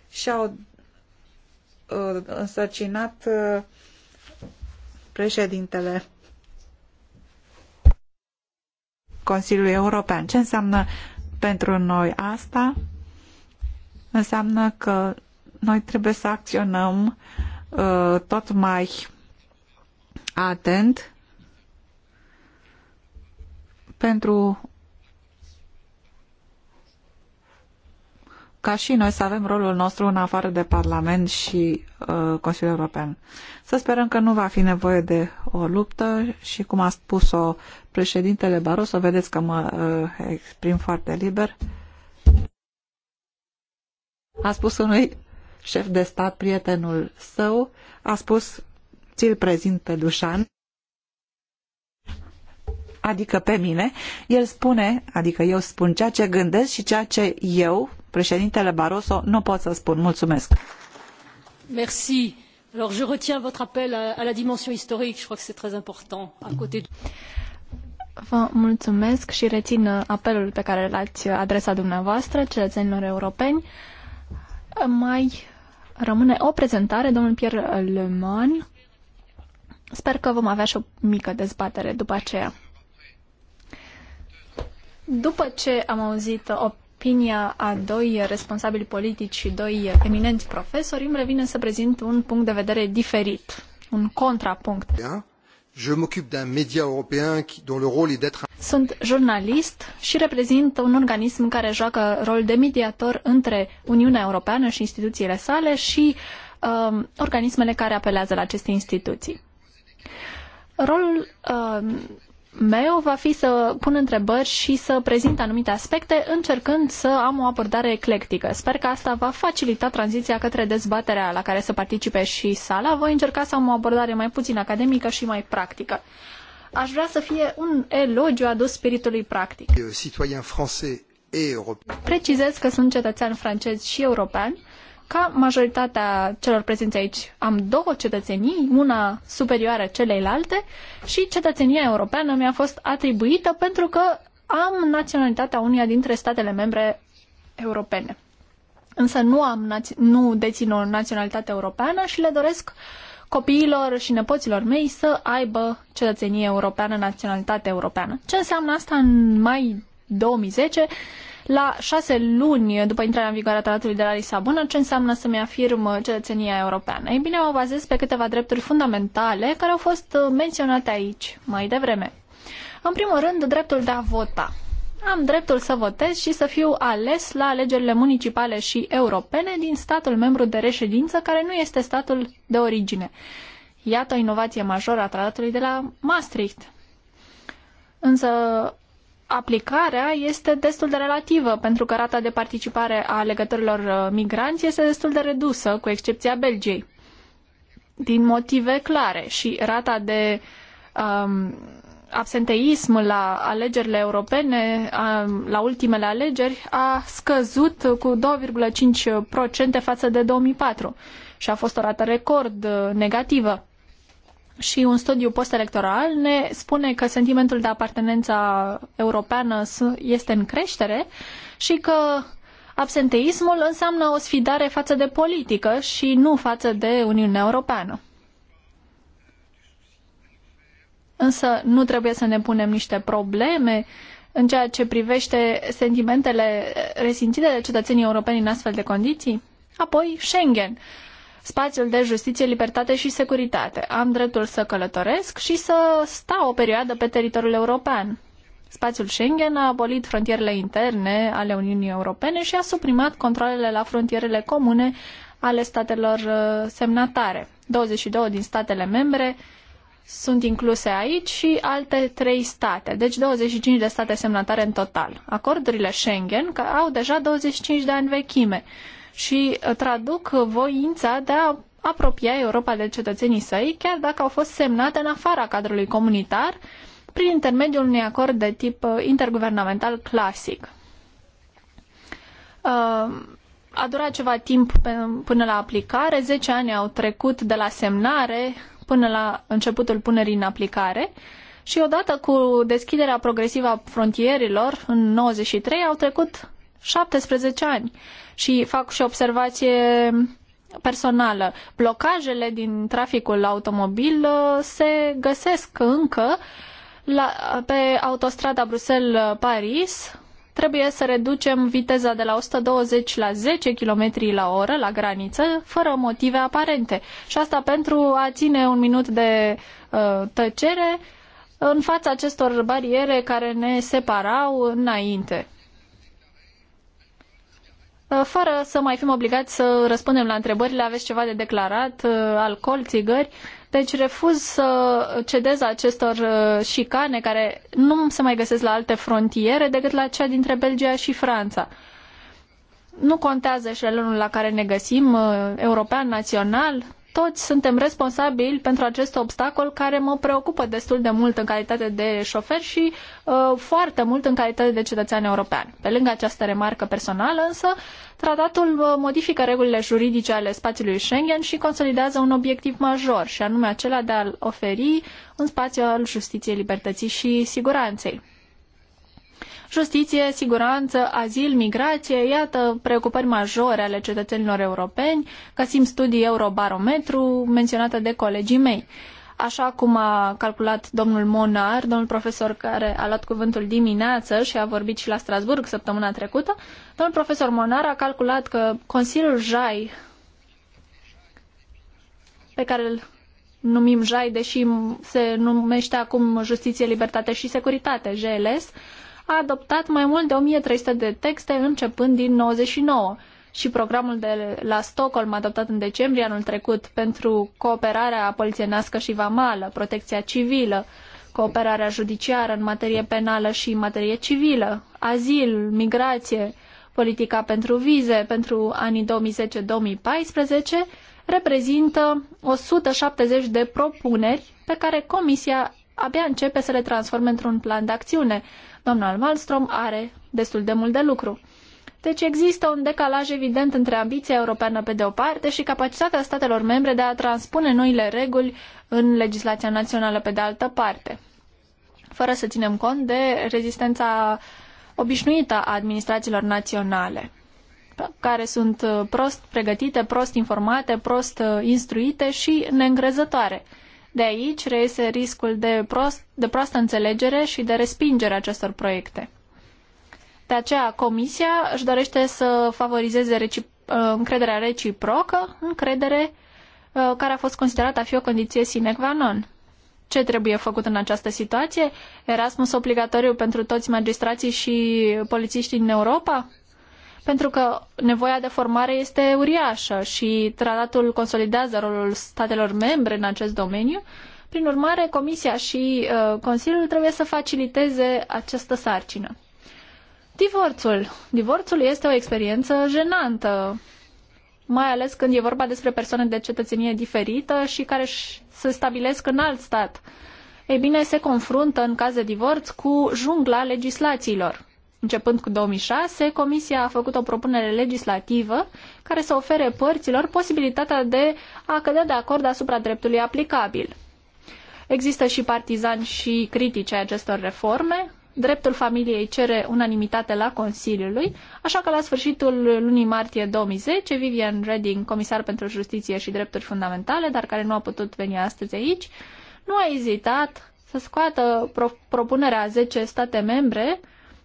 și au uh, însărcinat uh, președintele Consiliului European. Ce înseamnă pentru noi asta înseamnă că noi trebuie să acționăm uh, tot mai atent pentru ca și noi să avem rolul nostru în afară de Parlament și uh, Consiliul European. Să sperăm că nu va fi nevoie de o luptă și cum a spus-o președintele Barroso, vedeți că mă uh, exprim foarte liber, a spus unui șef de stat, prietenul său, a spus, ți-l prezint pe Dușan, adică pe mine, el spune, adică eu spun ceea ce gândesc și ceea ce eu, președintele Barroso, nu pot să spun. Mulțumesc! Merci. Alors je retiens votre appel à, la dimension historique, je crois que c'est très important à côté de... Vă mulțumesc și rețin uh, apelul pe care l-ați adresat dumneavoastră, cetățenilor europeni. Mai rămâne o prezentare, domnul Pierre Le Man. Sper că vom avea și o mică dezbatere după aceea. După ce am auzit opinia a doi responsabili politici și doi eminenți profesori, îmi revine să prezint un punct de vedere diferit, un contrapunct. Je m'occupe d'un média européen dont le rôle est d'être Sunt jurnalist și reprezint un organism care joacă rol de mediator între Uniunea Europeană și instituțiile sale și um, organismele care apelează la aceste instituții. Rolul um, meu va fi să pun întrebări și să prezint anumite aspecte, încercând să am o abordare eclectică. Sper că asta va facilita tranziția către dezbaterea la care să participe și sala. Voi încerca să am o abordare mai puțin academică și mai practică. Aș vrea să fie un elogiu adus spiritului practic. Precizez că sunt cetățean francez și european ca majoritatea celor prezenți aici, am două cetățenii, una superioară celeilalte și cetățenia europeană mi-a fost atribuită pentru că am naționalitatea unia dintre statele membre europene. Însă nu, am nu dețin o naționalitate europeană și le doresc copiilor și nepoților mei să aibă cetățenie europeană, naționalitate europeană. Ce înseamnă asta în mai 2010? la șase luni după intrarea în vigoare a tratatului de la Lisabona, ce înseamnă să-mi afirm cetățenia europeană. Ei bine, mă bazez pe câteva drepturi fundamentale care au fost uh, menționate aici mai devreme. În primul rând, dreptul de a vota. Am dreptul să votez și să fiu ales la alegerile municipale și europene din statul membru de reședință care nu este statul de origine. Iată o inovație majoră a tratatului de la Maastricht. Însă aplicarea este destul de relativă, pentru că rata de participare a legătorilor uh, migranți este destul de redusă, cu excepția Belgiei, din motive clare. Și rata de um, absenteism la alegerile europene, um, la ultimele alegeri, a scăzut cu 2,5% față de 2004 și a fost o rată record uh, negativă și un studiu postelectoral ne spune că sentimentul de apartenență europeană este în creștere și că absenteismul înseamnă o sfidare față de politică și nu față de Uniunea Europeană. Însă nu trebuie să ne punem niște probleme în ceea ce privește sentimentele resimțite de cetățenii europeni în astfel de condiții? Apoi, Schengen spațiul de justiție, libertate și securitate. Am dreptul să călătoresc și să stau o perioadă pe teritoriul european. Spațiul Schengen a abolit frontierele interne ale Uniunii Europene și a suprimat controlele la frontierele comune ale statelor uh, semnatare. 22 din statele membre sunt incluse aici și alte trei state, deci 25 de state semnatare în total. Acordurile Schengen au deja 25 de ani vechime și uh, traduc voința de a apropia Europa de cetățenii săi, chiar dacă au fost semnate în afara cadrului comunitar, prin intermediul unui acord de tip uh, interguvernamental clasic. Uh, a durat ceva timp până la aplicare, Zece ani au trecut de la semnare până la începutul punerii în aplicare și odată cu deschiderea progresivă a frontierilor în 93 au trecut 17 ani și fac și observație personală. Blocajele din traficul automobil uh, se găsesc încă la, pe autostrada Bruxelles-Paris. Trebuie să reducem viteza de la 120 la 10 km la oră la graniță, fără motive aparente. Și asta pentru a ține un minut de uh, tăcere în fața acestor bariere care ne separau înainte. Uh, fără să mai fim obligați să răspundem la întrebările, aveți ceva de declarat, uh, alcool, țigări. Deci refuz să cedez acestor uh, șicane care nu se mai găsesc la alte frontiere decât la cea dintre Belgia și Franța. Nu contează șelonul la care ne găsim, european, național, toți suntem responsabili pentru acest obstacol care mă preocupă destul de mult în calitate de șofer și uh, foarte mult în calitate de cetățean european. Pe lângă această remarcă personală, însă, tratatul uh, modifică regulile juridice ale spațiului Schengen și consolidează un obiectiv major, și anume acela de a-l oferi un spațiu al justiției, libertății și siguranței justiție, siguranță, azil, migrație, iată preocupări majore ale cetățenilor europeni, găsim studii Eurobarometru menționate de colegii mei. Așa cum a calculat domnul Monar, domnul profesor care a luat cuvântul dimineață și a vorbit și la Strasburg săptămâna trecută, domnul profesor Monar a calculat că Consiliul Jai, pe care îl numim JAI, deși se numește acum Justiție, Libertate și Securitate, JLS, a adoptat mai mult de 1300 de texte începând din 99 și programul de la Stockholm adoptat în decembrie anul trecut pentru cooperarea polițienească și vamală, protecția civilă, cooperarea judiciară în materie penală și în materie civilă, azil, migrație, politica pentru vize pentru anii 2010-2014 reprezintă 170 de propuneri pe care Comisia abia începe să le transforme într-un plan de acțiune Domnul Malmström are destul de mult de lucru. Deci există un decalaj evident între ambiția europeană pe de o parte și capacitatea statelor membre de a transpune noile reguli în legislația națională pe de altă parte, fără să ținem cont de rezistența obișnuită a administrațiilor naționale, care sunt uh, prost pregătite, prost informate, prost uh, instruite și neîngrezătoare. De aici reiese riscul de, prost, de proastă înțelegere și de respingere acestor proiecte. De aceea, Comisia își dorește să favorizeze recip- uh, încrederea reciprocă, încredere uh, care a fost considerată a fi o condiție sine qua non. Ce trebuie făcut în această situație? Erasmus obligatoriu pentru toți magistrații și polițiștii din Europa? pentru că nevoia de formare este uriașă și tratatul consolidează rolul statelor membre în acest domeniu. Prin urmare, Comisia și uh, Consiliul trebuie să faciliteze această sarcină. Divorțul. Divorțul este o experiență jenantă, mai ales când e vorba despre persoane de cetățenie diferită și care se stabilesc în alt stat. Ei bine, se confruntă în caz de divorț cu jungla legislațiilor. Începând cu 2006, Comisia a făcut o propunere legislativă care să ofere părților posibilitatea de a cădea de acord asupra dreptului aplicabil. Există și partizani și critici ai acestor reforme. Dreptul familiei cere unanimitate la Consiliului, așa că la sfârșitul lunii martie 2010, Vivian Redding, comisar pentru justiție și drepturi fundamentale, dar care nu a putut veni astăzi aici, nu a ezitat să scoată pro- propunerea a 10 state membre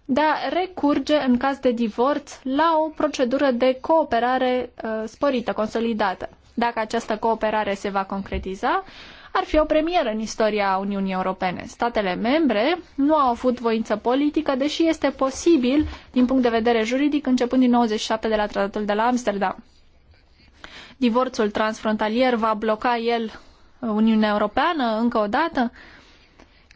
de a recurge în caz de divorț la o procedură de cooperare uh, sporită, consolidată. Dacă această cooperare se va concretiza, ar fi o premieră în istoria Uniunii Europene. Statele membre nu au avut voință politică, deși este posibil din punct de vedere juridic începând din 97 de la Tratatul de la Amsterdam. Divorțul transfrontalier va bloca el Uniunea Europeană încă o dată?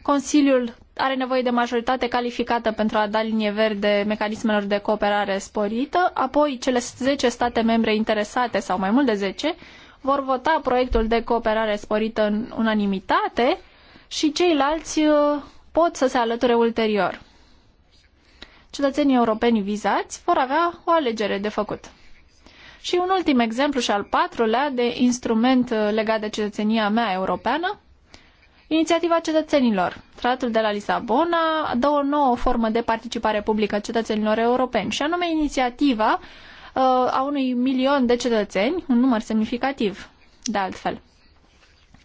Consiliul are nevoie de majoritate calificată pentru a da linie verde mecanismelor de cooperare sporită, apoi cele zece state membre interesate sau mai mult de zece vor vota proiectul de cooperare sporită în unanimitate și ceilalți uh, pot să se alăture ulterior. Cetățenii europeni vizați vor avea o alegere de făcut. Și un ultim exemplu și al patrulea de instrument uh, legat de cetățenia mea europeană, Inițiativa cetățenilor. Tratatul de la Lisabona dă o nouă formă de participare publică a cetățenilor europeni și anume inițiativa uh, a unui milion de cetățeni, un număr semnificativ, de altfel.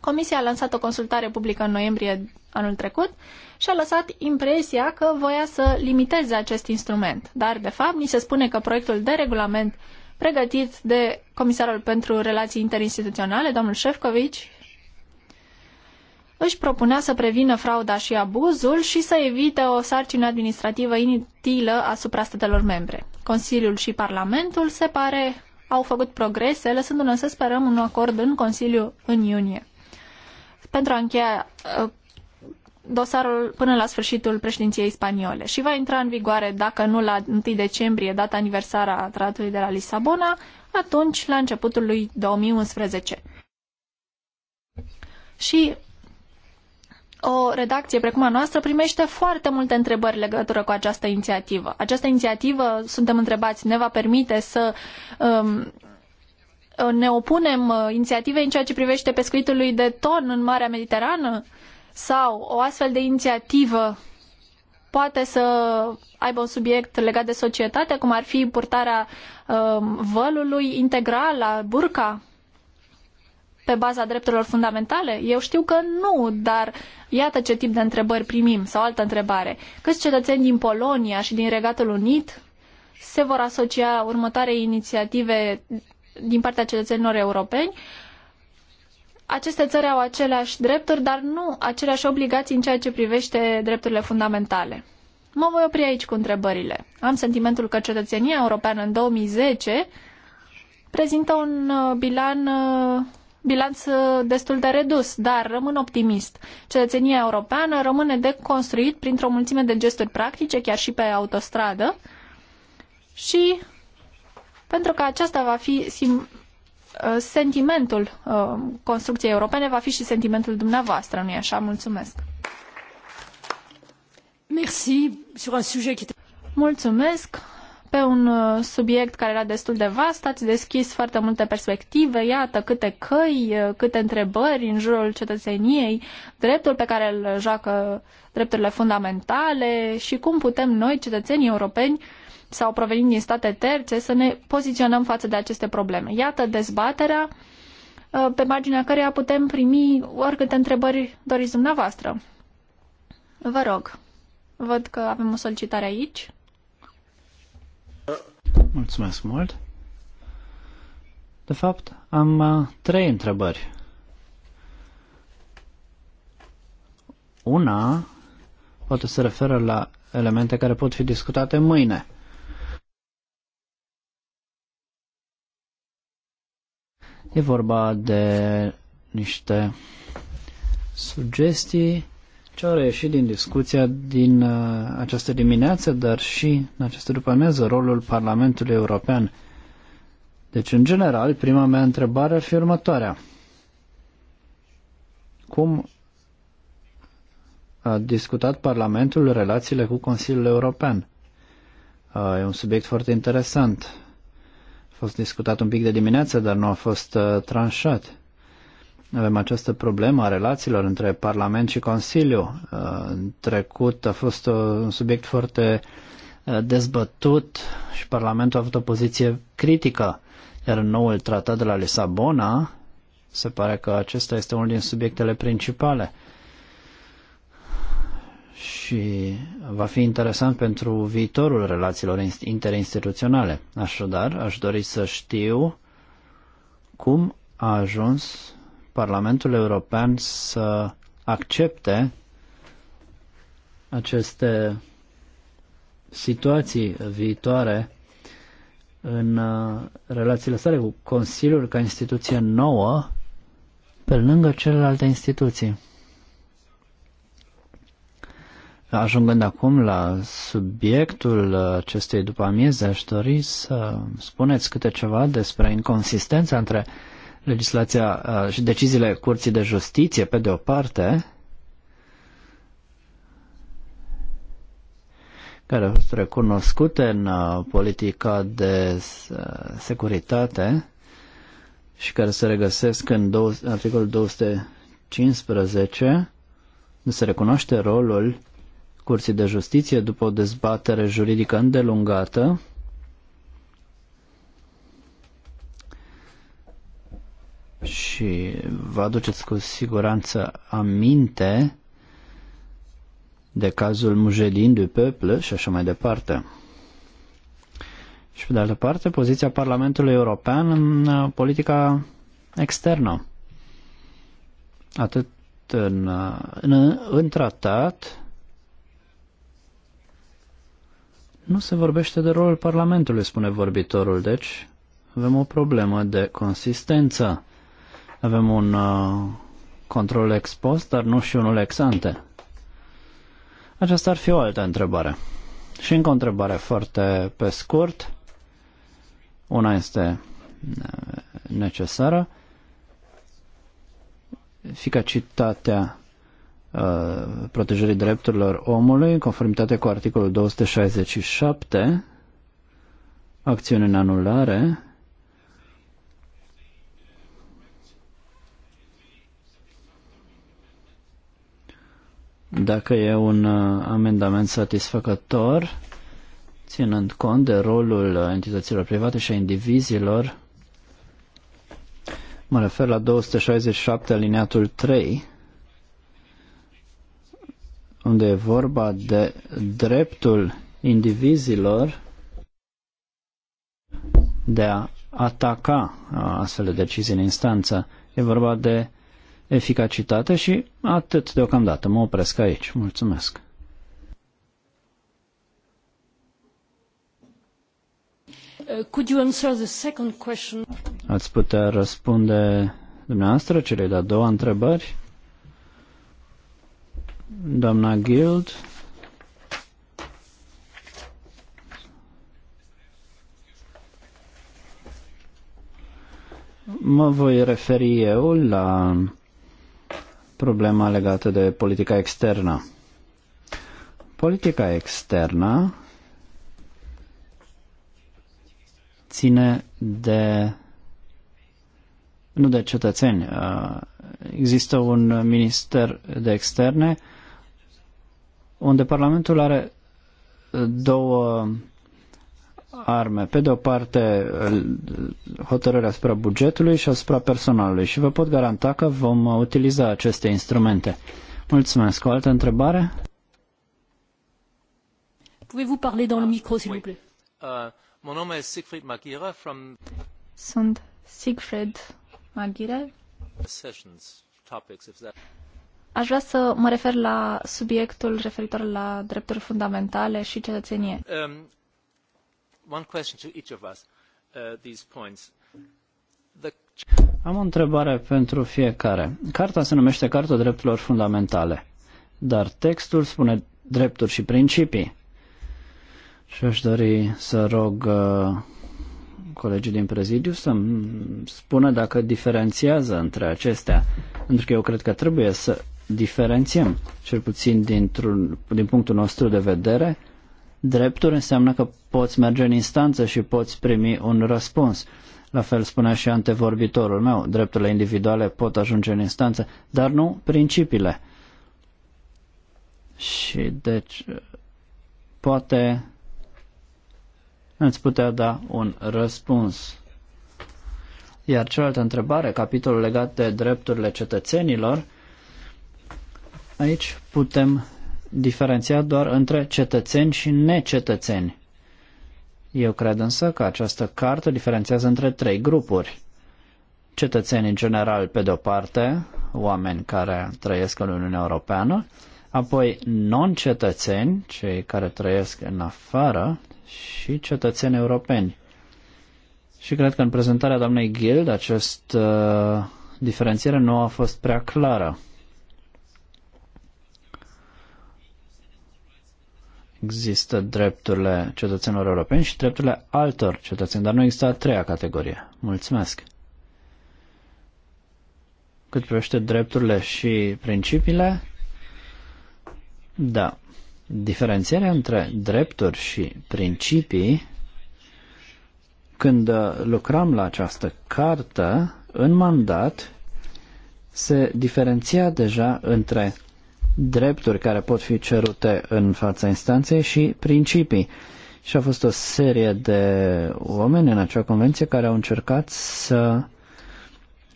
Comisia a lansat o consultare publică în noiembrie anul trecut și a lăsat impresia că voia să limiteze acest instrument. Dar, de fapt, ni se spune că proiectul de regulament pregătit de Comisarul pentru Relații Interinstituționale, domnul Șefcovici, își propunea să prevină frauda și abuzul și să evite o sarcină administrativă inutilă asupra statelor membre. Consiliul și Parlamentul se pare au făcut progrese, lăsându-ne să sperăm un acord în Consiliu în iunie. Pentru a încheia uh, dosarul până la sfârșitul președinției spaniole și va intra în vigoare, dacă nu la 1 decembrie, data aniversară a tratului de la Lisabona, atunci la începutul lui 2011. Și o redacție precum a noastră primește foarte multe întrebări legătură cu această inițiativă. Această inițiativă, suntem întrebați, ne va permite să um, ne opunem uh, inițiativei în ceea ce privește pescuitului de ton în Marea Mediterană? Sau o astfel de inițiativă poate să aibă un subiect legat de societate, cum ar fi purtarea um, vălului integral la burca pe baza drepturilor fundamentale? Eu știu că nu, dar iată ce tip de întrebări primim. Sau altă întrebare. Câți cetățeni din Polonia și din Regatul Unit se vor asocia următoarei inițiative din partea cetățenilor europeni? Aceste țări au aceleași drepturi, dar nu aceleași obligații în ceea ce privește drepturile fundamentale. Mă voi opri aici cu întrebările. Am sentimentul că cetățenia europeană în 2010 prezintă un uh, bilan uh, bilanț uh, destul de redus, dar rămân optimist. Cetățenia europeană rămâne de construit printr-o mulțime de gesturi practice, chiar și pe autostradă. Și pentru că aceasta va fi uh, sentimentul uh, construcției europene, va fi și sentimentul dumneavoastră, nu-i așa? Mulțumesc! Mulțumesc pe un uh, subiect care era destul de vast, ați deschis foarte multe perspective, iată câte căi, uh, câte întrebări în jurul cetățeniei, dreptul pe care îl joacă drepturile fundamentale și cum putem noi, cetățenii europeni, sau provenind din state terțe, să ne poziționăm față de aceste probleme. Iată dezbaterea uh, pe marginea căreia putem primi oricâte întrebări doriți dumneavoastră. Vă rog, văd că avem o solicitare aici. Mulțumesc mult. De fapt, am uh, trei întrebări. Una poate se referă la elemente care pot fi discutate mâine. E vorba de niște sugestii ce au reieșit din discuția din uh, această dimineață, dar și în această după-amiază, rolul Parlamentului European. Deci, în general, prima mea întrebare ar fi următoarea. Cum a discutat Parlamentul relațiile cu Consiliul European? Uh, e un subiect foarte interesant. A fost discutat un pic de dimineață, dar nu a fost uh, tranșat avem această problemă a relațiilor între Parlament și Consiliu. Uh, în trecut a fost uh, un subiect foarte uh, dezbătut și Parlamentul a avut o poziție critică, iar în noul tratat de la Lisabona se pare că acesta este unul din subiectele principale. Și va fi interesant pentru viitorul relațiilor interinstituționale. Așadar, aș dori să știu cum a ajuns Parlamentul European să accepte aceste situații viitoare în uh, relațiile sale cu Consiliul ca instituție nouă pe lângă celelalte instituții. Ajungând acum la subiectul acestei după amieze, aș dori să spuneți câte ceva despre inconsistența între uh, legislația și deciziile Curții de Justiție, pe de o parte, care au fost recunoscute în politica de securitate și care se regăsesc în articolul 215, nu se recunoaște rolul Curții de Justiție după o dezbatere juridică îndelungată și vă aduceți cu siguranță aminte de cazul Mujedin du Peuple și așa mai departe. Și pe de altă parte, poziția Parlamentului European în uh, politica externă. Atât în, uh, în, în tratat nu se vorbește de rolul Parlamentului, spune vorbitorul, deci avem o problemă de consistență. Avem un uh, control ex post, dar nu și unul ex ante. Aceasta ar fi o altă întrebare. Și încă o întrebare foarte pe scurt. Una este uh, necesară. Eficacitatea uh, protejării drepturilor omului, în conformitate cu articolul 267, acțiune în anulare, dacă e un uh, amendament satisfăcător, ținând cont de rolul entităților private și a indivizilor. Mă refer la 267 aliniatul 3, unde e vorba de dreptul indivizilor de a ataca uh, astfel de decizii în instanță. E vorba de eficacitate și atât deocamdată. Mă opresc aici. Mulțumesc. Uh, could you answer the second question? Ați putea răspunde dumneavoastră cele de-a doua întrebări? Doamna Guild? Mă voi referi eu la problema legată de politica externă. Politica externă ține de nu de cetățeni. Uh, există un minister de externe unde Parlamentul are două arme. Pe de o parte, hotărârea asupra bugetului și asupra personalului și vă pot garanta că vom utiliza aceste instrumente. Mulțumesc. O altă întrebare? Pouvez-vous parler dans le ah, micro, s'il vous plaît? Euh, mon nom est Siegfried Magira from... Sunt Siegfried Magira. Sessions, topics, if that... Aș vrea să mă refer la subiectul referitor la drepturi fundamentale și cetățenie. Um, one question to each of us, uh, these points. The... Am o întrebare pentru fiecare. Carta se numește Carta Drepturilor Fundamentale, dar textul spune drepturi și principii. Și aș dori să rog uh, colegii din prezidiu să spună dacă diferențiază între acestea, pentru că eu cred că trebuie să diferențiem, cel puțin din punctul nostru de vedere, drepturi înseamnă că poți merge în instanță și poți primi un răspuns. La fel spunea și antevorbitorul meu, drepturile individuale pot ajunge în instanță, dar nu principiile. Și deci poate îți putea da un răspuns. Iar cealaltă întrebare, capitolul legat de drepturile cetățenilor, aici putem diferenția doar între cetățeni și necetățeni. Eu cred însă că această carte diferențiază între trei grupuri. Cetățeni în general, pe de-o parte, oameni care trăiesc în Uniunea Europeană, apoi non-cetățeni, cei care trăiesc în afară, și cetățeni europeni. Și cred că în prezentarea doamnei Gild această uh, diferențiere nu a fost prea clară. există drepturile cetățenilor europeni și drepturile altor cetățeni, dar nu există a treia categorie. Mulțumesc! Cât privește drepturile și principiile, da, diferențierea între drepturi și principii, când lucram la această carte, în mandat, se diferenția deja între drepturi care pot fi cerute în fața instanței și principii. Și a fost o serie de oameni în acea convenție care au încercat să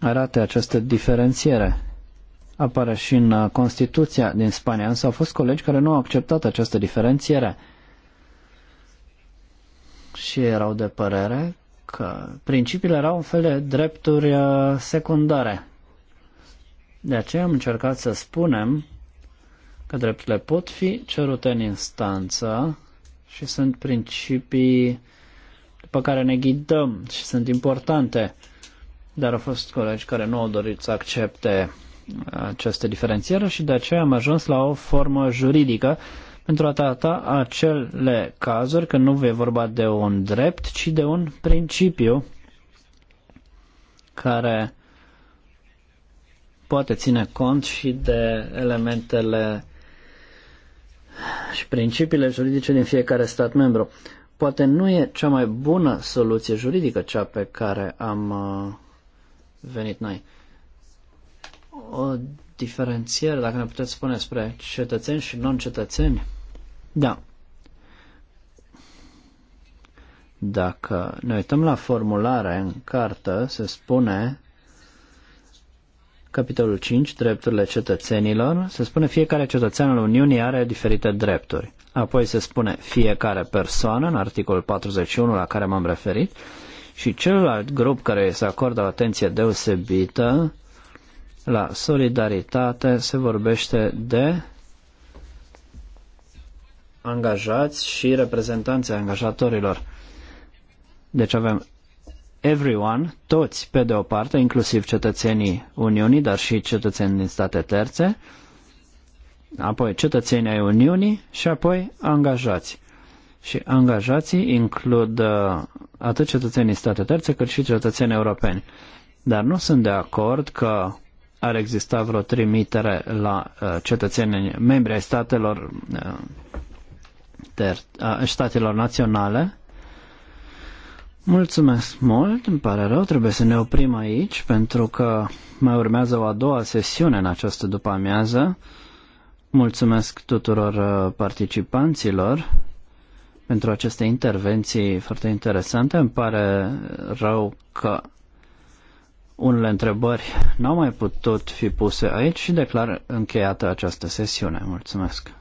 arate această diferențiere. Apare și în uh, Constituția din Spania, însă au fost colegi care nu au acceptat această diferențiere și erau de părere că principiile erau un fel de drepturi uh, secundare. De aceea am încercat să spunem că drepturile pot fi cerute în instanță și sunt principii după care ne ghidăm și sunt importante, dar au fost colegi care nu au dorit să accepte această diferențiere și de aceea am ajuns la o formă juridică pentru a trata acele cazuri când nu e vorba de un drept, ci de un principiu care poate ține cont și de elementele și principiile juridice din fiecare stat membru. Poate nu e cea mai bună soluție juridică cea pe care am uh, venit noi. O diferențiere, dacă ne puteți spune, spre cetățeni și non-cetățeni? Da. Dacă ne uităm la formulare în cartă, se spune Capitolul 5, drepturile cetățenilor, se spune fiecare cetățean al Uniunii are diferite drepturi. Apoi se spune fiecare persoană, în articolul 41 la care m-am referit, și celălalt grup care se acordă o atenție deosebită la solidaritate se vorbește de angajați și reprezentanții angajatorilor. Deci avem everyone, toți pe de o parte, inclusiv cetățenii Uniunii, dar și cetățenii din state terțe, apoi cetățenii ai Uniunii și apoi angajați. Și angajații includ uh, atât cetățenii state terțe cât și cetățenii europeni. Dar nu sunt de acord că ar exista vreo trimitere la uh, cetățenii membri ai statelor, uh, ter, statelor naționale Mulțumesc mult, îmi pare rău, trebuie să ne oprim aici pentru că mai urmează o a doua sesiune în această după-amiază. Mulțumesc tuturor uh, participanților pentru aceste intervenții foarte interesante. Îmi pare rău că unele întrebări n-au mai putut fi puse aici și declar încheiată această sesiune. Mulțumesc!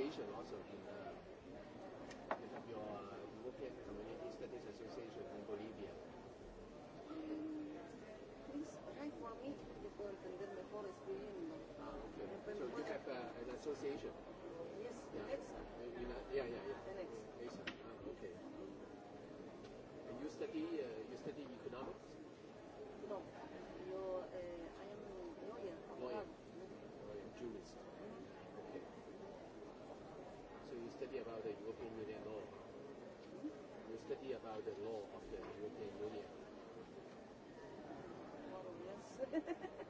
Association also in uh, you have your European uh, Community Studies Association in Bolivia. Please write for me before and then before it's being. Ah, okay. So you have uh, an association. Yes, yeah. EXA. Uh, yeah, yeah, yeah. An EXA. Ah, okay. And you study uh, you study economics. No. study about the European Union law. You study about the law of the European Union. Well, yes.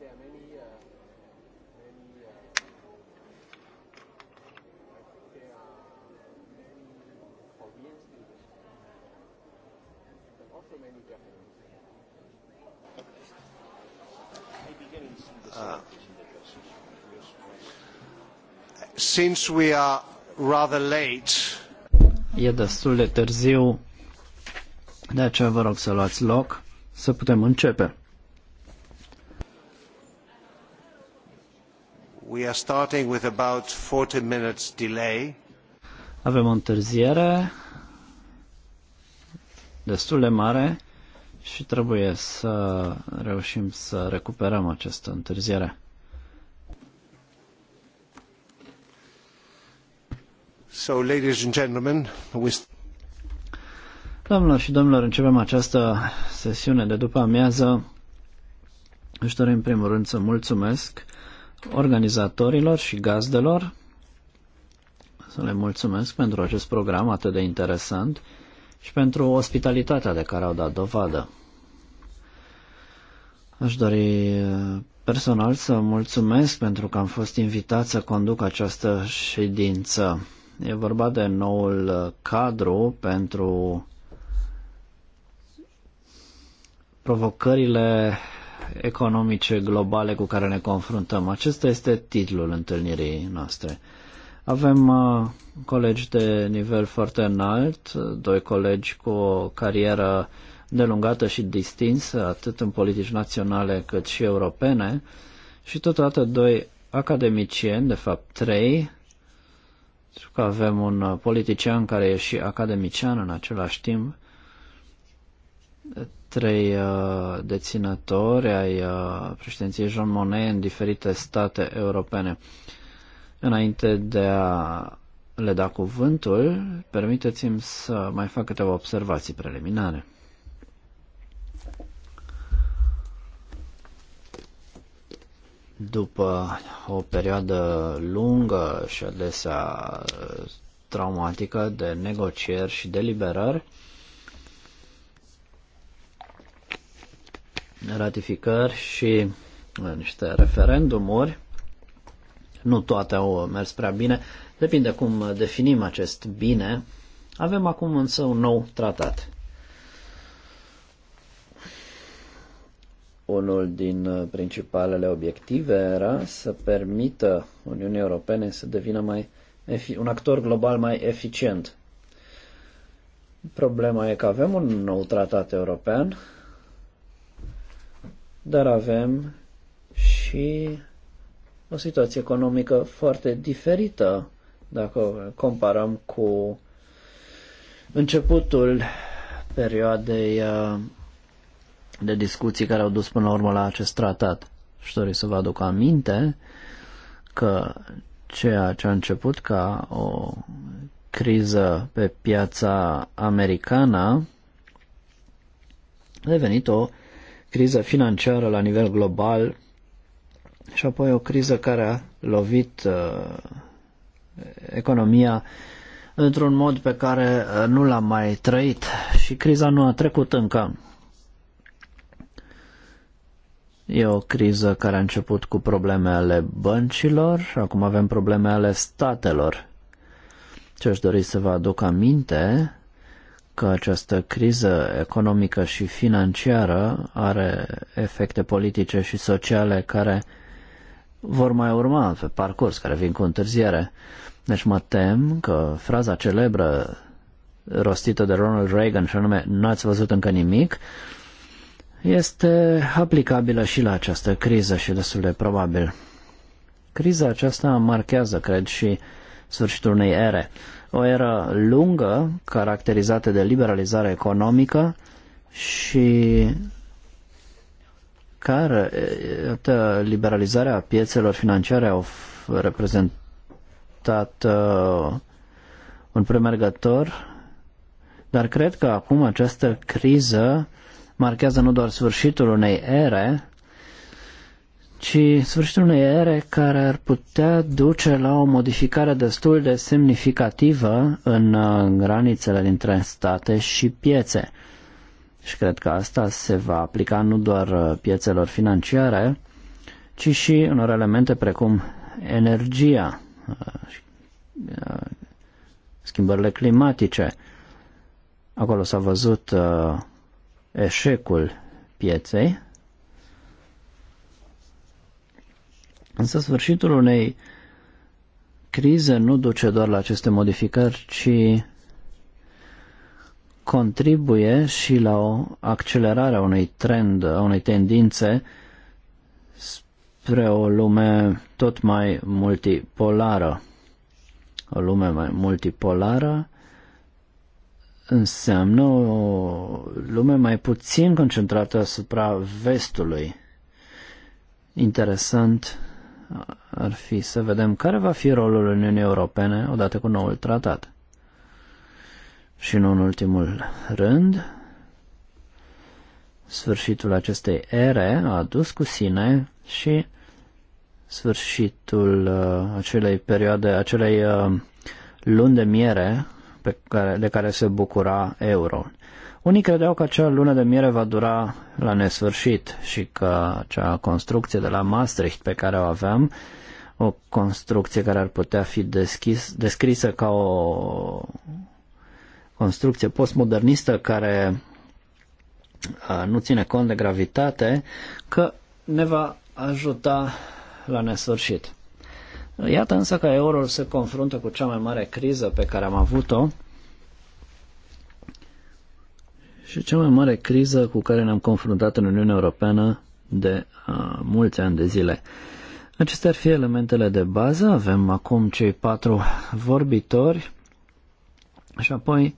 there are many, uh, many, uh, I think there are many Korean students, but also many Japanese. Uh, since we are rather late, E destul de târziu, de aceea vă rog să luați loc, să putem începe. are starting with about 40 minutes delay. Avem o întârziere destul de mare și trebuie să reușim să recuperăm această întârziere. So, ladies and gentlemen, we... Doamnelor și domnilor, începem această sesiune de după amiază. Își dorim, în primul rând, să mulțumesc organizatorilor și gazdelor să le mulțumesc pentru acest program atât de interesant și pentru ospitalitatea de care au dat dovadă. Aș dori personal să mulțumesc pentru că am fost invitat să conduc această ședință. E vorba de noul cadru pentru provocările economice globale cu care ne confruntăm. Acesta este titlul întâlnirii noastre. Avem uh, colegi de nivel foarte înalt, doi colegi cu o carieră nelungată și distinsă, atât în politici naționale cât și europene, și totodată doi academicieni, de fapt trei, pentru că avem un uh, politician care e și academician în același timp, trei uh, deținători ai uh, președinției Jean Monnet în diferite state europene. Înainte de a le da cuvântul, permiteți-mi să mai fac câteva observații preliminare. După o perioadă lungă și adesea traumatică de negocieri și deliberări, ratificări și uh, niște referendumuri. Nu toate au mers prea bine. Depinde cum definim acest bine. Avem acum însă un nou tratat. Unul din uh, principalele obiective era să permită Uniunii Europene să devină mai un actor global mai eficient. Problema e că avem un nou tratat european dar avem și o situație economică foarte diferită dacă comparăm cu începutul perioadei uh, de discuții care au dus până la urmă la acest tratat. Și dori să vă aduc aminte că ceea ce a început ca o criză pe piața americană a devenit o criza financiară la nivel global și apoi o criză care a lovit uh, economia într-un mod pe care uh, nu l-am mai trăit și criza nu a trecut încă. E o criză care a început cu probleme ale băncilor și acum avem probleme ale statelor. Ce aș dori să vă aduc aminte că această criză economică și financiară are efecte politice și sociale care vor mai urma pe parcurs, care vin cu întârziere. Deci mă tem că fraza celebră rostită de Ronald Reagan și anume n-ați văzut încă nimic, este aplicabilă și la această criză și destul de probabil. Criza aceasta marchează, cred, și sfârșitul unei ere o eră lungă caracterizată de liberalizare economică și care iată, liberalizarea piețelor financiare au reprezentat uh, un premergător, dar cred că acum această criză marchează nu doar sfârșitul unei ere, ci sfârșitul unei ere care ar putea duce la o modificare destul de semnificativă în uh, granițele dintre state și piețe. Și cred că asta se va aplica nu doar uh, piețelor financiare, ci și unor elemente precum energia, uh, schimbările climatice. Acolo s-a văzut eșecul pieței Însă sfârșitul unei crize nu duce doar la aceste modificări, ci contribuie și la o accelerare a unui trend, a unei tendințe spre o lume tot mai multipolară. O lume mai multipolară înseamnă o lume mai puțin concentrată asupra vestului. Interesant ar fi să vedem care va fi rolul Uniunii Europene odată cu noul tratat. Și nu în ultimul rând, sfârșitul acestei ere a dus cu sine și sfârșitul uh, acelei perioade, acelei uh, luni de miere pe care, de care se bucura euro. Unii credeau că acea lună de miere va dura la nesfârșit și că acea construcție de la Maastricht pe care o aveam, o construcție care ar putea fi deschis, descrisă ca o construcție postmodernistă care nu ține cont de gravitate, că ne va ajuta la nesfârșit. Iată însă că eurul se confruntă cu cea mai mare criză pe care am avut-o și cea mai mare criză cu care ne-am confruntat în Uniunea Europeană de a, mulți ani de zile. Acestea ar fi elementele de bază. Avem acum cei patru vorbitori și apoi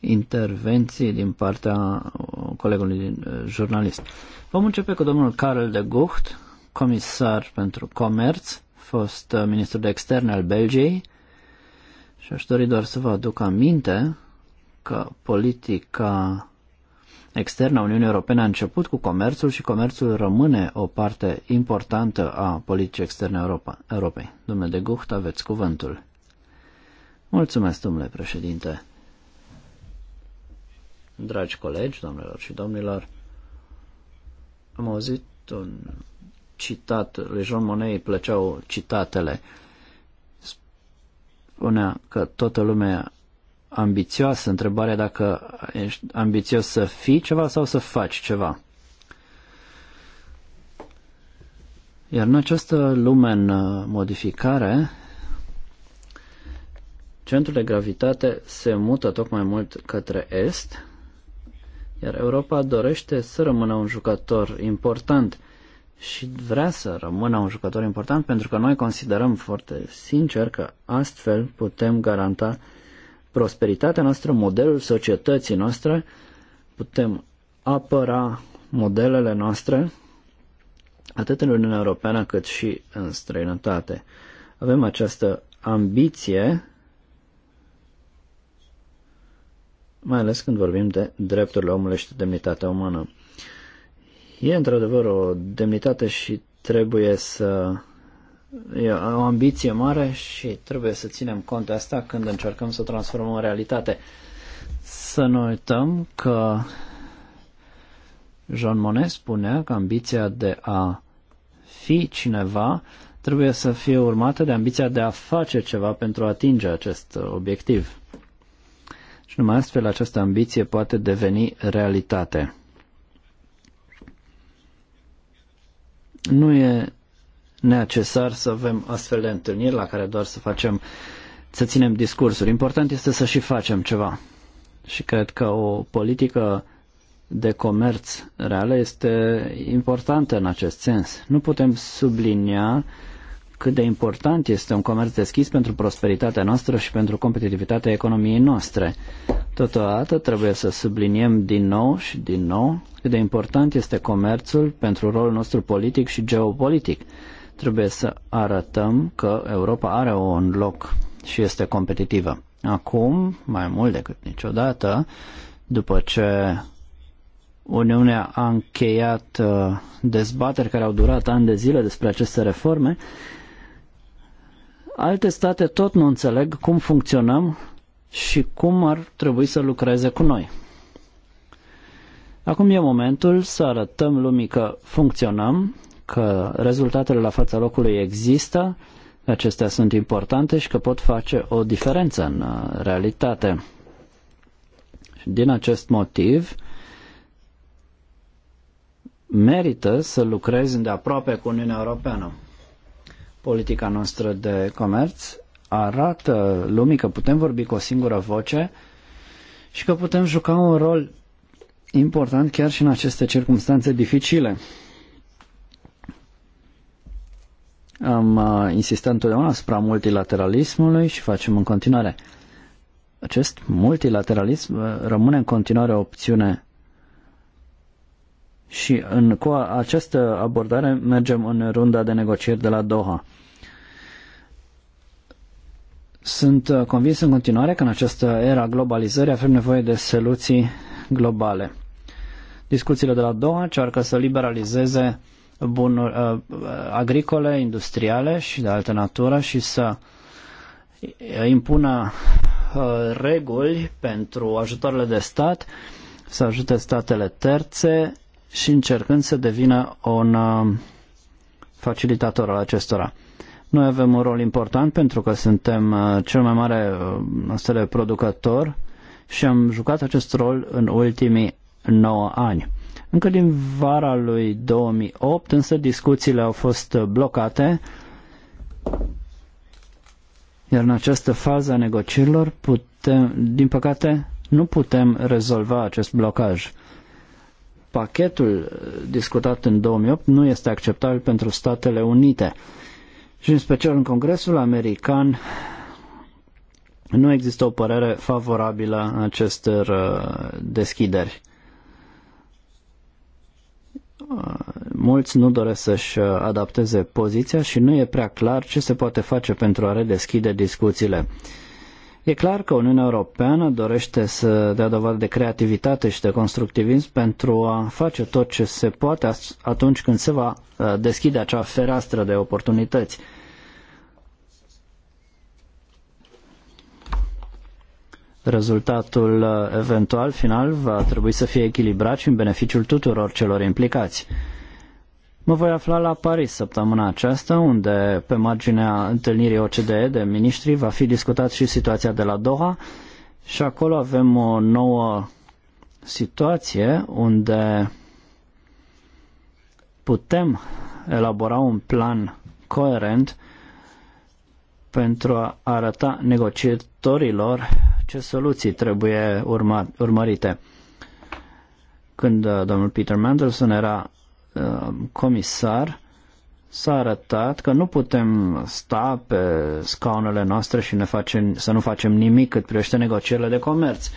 intervenții din partea uh, colegului uh, jurnalist. Vom începe cu domnul Karel de Gucht, comisar pentru comerț, fost uh, ministru de externe al Belgiei și aș dori doar să vă aduc aminte că politica externă a Uniunii Europene a început cu comerțul și comerțul rămâne o parte importantă a politicii externe a Europa, Europei. Domnule de Gucht, aveți cuvântul. Mulțumesc, domnule președinte. Dragi colegi, domnilor și domnilor, am auzit un citat, lui Jean Monnet îi plăceau citatele. Spunea că toată lumea ambițioasă, întrebarea dacă ești ambițios să fii ceva sau să faci ceva. Iar în această lume în uh, modificare, centrul de gravitate se mută tot mai mult către est, iar Europa dorește să rămână un jucător important și vrea să rămână un jucător important pentru că noi considerăm foarte sincer că astfel putem garanta prosperitatea noastră, modelul societății noastre, putem apăra modelele noastre, atât în Uniunea Europeană cât și în străinătate. Avem această ambiție, mai ales când vorbim de drepturile omului și de demnitatea umană. E într-adevăr o demnitate și trebuie să E o ambiție mare și trebuie să ținem cont de asta când încercăm să o transformăm în realitate. Să nu uităm că Jean Monnet spunea că ambiția de a fi cineva trebuie să fie urmată de ambiția de a face ceva pentru a atinge acest obiectiv. Și numai astfel această ambiție poate deveni realitate. Nu e necesar să avem astfel de întâlniri la care doar să facem, să ținem discursuri. Important este să și facem ceva. Și cred că o politică de comerț reală este importantă în acest sens. Nu putem sublinia cât de important este un comerț deschis pentru prosperitatea noastră și pentru competitivitatea economiei noastre. Totodată trebuie să subliniem din nou și din nou cât de important este comerțul pentru rolul nostru politic și geopolitic. Trebuie să arătăm că Europa are un loc și este competitivă. Acum, mai mult decât niciodată, după ce Uniunea a încheiat uh, dezbateri care au durat ani de zile despre aceste reforme, alte state tot nu înțeleg cum funcționăm și cum ar trebui să lucreze cu noi. Acum e momentul să arătăm lumii că funcționăm că rezultatele la fața locului există, că acestea sunt importante și că pot face o diferență în uh, realitate. din acest motiv, merită să lucrezi îndeaproape cu Uniunea Europeană. Politica noastră de comerț arată lumii că putem vorbi cu o singură voce și că putem juca un rol important chiar și în aceste circunstanțe dificile. Am uh, insistat întotdeauna asupra multilateralismului și facem în continuare. Acest multilateralism uh, rămâne în continuare o opțiune și în, cu această abordare mergem în runda de negocieri de la Doha. Sunt uh, convins în continuare că în această era globalizării avem nevoie de soluții globale. Discuțiile de la Doha încearcă să liberalizeze bunuri uh, agricole, industriale și de altă natură și să impună uh, reguli pentru ajutoarele de stat, să ajute statele terțe și încercând să devină un uh, facilitator al acestora. Noi avem un rol important pentru că suntem cel mai mare astfel producător și am jucat acest rol în ultimii 9 ani. Încă din vara lui 2008, însă discuțiile au fost blocate, iar în această fază a negocierilor, putem, din păcate, nu putem rezolva acest blocaj. Pachetul discutat în 2008 nu este acceptabil pentru Statele Unite și în special în Congresul American nu există o părere favorabilă acestor uh, deschideri mulți nu doresc să-și uh, adapteze poziția și nu e prea clar ce se poate face pentru a redeschide discuțiile. E clar că Uniunea Europeană dorește să dea dovadă de creativitate și de constructivism pentru a face tot ce se poate atunci când se va uh, deschide acea fereastră de oportunități. Rezultatul uh, eventual final va trebui să fie echilibrat și în beneficiul tuturor celor implicați. Mă voi afla la Paris săptămâna aceasta, unde, pe marginea întâlnirii OCDE de ministri va fi discutat și situația de la Doha și acolo avem o nouă situație unde putem elabora un plan coerent pentru a arăta negociatorilor ce soluții trebuie urma, urmărite. Când uh, domnul Peter Mandelson era uh, comisar, s-a arătat că nu putem sta pe scaunele noastre și ne facem, să nu facem nimic cât privește negocierile de comerț.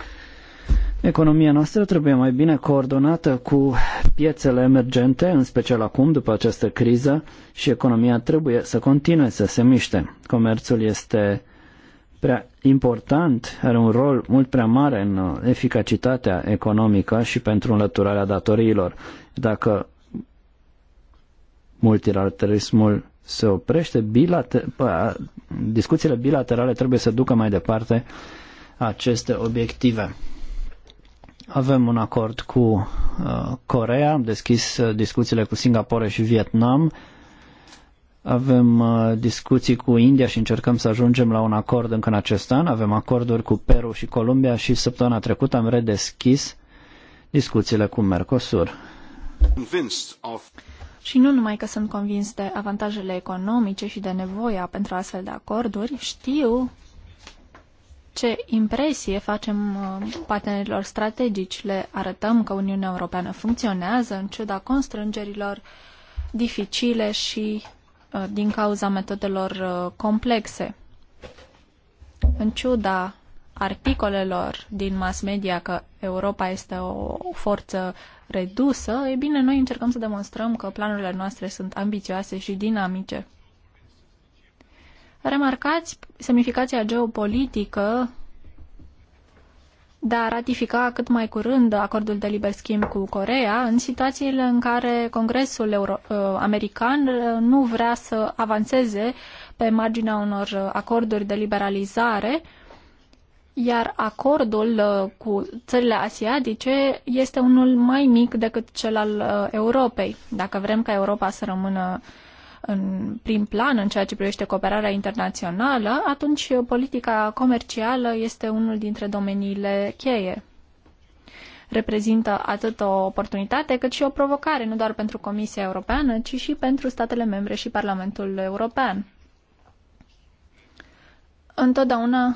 Economia noastră trebuie mai bine coordonată cu piețele emergente, în special acum, după această criză, și economia trebuie să continue să se miște. Comerțul este prea important, are un rol mult prea mare în uh, eficacitatea economică și pentru înlăturarea datoriilor. Dacă multilateralismul se oprește, bilater... discuțiile bilaterale trebuie să ducă mai departe aceste obiective. Avem un acord cu uh, Corea, am deschis uh, discuțiile cu Singapore și Vietnam, avem uh, discuții cu India și încercăm să ajungem la un acord încă în acest an. Avem acorduri cu Peru și Columbia și săptămâna trecută am redeschis discuțiile cu Mercosur. Și nu numai că sunt convins de avantajele economice și de nevoia pentru astfel de acorduri, știu ce impresie facem uh, partenerilor strategici. Le arătăm că Uniunea Europeană funcționează în ciuda constrângerilor dificile și Uh, din cauza metodelor uh, complexe. În ciuda articolelor din mass media că Europa este o forță redusă, e bine, noi încercăm să demonstrăm că planurile noastre sunt ambițioase și dinamice. Remarcați semnificația geopolitică de a ratifica cât mai curând acordul de liber schimb cu Coreea în situațiile în care Congresul Euro uh, American uh, nu vrea să avanseze pe marginea unor acorduri de liberalizare, iar acordul uh, cu țările asiatice este unul mai mic decât cel al Europei, dacă vrem ca Europa să rămână uh, în prim plan în ceea ce privește cooperarea internațională, atunci uh, politica comercială este unul dintre domeniile cheie. Reprezintă atât o oportunitate cât și o provocare, nu doar pentru Comisia Europeană, ci și pentru statele membre și Parlamentul European. Întotdeauna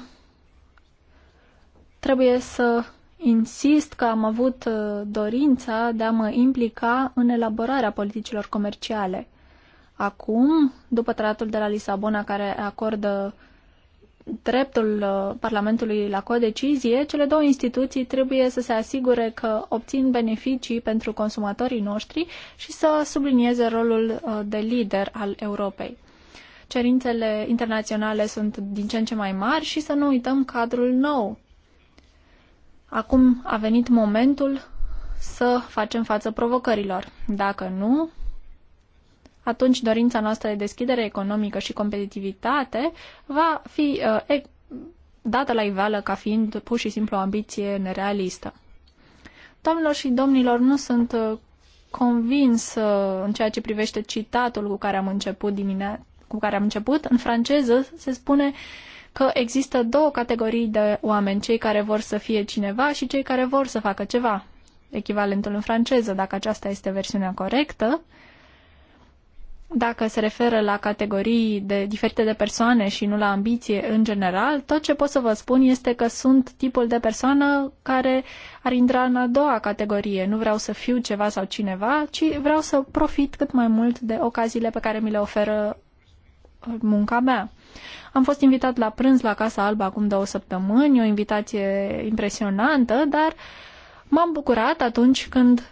trebuie să insist că am avut uh, dorința de a mă implica în elaborarea politicilor comerciale. Acum, după tratatul de la Lisabona care acordă dreptul uh, Parlamentului la codecizie, cele două instituții trebuie să se asigure că obțin beneficii pentru consumatorii noștri și să sublinieze rolul uh, de lider al Europei. Cerințele internaționale sunt din ce în ce mai mari și să nu uităm cadrul nou. Acum a venit momentul să facem față provocărilor. Dacă nu, atunci dorința noastră de deschidere economică și competitivitate va fi uh, dată la iveală ca fiind pur și simplu o ambiție nerealistă. Domnilor și domnilor, nu sunt uh, convins uh, în ceea ce privește citatul cu care am început diminea cu care am început, în franceză se spune că există două categorii de oameni, cei care vor să fie cineva și cei care vor să facă ceva. Echivalentul în franceză, dacă aceasta este versiunea corectă, dacă se referă la categorii de diferite de persoane și nu la ambiție în general, tot ce pot să vă spun este că sunt tipul de persoană care ar intra în a doua categorie. Nu vreau să fiu ceva sau cineva, ci vreau să profit cât mai mult de ocaziile pe care mi le oferă munca mea. Am fost invitat la prânz la Casa Albă acum două săptămâni, o invitație impresionantă, dar m-am bucurat atunci când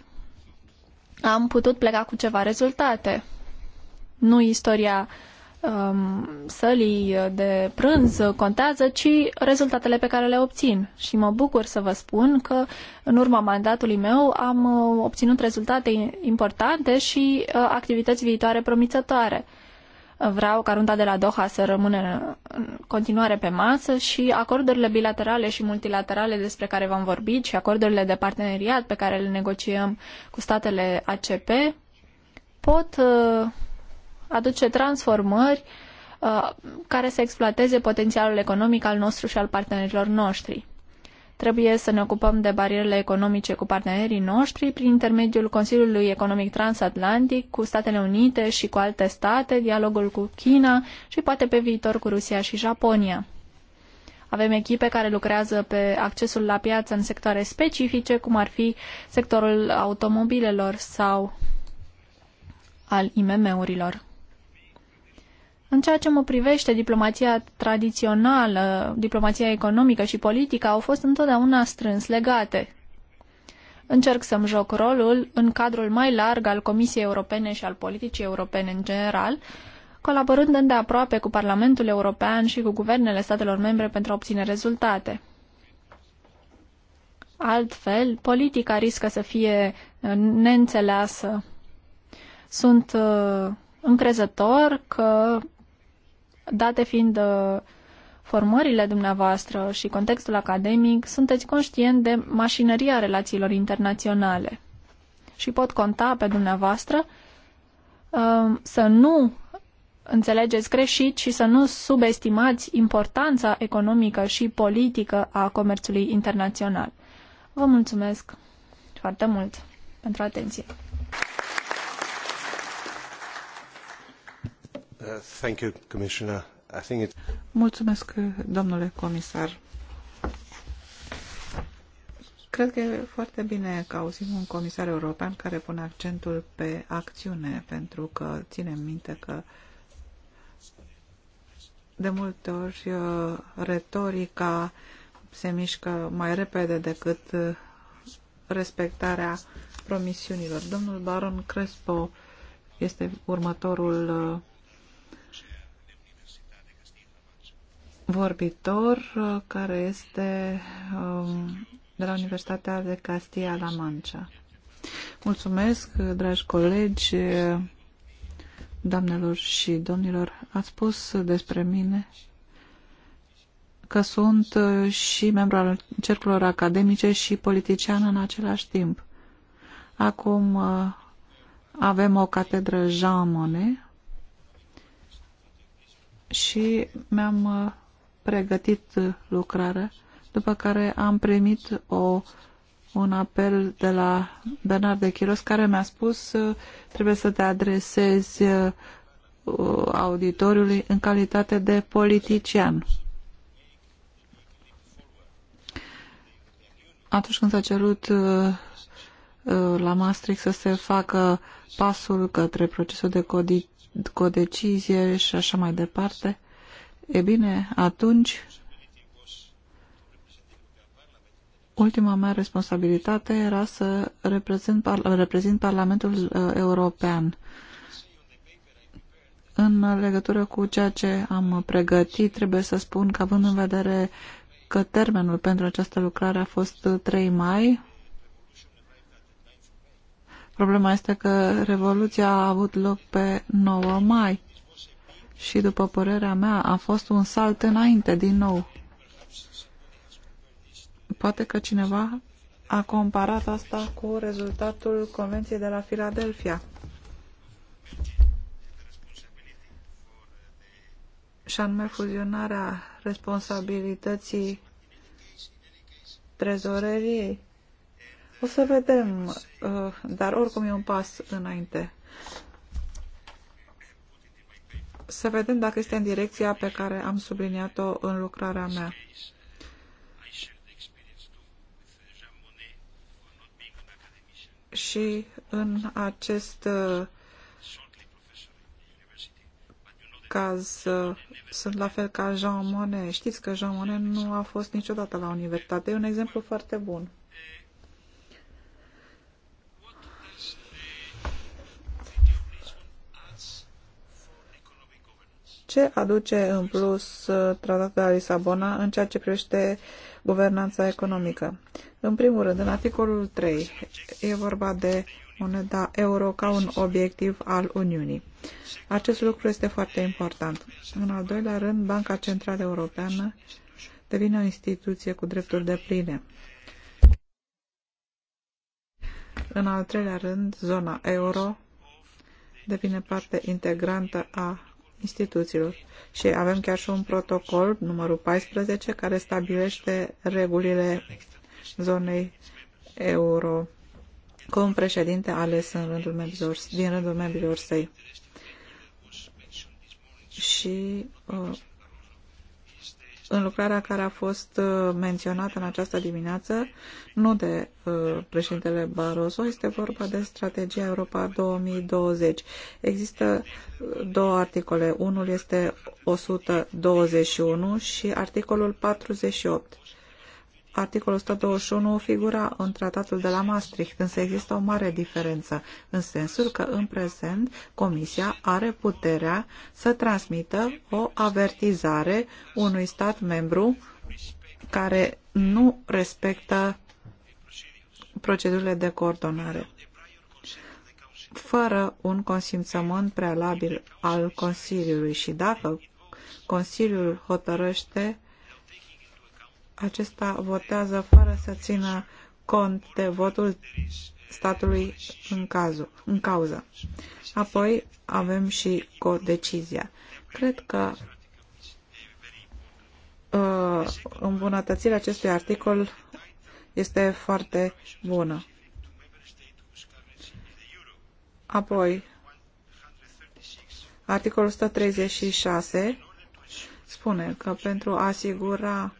am putut pleca cu ceva rezultate. Nu istoria um, sălii de prânz contează, ci rezultatele pe care le obțin. Și mă bucur să vă spun că în urma mandatului meu am uh, obținut rezultate importante și uh, activități viitoare promițătoare. Vreau ca runda de la Doha să rămână în continuare pe masă și acordurile bilaterale și multilaterale despre care v-am vorbit și acordurile de parteneriat pe care le negociem cu statele ACP pot uh, aduce transformări uh, care să exploateze potențialul economic al nostru și al partenerilor noștri. Trebuie să ne ocupăm de barierele economice cu partenerii noștri prin intermediul Consiliului Economic Transatlantic cu Statele Unite și cu alte state, dialogul cu China și poate pe viitor cu Rusia și Japonia. Avem echipe care lucrează pe accesul la piață în sectoare specifice, cum ar fi sectorul automobilelor sau al IMM-urilor. În ceea ce mă privește, diplomația tradițională, diplomația economică și politică au fost întotdeauna strâns legate. Încerc să-mi joc rolul în cadrul mai larg al Comisiei Europene și al politicii europene în general, colaborând îndeaproape cu Parlamentul European și cu guvernele statelor membre pentru a obține rezultate. Altfel, politica riscă să fie uh, neînțeleasă. Sunt uh, încrezător că date fiind uh, formările dumneavoastră și contextul academic, sunteți conștient de mașinăria relațiilor internaționale și pot conta pe dumneavoastră uh, să nu înțelegeți greșit și să nu subestimați importanța economică și politică a comerțului internațional. Vă mulțumesc foarte mult pentru atenție. Mulțumesc, domnule comisar. Cred că e foarte bine că auzim un comisar european care pune accentul pe acțiune, pentru că ținem minte că de multe ori uh, retorica se mișcă mai repede decât uh, respectarea promisiunilor. Domnul Baron Crespo este următorul uh, vorbitor uh, care este um, de la Universitatea de Castilla-La Mancha. Mulțumesc, dragi colegi, doamnelor și domnilor. Ați spus despre mine că sunt uh, și membru al cercurilor academice și politician în același timp. Acum uh, avem o catedră Jean Monnet și mi-am pregătit uh, lucrarea, după care am primit o, un apel de la Bernard de Chiros care mi-a spus uh, trebuie să te adresezi uh, auditoriului în calitate de politician. Atunci când s-a cerut la Maastricht să se facă pasul către procesul de codecizie și așa mai departe, E bine, atunci ultima mea responsabilitate era să reprezint, par, reprezint Parlamentul uh, European. În legătură cu ceea ce am pregătit, trebuie să spun că având în vedere că termenul pentru această lucrare a fost 3 mai, problema este că Revoluția a avut loc pe 9 mai și, după părerea mea, a fost un salt înainte, din nou. Poate că cineva a comparat asta cu rezultatul Convenției de la Filadelfia. și anume fuzionarea responsabilității trezoreriei. O să vedem, uh, dar oricum e un pas înainte să vedem dacă este în direcția pe care am subliniat-o în lucrarea mea. Și în acest uh, caz uh, sunt la fel ca Jean Monnet. Știți că Jean Monnet nu a fost niciodată la universitate. E un exemplu foarte bun. Ce aduce în plus uh, tratatul de la Lisabona în ceea ce privește guvernanța economică? În primul rând, în articolul 3 e vorba de moneda euro ca un obiectiv al Uniunii. Acest lucru este foarte important. În al doilea rând, Banca Centrală Europeană devine o instituție cu drepturi de pline. În al treilea rând, zona euro devine parte integrantă a instituțiilor. Și avem chiar și un protocol, numărul 14, care stabilește regulile zonei euro cu un președinte ales în rândul membrilor, din rândul membrilor săi. Și uh, în lucrarea care a fost uh, menționată în această dimineață, nu de uh, președintele Barroso, este vorba de strategia Europa 2020. Există uh, două articole. Unul este 121 și articolul 48 articolul 121 figura în tratatul de la Maastricht, însă există o mare diferență, în sensul că în prezent Comisia are puterea să transmită o avertizare unui stat membru care nu respectă procedurile de coordonare fără un consimțământ prealabil al Consiliului și dacă Consiliul hotărăște acesta votează fără să țină cont de votul statului în, cazul, în cauză. Apoi avem și codecizia. Cred că uh, îmbunătățirea acestui articol este foarte bună. Apoi, articolul 136 spune că pentru a asigura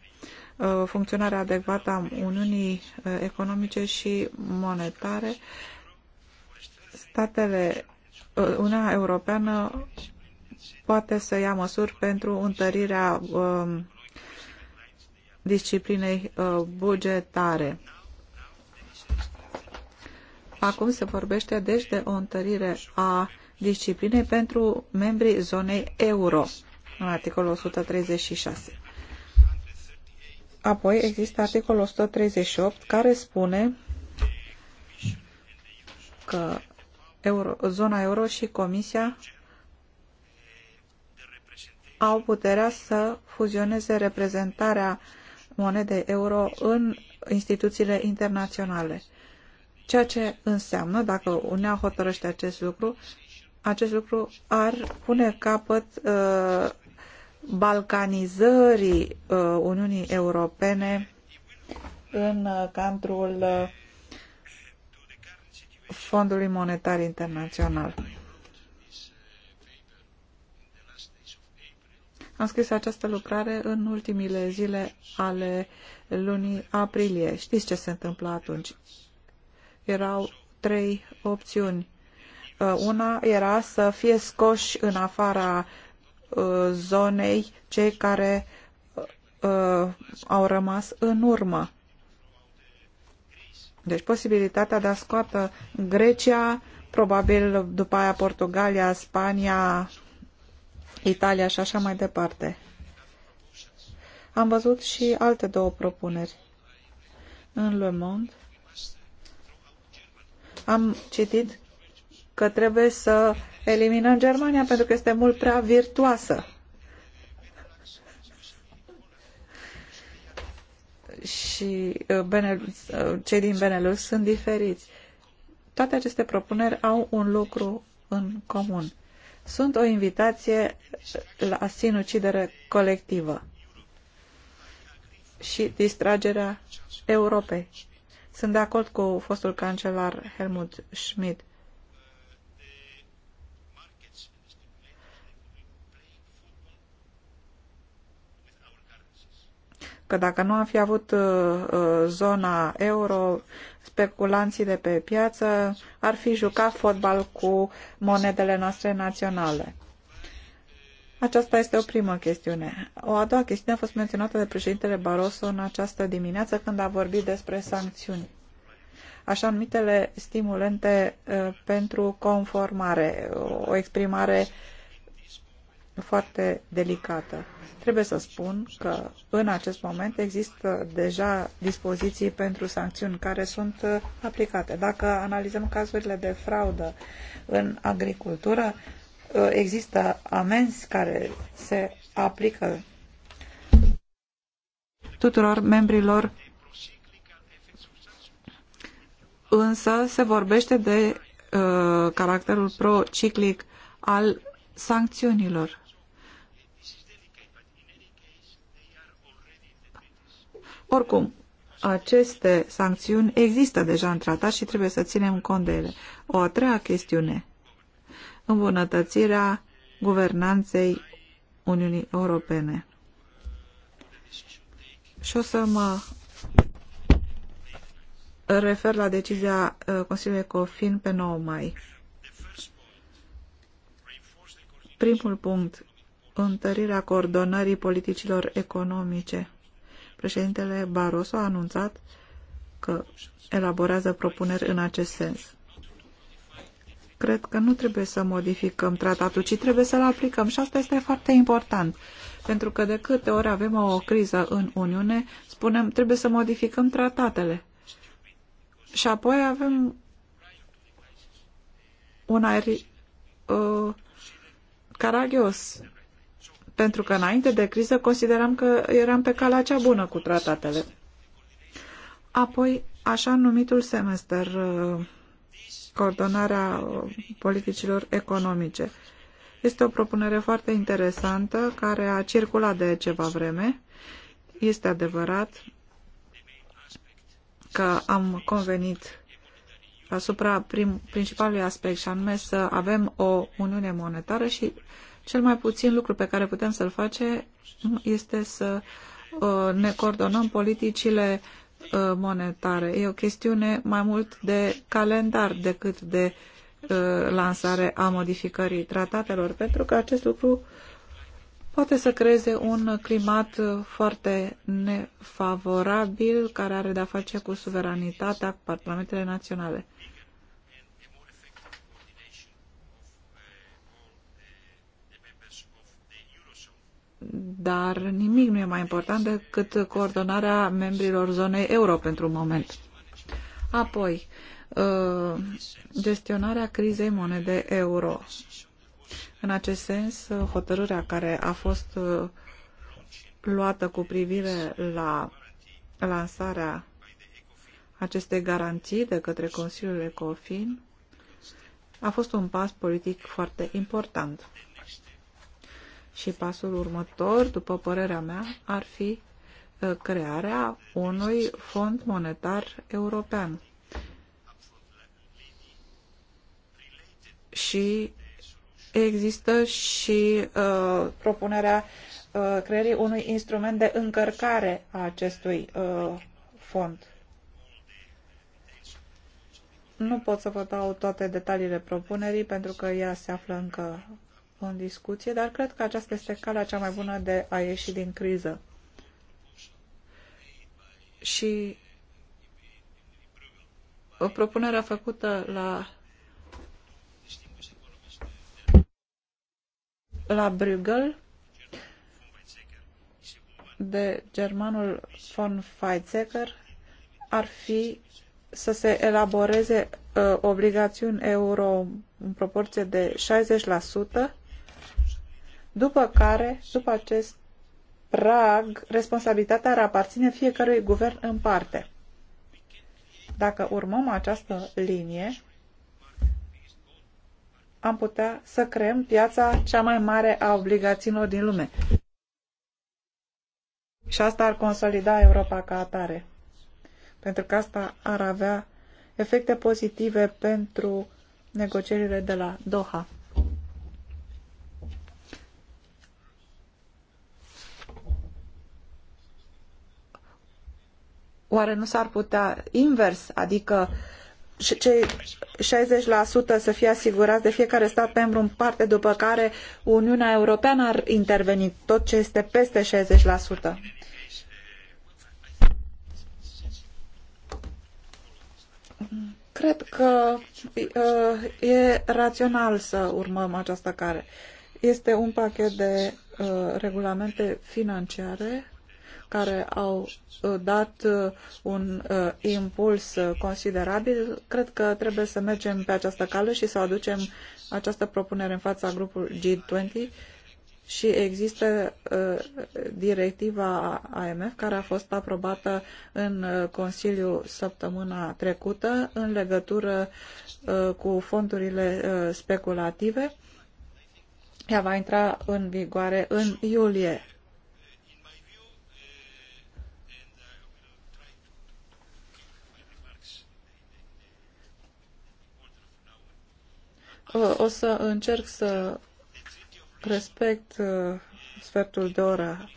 Uh, funcționarea adecvată a Uniunii uh, Economice și Monetare, statele, uh, Uniunea Europeană poate să ia măsuri pentru întărirea um, disciplinei bugetare. Acum se vorbește deci de o întărire a disciplinei pentru membrii zonei euro, în articolul 136. Apoi există articolul 138 care spune că euro, zona euro și Comisia au puterea să fuzioneze reprezentarea monedei euro în instituțiile internaționale. Ceea ce înseamnă, dacă Uniunea hotărăște acest lucru, acest lucru ar pune capăt uh, balcanizării uh, Uniunii Europene în uh, cadrul uh, Fondului Monetar Internațional. Am scris această lucrare în ultimile zile ale lunii aprilie. Știți ce se întâmplă atunci? Erau trei opțiuni. Una era să fie scoși în afara Uh, zonei cei care uh, uh, au rămas în urmă. Deci posibilitatea de a scoată Grecia, probabil după aia Portugalia, Spania, Italia și așa mai departe. Am văzut și alte două propuneri în Le Monde. Am citit că trebuie să eliminăm Germania pentru că este mult prea virtuoasă. Și uh, Benelux, uh, cei din Benelux sunt diferiți. Toate aceste propuneri au un lucru în comun. Sunt o invitație la sinucidere colectivă și distragerea Europei. Sunt de acord cu fostul cancelar Helmut Schmidt că dacă nu am fi avut uh, uh, zona euro, speculanții de pe piață ar fi jucat fotbal cu monedele noastre naționale. Aceasta este o primă chestiune. O a doua chestiune a fost menționată de președintele Barroso în această dimineață când a vorbit despre sancțiuni. Așa numitele stimulente uh, pentru conformare, o exprimare uh, foarte delicată. Trebuie să spun că în acest moment există deja dispoziții pentru sancțiuni care sunt uh, aplicate. Dacă analizăm cazurile de fraudă în agricultură, uh, există amenzi care se aplică tuturor membrilor însă se vorbește de uh, caracterul prociclic al sancțiunilor. Oricum, aceste sancțiuni există deja în tratat și trebuie să ținem cont de ele. O a treia chestiune, îmbunătățirea guvernanței Uniunii Europene. Și o să mă refer la decizia uh, Consiliului COFIN pe 9 mai. Primul punct, întărirea coordonării politicilor economice. Președintele Barroso a anunțat că elaborează propuneri în acest sens. Cred că nu trebuie să modificăm tratatul, ci trebuie să-l aplicăm și asta este foarte important. Pentru că de câte ori avem o criză în Uniune, spunem trebuie să modificăm tratatele. Și apoi avem un aer uh, caragios pentru că înainte de criză consideram că eram pe calea cea bună cu tratatele. Apoi, așa numitul semester, uh, coordonarea uh, politicilor economice. Este o propunere foarte interesantă care a circulat de ceva vreme. Este adevărat că am convenit asupra prim, principalului aspect și anume să avem o uniune monetară și cel mai puțin lucru pe care putem să-l facem este să uh, ne coordonăm politicile uh, monetare. E o chestiune mai mult de calendar decât de uh, lansare a modificării tratatelor, pentru că acest lucru poate să creeze un climat foarte nefavorabil care are de-a face cu suveranitatea cu parlamentele naționale. dar nimic nu e mai important decât coordonarea membrilor zonei euro pentru un moment. Apoi, uh, gestionarea crizei monede euro. În acest sens, hotărârea care a fost uh, luată cu privire la lansarea acestei garanții de către Consiliul ECOFIN a fost un pas politic foarte important. Și pasul următor, după părerea mea, ar fi uh, crearea unui fond monetar european. Și există și uh, propunerea uh, creării unui instrument de încărcare a acestui uh, fond. Nu pot să vă dau toate detaliile propunerii pentru că ea se află încă în discuție, dar cred că aceasta este calea cea mai bună de a ieși din criză. Și o propunere făcută la la Bruegel de germanul von Weizsäcker ar fi să se elaboreze uh, obligațiuni euro în proporție de 60% după care, după acest prag, responsabilitatea ar aparține fiecărui guvern în parte. Dacă urmăm această linie, am putea să creăm piața cea mai mare a obligațiilor din lume. Și asta ar consolida Europa ca atare. Pentru că asta ar avea efecte pozitive pentru negocierile de la Doha. Oare nu s-ar putea invers, adică cei 60% să fie asigurați de fiecare stat membru în parte, după care Uniunea Europeană ar interveni tot ce este peste 60%? Cred că uh, e rațional să urmăm această care. Este un pachet de uh, regulamente financiare care au uh, dat uh, un uh, impuls considerabil. Cred că trebuie să mergem pe această cale și să aducem această propunere în fața grupului G20 și există directiva AMF care a fost aprobată în Consiliu săptămâna trecută în legătură cu fondurile speculative. Ea va intra în vigoare în iulie O să încerc să respect uh, sfertul de oră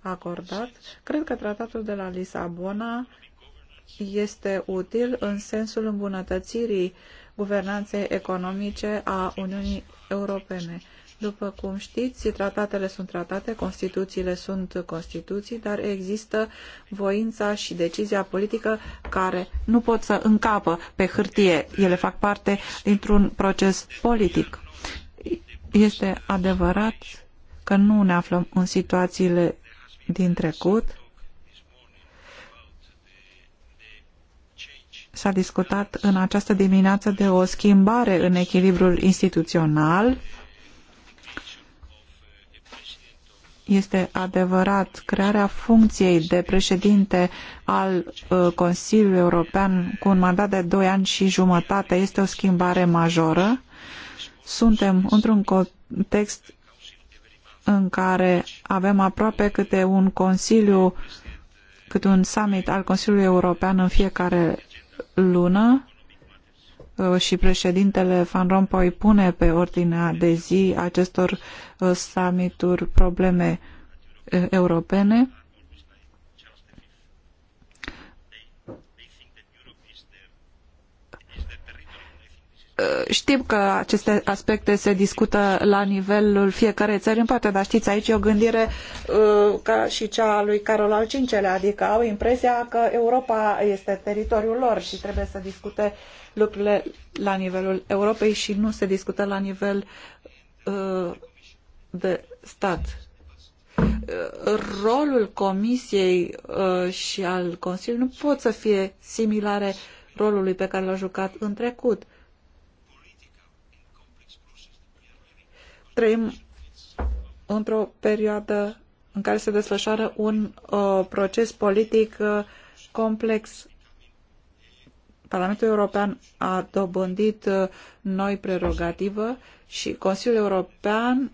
acordat. Cred că tratatul de la Lisabona este util în sensul îmbunătățirii guvernanței economice a Uniunii Europene. După cum știți, tratatele sunt tratate, constituțiile sunt constituții, dar există voința și decizia politică care nu pot să încapă pe hârtie. Ele fac parte dintr-un proces politic. Este adevărat că nu ne aflăm în situațiile din trecut. S-a discutat în această dimineață de o schimbare în echilibrul instituțional Este adevărat, crearea funcției de președinte al uh, Consiliului European cu un mandat de doi ani și jumătate este o schimbare majoră. Suntem într-un context în care avem aproape câte un consiliu, câte un summit al Consiliului European în fiecare lună Uh, și președintele Van Rompuy pune pe ordinea de zi acestor uh, summituri probleme uh, europene Eh, știm că aceste aspecte se discută la nivelul fiecărei țări în parte, dar știți, aici e o gândire uh, ca și cea a lui Carol al V-lea, adică au impresia că Europa este teritoriul lor și trebuie să discute lucrurile la nivelul Europei și nu se discută la nivel uh, de stat. Rolul Comisiei uh, și al Consiliului nu pot să fie similare rolului pe care l-a jucat în trecut trăim într-o perioadă în care se desfășoară un uh, proces politic uh, complex. Parlamentul European a dobândit uh, noi prerogativă și Consiliul European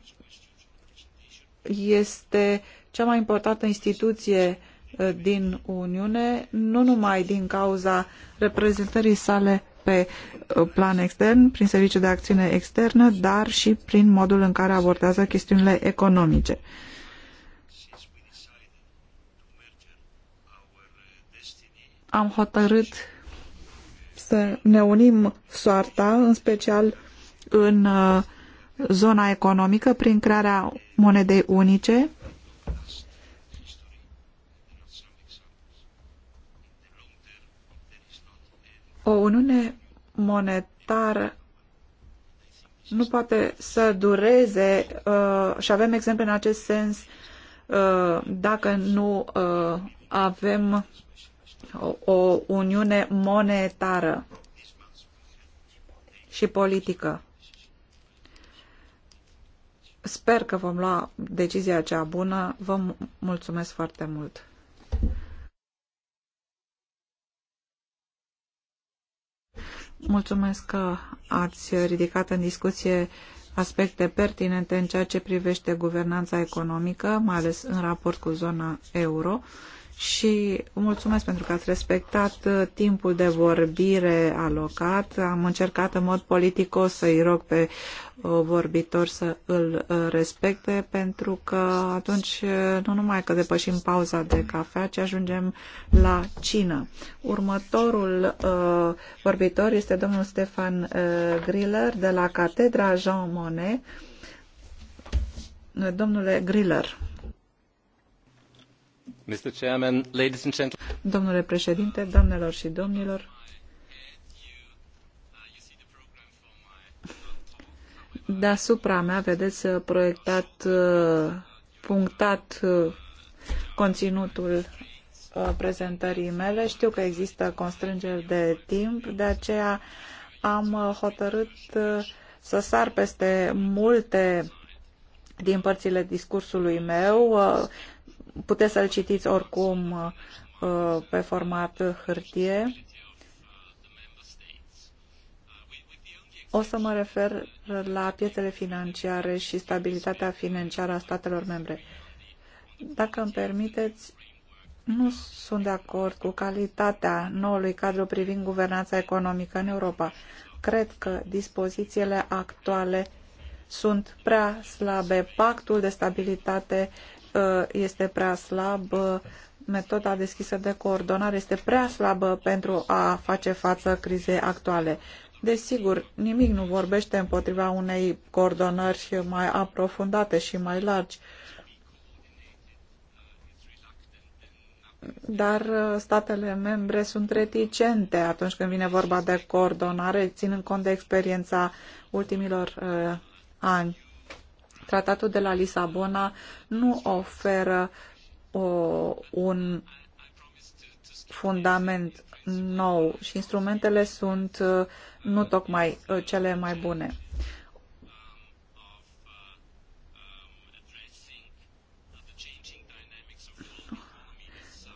este cea mai importantă instituție uh, din Uniune, nu numai din cauza reprezentării sale pe uh, plan extern, prin serviciul de acțiune externă, dar și prin modul în care abordează chestiunile economice. Am hotărât să ne unim soarta, în special în uh, zona economică, prin crearea monedei unice, O uniune monetară nu poate să dureze uh, și avem exemple în acest sens uh, dacă nu uh, avem o, o uniune monetară și politică. Sper că vom lua decizia cea bună. Vă mulțumesc foarte mult. Mulțumesc că ați ridicat în discuție aspecte pertinente în ceea ce privește guvernanța economică, mai ales în raport cu zona euro și mulțumesc pentru că ați respectat uh, timpul de vorbire alocat. Am încercat în mod politicos să-i rog pe uh, vorbitor să îl uh, respecte pentru că atunci nu numai că depășim pauza de cafea, ci ajungem la cină. Următorul uh, vorbitor este domnul Stefan uh, Griller de la Catedra Jean Monnet. Domnule Griller. Domnule președinte, doamnelor și domnilor, deasupra mea vedeți proiectat, punctat conținutul uh, prezentării mele. Știu că există constrângeri de timp, de aceea am uh, hotărât uh, să sar peste multe din părțile discursului meu, puteți să-l citiți oricum uh, pe format hârtie. O să mă refer la piețele financiare și stabilitatea financiară a statelor membre. Dacă îmi permiteți, nu sunt de acord cu calitatea noului cadru privind guvernanța economică în Europa. Cred că dispozițiile actuale sunt prea slabe. Pactul de stabilitate Uh, este prea slab, uh, metoda deschisă de coordonare este prea slabă pentru a face față crizei actuale. Desigur, nimic nu vorbește împotriva unei coordonări mai aprofundate și mai largi, dar uh, statele membre sunt reticente atunci când vine vorba de coordonare, ținând cont de experiența ultimilor uh, ani. Tratatul de la Lisabona nu oferă o, un fundament nou și instrumentele sunt uh, nu tocmai uh, cele mai bune.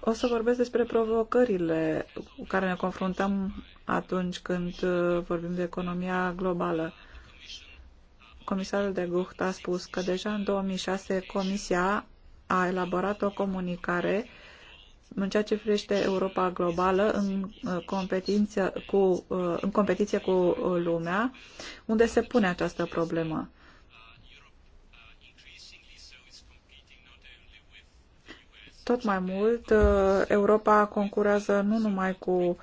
O să vorbesc despre provocările cu care ne confruntăm atunci când uh, vorbim de economia globală. Comisarul de Gucht a spus că deja în 2006 Comisia a elaborat o comunicare în ceea ce privește Europa globală în uh, competiție cu, uh, în competiție cu uh, lumea, unde se pune această problemă. Tot mai mult, Europa concurează nu numai cu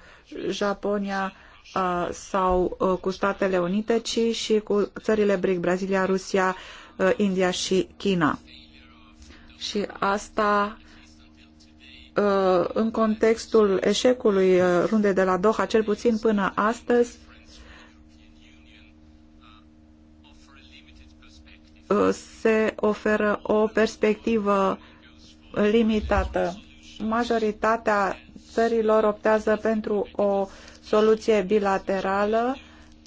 Japonia, Uh, sau uh, cu Statele Unite, ci și cu țările BRIC, Brazilia, Rusia, uh, India și China. Și asta în contextul eșecului runde de la Doha, cel puțin până astăzi, se oferă o perspectivă limitată. Majoritatea țărilor optează pentru o uh, soluție bilaterală,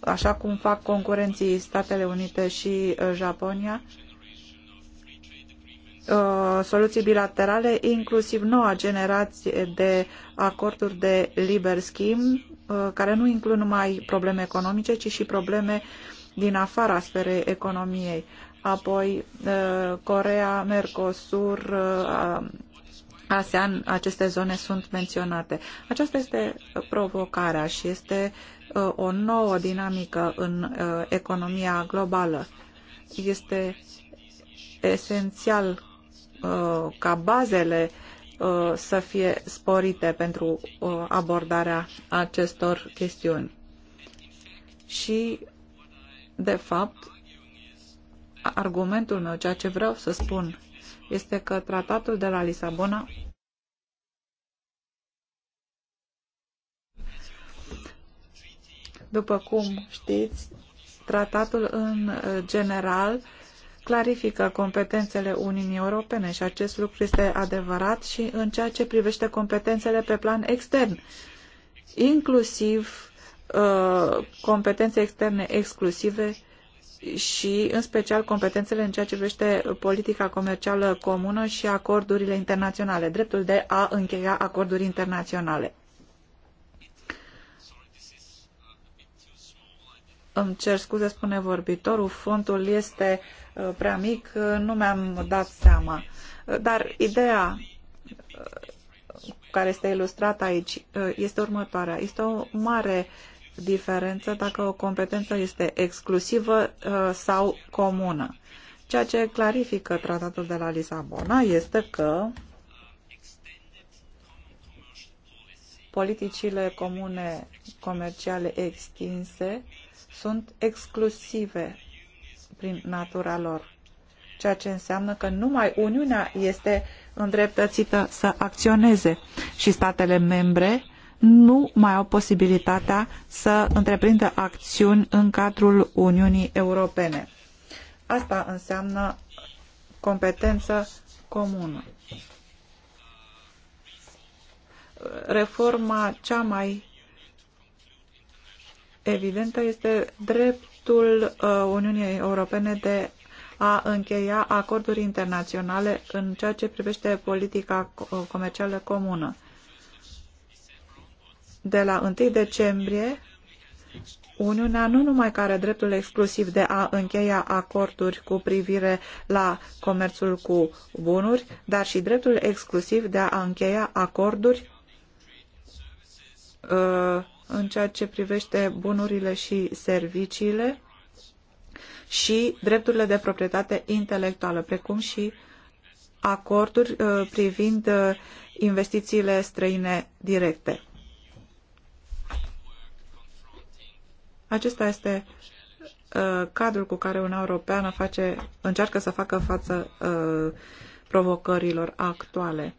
așa cum fac concurenții Statele Unite și uh, Japonia, uh, soluții bilaterale, inclusiv noua generație de acorduri de liber schimb, uh, care nu includ numai probleme economice, ci și probleme din afara sferei economiei. Apoi, Corea, Mercosur, ASEAN, aceste zone sunt menționate. Aceasta este uh, provocarea și este uh, o nouă dinamică în uh, economia globală. Este esențial ca bazele să fie sporite pentru abordarea acestor chestiuni. Și, de fapt, argumentul meu, ceea ce vreau să spun este că tratatul de la Lisabona După cum știți, tratatul în general clarifică competențele Uniunii Europene și acest lucru este adevărat și în ceea ce privește competențele pe plan extern, inclusiv uh, competențe externe exclusive și în special competențele în ceea ce privește politica comercială comună și acordurile internaționale, dreptul de a încheia acorduri internaționale. Îmi cer scuze, spune vorbitorul, fondul este uh, prea mic, uh, nu mi-am dat seama. Uh, dar ideea care este ilustrată aici este următoarea. Este o mare diferență dacă o competență este exclusivă uh, sau comună. Ceea ce clarifică tratatul de la Lisabona este că politicile comune comerciale extinse sunt exclusive prin natura lor, ceea ce înseamnă că numai Uniunea este îndreptățită să acționeze și statele membre nu mai au posibilitatea să întreprindă acțiuni în cadrul Uniunii Europene. Asta înseamnă competență comună. Reforma cea mai evidentă este dreptul uh, Uniunii Europene de a încheia acorduri internaționale în ceea ce privește politica comercială comună de la 1 decembrie, Uniunea nu numai că are dreptul exclusiv de a încheia acorduri cu privire la comerțul cu bunuri, dar și dreptul exclusiv de a încheia acorduri uh, în ceea ce privește bunurile și serviciile și drepturile de proprietate intelectuală, precum și acorduri uh, privind uh, investițiile străine directe. Acesta este uh, cadrul cu care Uniunea Europeană face, încearcă să facă față uh, provocărilor actuale.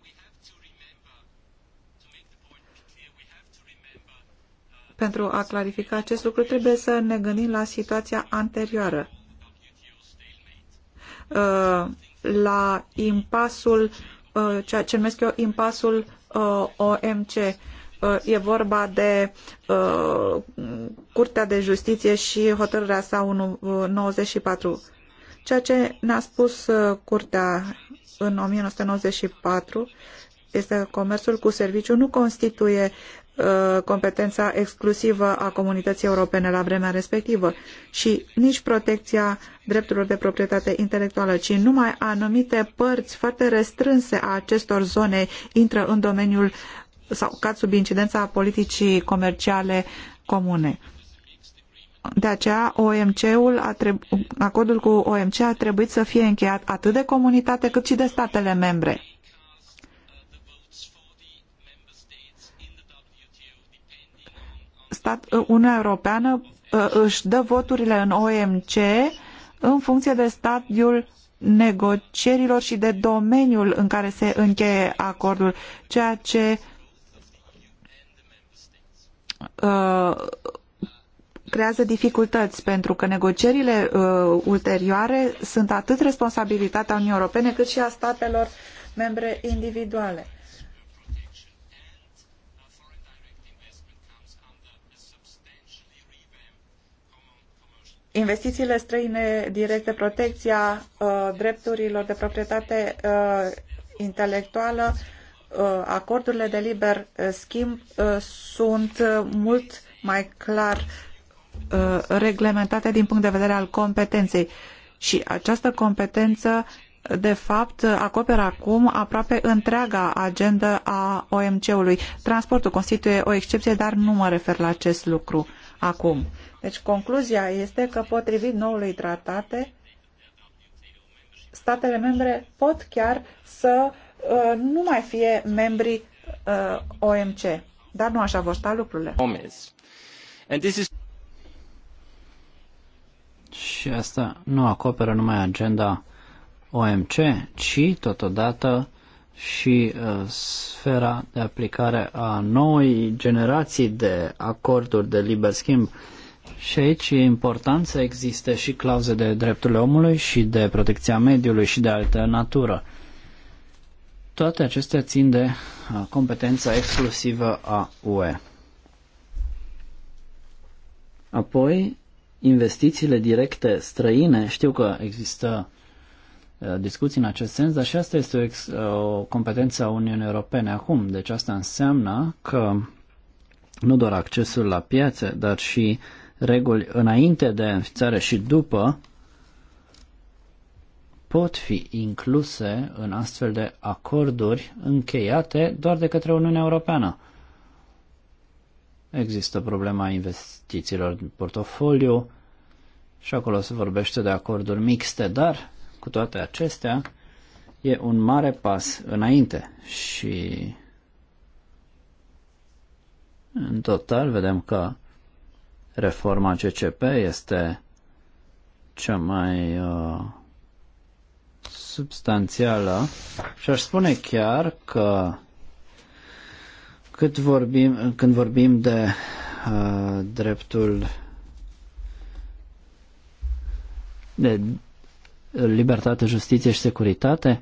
Pentru a clarifica acest lucru, trebuie să ne gândim la situația anterioară, uh, la impasul, ceea ce numesc eu impasul OMC, Uh, e vorba de uh, Curtea de Justiție și hotărârea sa 1, 94. Uh, Ceea ce ne-a spus Curtea în 1994 este că comerțul cu serviciu nu constituie competența exclusivă a comunității europene la vremea respectivă și nici protecția drepturilor de proprietate intelectuală, ci numai anumite părți foarte restrânse a acestor zone intră în domeniul uh, sau cad sub incidența politicii comerciale comune. De aceea, OMC-ul acordul cu OMC a trebuit să fie încheiat atât de comunitate cât și de statele membre. Stat, Uniunea Europeană uh, își dă voturile în OMC în funcție de stadiul negocierilor și de domeniul în care se încheie acordul, ceea ce uh, Uh, creează dificultăți pentru că negocierile uh, ulterioare sunt atât responsabilitatea Uniunii Europene cât și a statelor membre individuale. investițiile străine directe, protecția uh, drepturilor de proprietate uh, intelectuală Uh, acordurile de liber uh, schimb uh, sunt mult mai clar reglementate din punct de vedere al competenței și această competență de fapt acoperă acum aproape întreaga agendă a OMC-ului. Transportul constituie o excepție, dar nu mă refer la acest lucru acum. Deci concluzia este că potrivit noului tratate, statele membre pot chiar să Uh, nu mai fie membri uh, OMC. Dar nu așa vor sta lucrurile. Is... Și asta nu acoperă numai agenda OMC, ci totodată și uh, sfera de aplicare a noi generații de acorduri de liber schimb. Și aici e important să existe și clauze de drepturile omului și de protecția mediului și de altă natură. Toate acestea țin de uh, competența exclusivă a UE. Apoi, investițiile directe străine, știu că există uh, discuții în acest sens, dar și asta este o, ex, uh, o competență a Uniunii Europene acum. Deci asta înseamnă că nu doar accesul la piațe, dar și reguli înainte de înființare și după pot fi incluse în astfel de acorduri încheiate doar de către Uniunea Europeană. Există problema investițiilor din portofoliu și acolo se vorbește de acorduri mixte, dar cu toate acestea e un mare pas înainte și în total vedem că reforma CCP este cea mai uh, substanțială și aș spune chiar că cât vorbim, când vorbim de uh, dreptul de libertate, justiție și securitate,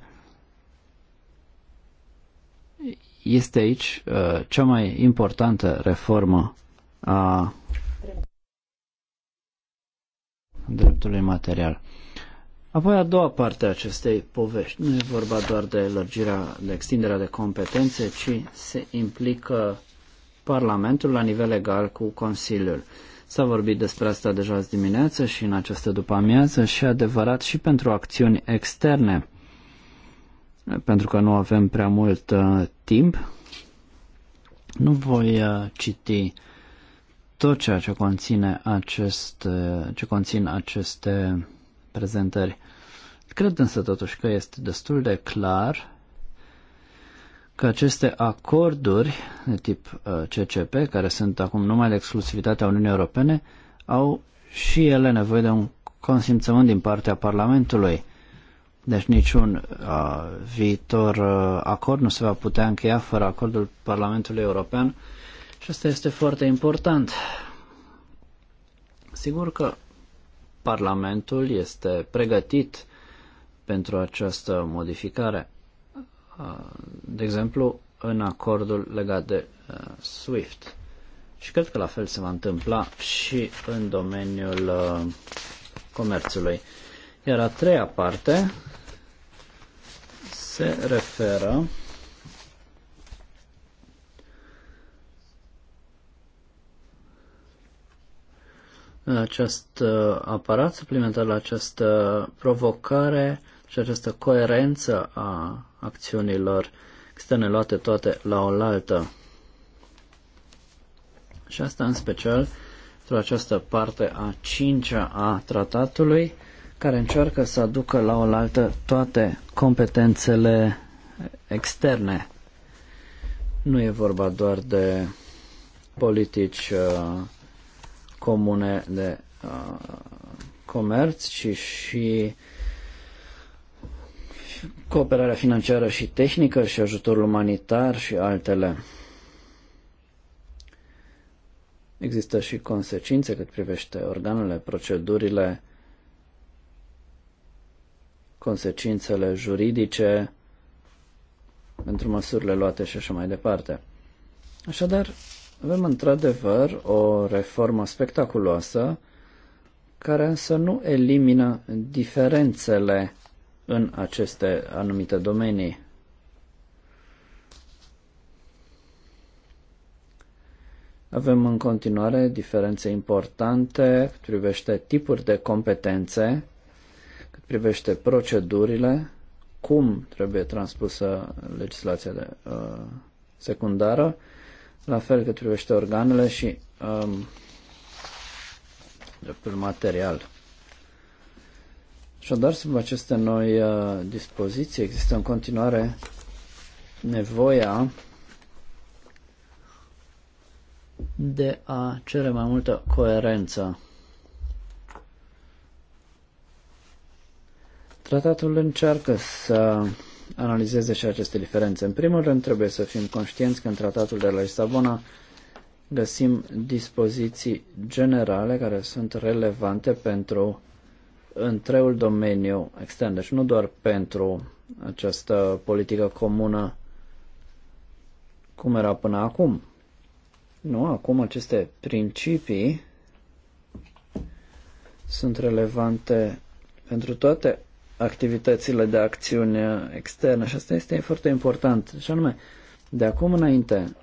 este aici uh, cea mai importantă reformă a dreptului material. Apoi a doua parte a acestei povești. Nu e vorba doar de lărgirea, de extinderea de competențe, ci se implică Parlamentul la nivel legal cu Consiliul. S-a vorbit despre asta deja azi dimineață și în această după-amiază și adevărat și pentru acțiuni externe, pentru că nu avem prea mult uh, timp. Nu voi uh, citi tot ceea ce conține acest, uh, ce conțin aceste prezentări. Cred însă totuși că este destul de clar că aceste acorduri de tip uh, CCP, care sunt acum numai de exclusivitatea Uniunii Europene, au și ele nevoie de un consimțământ din partea Parlamentului. Deci niciun uh, viitor uh, acord nu se va putea încheia fără acordul Parlamentului European și asta este foarte important. Sigur că Parlamentul este pregătit pentru această modificare. De exemplu, în acordul legat de SWIFT. Și cred că la fel se va întâmpla și în domeniul comerțului. Iar a treia parte se referă acest uh, aparat suplimentar, la această provocare și această coerență a acțiunilor externe luate toate la oaltă. Și asta în special pentru această parte a cincea a tratatului, care încearcă să aducă la oaltă toate competențele externe. Nu e vorba doar de politici uh, comune de uh, comerț, ci și cooperarea financiară și tehnică și ajutorul umanitar și altele. Există și consecințe cât privește organele, procedurile, consecințele juridice pentru măsurile luate și așa mai departe. Așadar, avem într-adevăr o reformă spectaculoasă care însă nu elimină diferențele în aceste anumite domenii. Avem în continuare diferențe importante cât privește tipuri de competențe, cât privește procedurile, cum trebuie transpusă legislația de, uh, secundară, la fel cât privește organele și um, dreptul material. Așadar, sub aceste noi uh, dispoziții există în continuare nevoia de a cere mai multă coerență. Tratatul încearcă să analizeze și aceste diferențe. În primul rând, trebuie să fim conștienți că în tratatul de la Lisabona găsim dispoziții generale care sunt relevante pentru întreul domeniu extern, deci nu doar pentru această politică comună cum era până acum. Nu, acum aceste principii sunt relevante pentru toate activitățile de acțiune externă și asta este foarte important. Și anume, de acum înainte,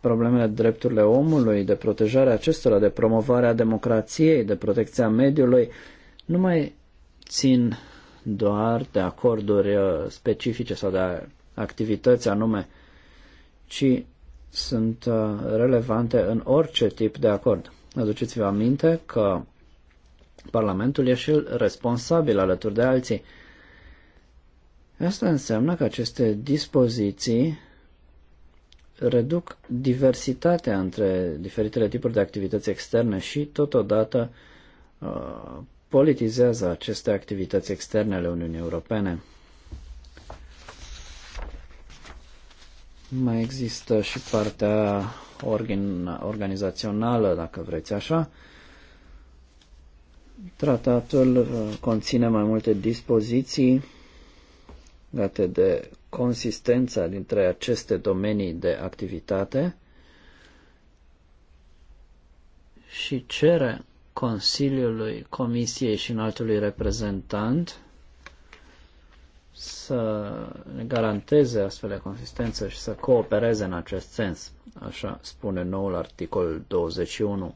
problemele de drepturile omului, de protejarea acestora, de promovarea democrației, de protecția mediului, nu mai țin doar de acorduri uh, specifice sau de activități anume, ci sunt uh, relevante în orice tip de acord. Aduceți-vă aminte că Parlamentul e și responsabil alături de alții. Asta înseamnă că aceste dispoziții reduc diversitatea între diferitele tipuri de activități externe și totodată uh, politizează aceste activități externe ale Uniunii Europene. Mai există și partea organ, organizațională, dacă vreți așa, Tratatul uh, conține mai multe dispoziții date de consistența dintre aceste domenii de activitate și cere Consiliului, Comisiei și înaltului reprezentant să garanteze astfel de consistență și să coopereze în acest sens, așa spune noul articol 21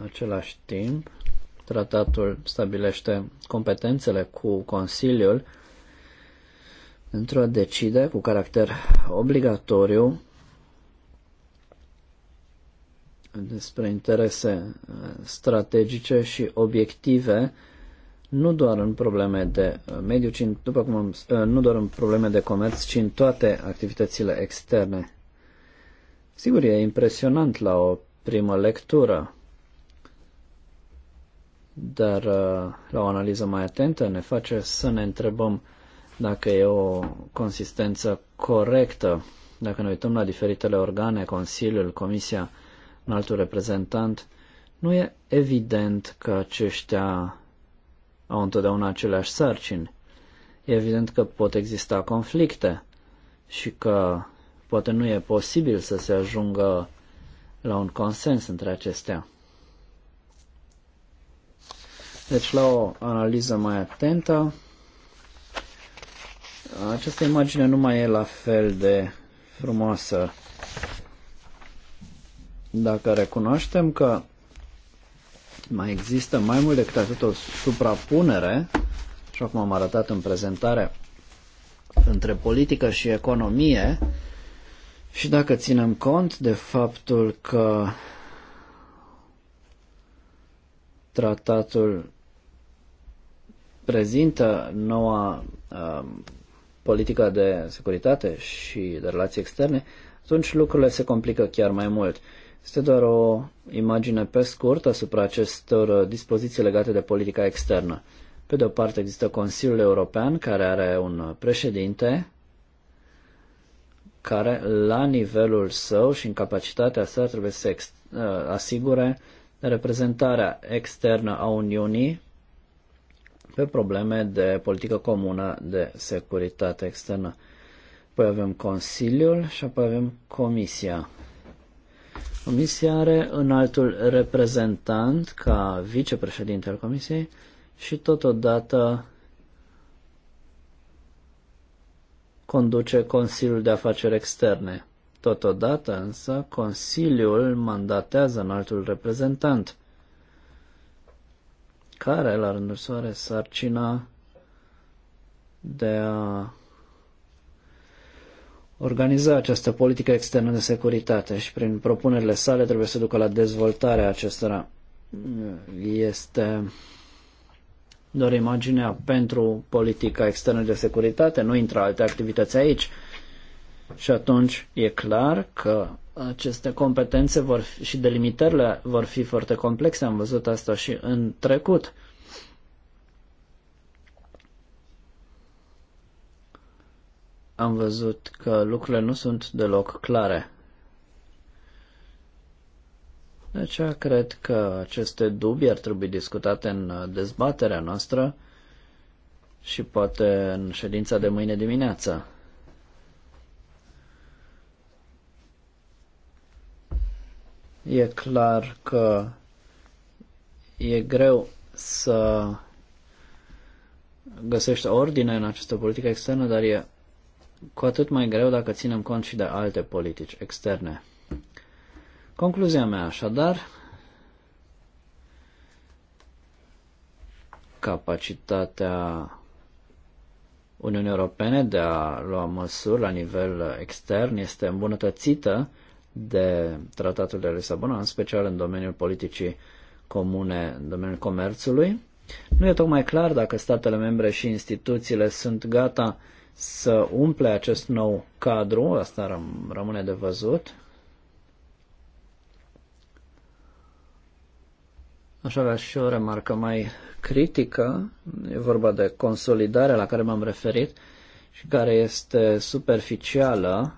În același timp, tratatul stabilește competențele cu Consiliul într-o decide cu caracter obligatoriu despre interese uh, strategice și obiective nu doar în probleme de uh, mediu, ci în, după cum am, uh, nu doar în probleme de comerț, ci în toate activitățile externe. Sigur, e impresionant la o primă lectură dar uh, la o analiză mai atentă ne face să ne întrebăm dacă e o consistență corectă. Dacă ne uităm la diferitele organe, Consiliul, Comisia, un altul reprezentant, nu e evident că aceștia au întotdeauna aceleași sarcini. E evident că pot exista conflicte și că poate nu e posibil să se ajungă la un consens între acestea. Deci la o analiză mai atentă, această imagine nu mai e la fel de frumoasă. Dacă recunoaștem că mai există mai mult decât atât o suprapunere, așa cum am arătat în prezentare, între politică și economie și dacă ținem cont de faptul că tratatul prezintă noua uh, politică de securitate și de relații externe, atunci lucrurile se complică chiar mai mult. Este doar o imagine pe scurt asupra acestor dispoziții legate de politica externă. Pe de o parte există Consiliul European care are un președinte care la nivelul său și în capacitatea sa trebuie să uh, asigure reprezentarea externă a Uniunii pe probleme de politică comună de securitate externă. Apoi avem Consiliul și apoi avem Comisia. Comisia are înaltul reprezentant ca vicepreședinte al Comisiei și totodată conduce Consiliul de Afaceri Externe. Totodată însă, Consiliul mandatează înaltul reprezentant care la rândul său are sarcina de a organiza această politică externă de securitate și prin propunerile sale trebuie să ducă la dezvoltarea acestora. Este doar imaginea pentru politica externă de securitate, nu intră alte activități aici. Și atunci e clar că aceste competențe vor fi, și delimitările vor fi foarte complexe. Am văzut asta și în trecut. Am văzut că lucrurile nu sunt deloc clare. De deci, aceea cred că aceste dubii ar trebui discutate în dezbaterea noastră și poate în ședința de mâine dimineață. E clar că e greu să găsești ordine în această politică externă, dar e cu atât mai greu dacă ținem cont și de alte politici externe. Concluzia mea, așadar, capacitatea Uniunii Europene de a lua măsuri la nivel extern este îmbunătățită de tratatul de Lisabona, în special în domeniul politicii comune, în domeniul comerțului. Nu e tocmai clar dacă statele membre și instituțiile sunt gata să umple acest nou cadru, asta rămâne de văzut. Aș avea și o remarcă mai critică, e vorba de consolidare la care m-am referit și care este superficială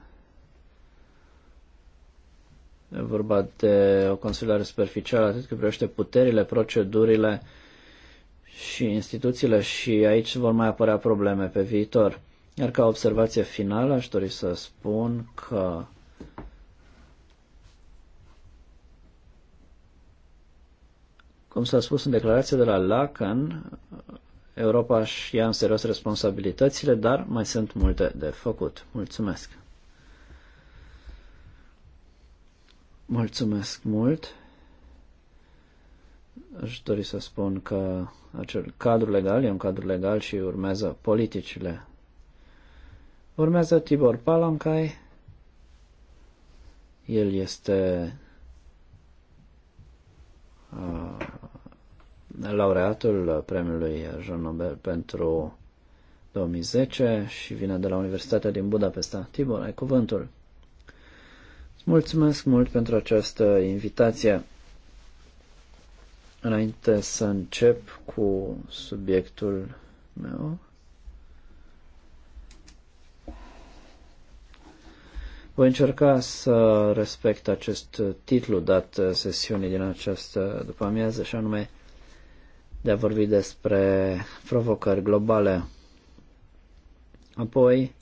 E vorba de o consiliare superficială atât cât privește puterile, procedurile și instituțiile și aici vor mai apărea probleme pe viitor. Iar ca observație finală aș dori să spun că cum s-a spus în declarația de la Lacan, Europa își ia în serios responsabilitățile, dar mai sunt multe de făcut. Mulțumesc! Mulțumesc mult. Aș dori să spun că acel cadru legal e un cadru legal și urmează politicile. Urmează Tibor Palancai. El este uh, laureatul premiului Jean Nobel pentru 2010 și vine de la Universitatea din Budapesta. Tibor, ai cuvântul. Mulțumesc mult pentru această invitație. Înainte să încep cu subiectul meu, voi încerca să respect acest titlu dat sesiunii din această după amiază, și anume de a vorbi despre provocări globale. Apoi,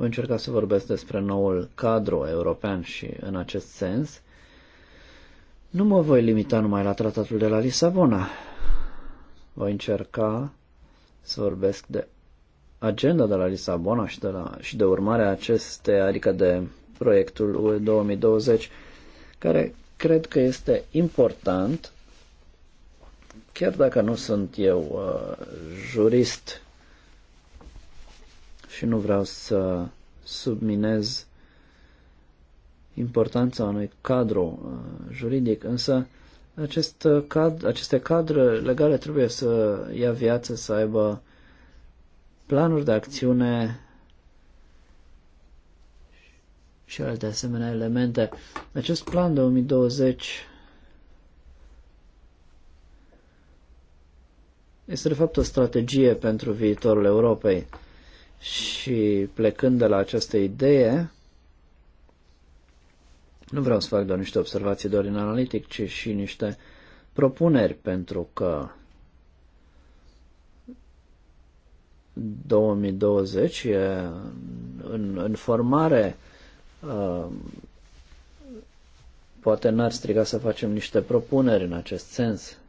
voi încerca să vorbesc despre noul cadru european și în acest sens. Nu mă voi limita numai la tratatul de la Lisabona. Voi încerca să vorbesc de agenda de la Lisabona și de, la, și de urmarea acestei, adică de proiectul UE 2020, care cred că este important, chiar dacă nu sunt eu uh, jurist și nu vreau să subminez importanța unui cadru uh, juridic, însă acest uh, cad, aceste cadre legale trebuie să ia viață, să aibă planuri de acțiune și alte asemenea elemente. Acest plan 2020 este de fapt o strategie pentru viitorul Europei. Și plecând de la această idee, nu vreau să fac doar niște observații doar în analitic, ci și niște propuneri, pentru că 2020 e în, în formare. Uh, poate n-ar striga să facem niște propuneri în acest sens.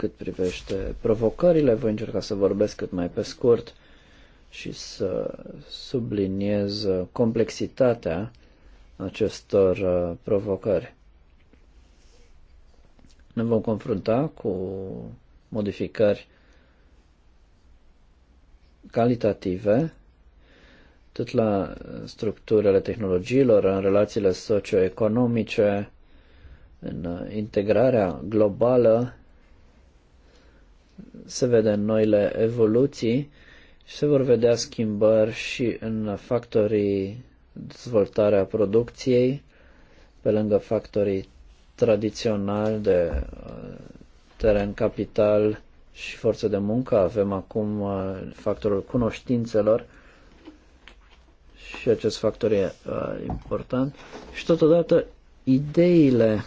Cât privește provocările, voi încerca să vorbesc cât mai pe scurt și să subliniez complexitatea acestor uh, provocări. Ne vom confrunta cu modificări calitative, atât la structurile tehnologiilor, în relațiile socioeconomice, în uh, integrarea globală se vede în noile evoluții și se vor vedea schimbări și în factorii dezvoltarea producției, pe lângă factorii tradiționali de uh, teren capital și forță de muncă, avem acum uh, factorul cunoștințelor și acest factor e uh, important. Și totodată ideile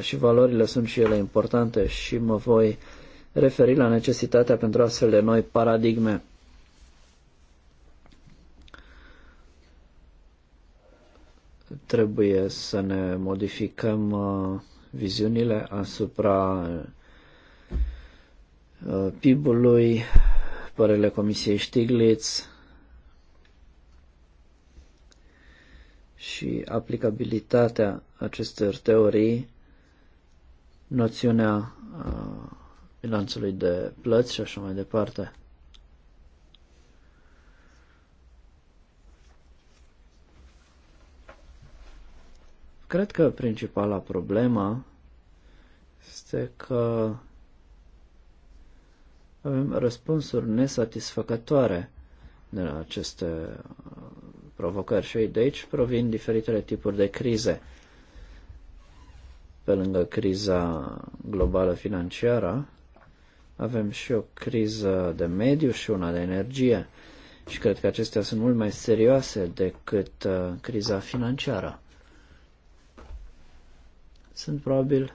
și valorile sunt și ele importante și mă voi referi la necesitatea pentru astfel de noi paradigme. Trebuie să ne modificăm uh, viziunile asupra uh, PIB-ului, părele Comisiei Stiglitz și aplicabilitatea acestor teorii, noțiunea uh, bilanțului de plăți și așa mai departe. Cred că principala problemă este că avem răspunsuri nesatisfăcătoare de la aceste uh, provocări și de aici provin diferitele tipuri de crize. Pe lângă criza globală financiară, avem și o criză de mediu și una de energie și cred că acestea sunt mult mai serioase decât uh, criza financiară. Sunt probabil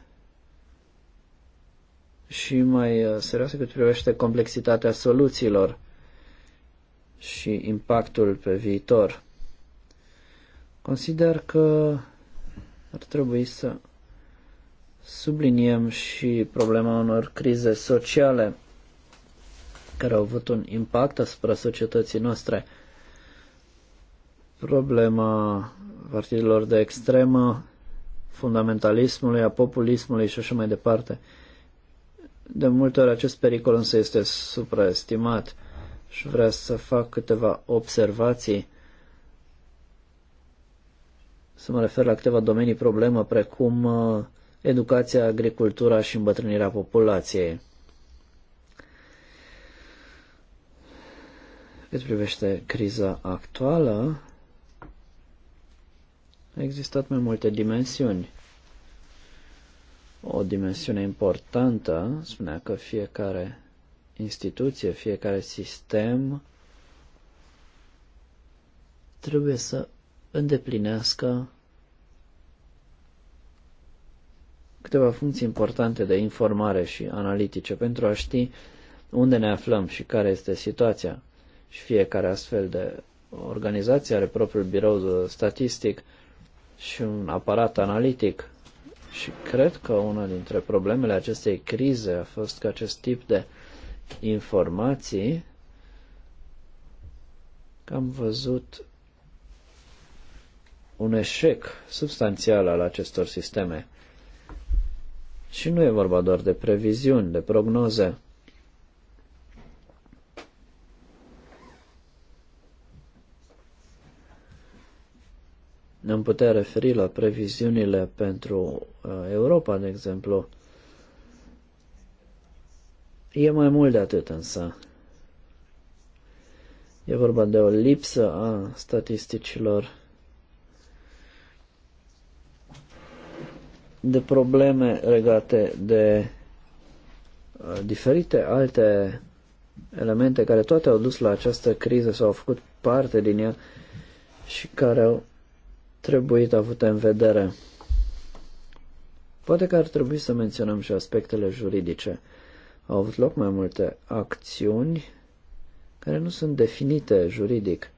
și mai uh, serioase cât privește complexitatea soluțiilor și impactul pe viitor. Consider că ar trebui să subliniem și problema unor crize sociale care au avut un impact asupra societății noastre. Problema partidelor de extremă, fundamentalismului, a populismului și așa mai departe. De multe ori acest pericol însă este supraestimat și vrea să fac câteva observații să mă refer la câteva domenii problemă, precum uh, educația, agricultura și îmbătrânirea populației. Cât privește criza actuală, a existat mai multe dimensiuni. O dimensiune importantă spunea că fiecare instituție, fiecare sistem trebuie să îndeplinească câteva funcții importante de informare și analitice pentru a ști unde ne aflăm și care este situația. Și fiecare astfel de organizație are propriul birou statistic și un aparat analitic. Și cred că una dintre problemele acestei crize a fost că acest tip de informații că am văzut un eșec substanțial al acestor sisteme. Și nu e vorba doar de previziuni, de prognoze. Ne-am putea referi la previziunile pentru uh, Europa, de exemplu. E mai mult de atât însă. E vorba de o lipsă a statisticilor de probleme legate de uh, diferite alte elemente care toate au dus la această criză sau au făcut parte din ea și care au trebuit avute în vedere. Poate că ar trebui să menționăm și aspectele juridice. Au avut loc mai multe acțiuni care nu sunt definite juridic.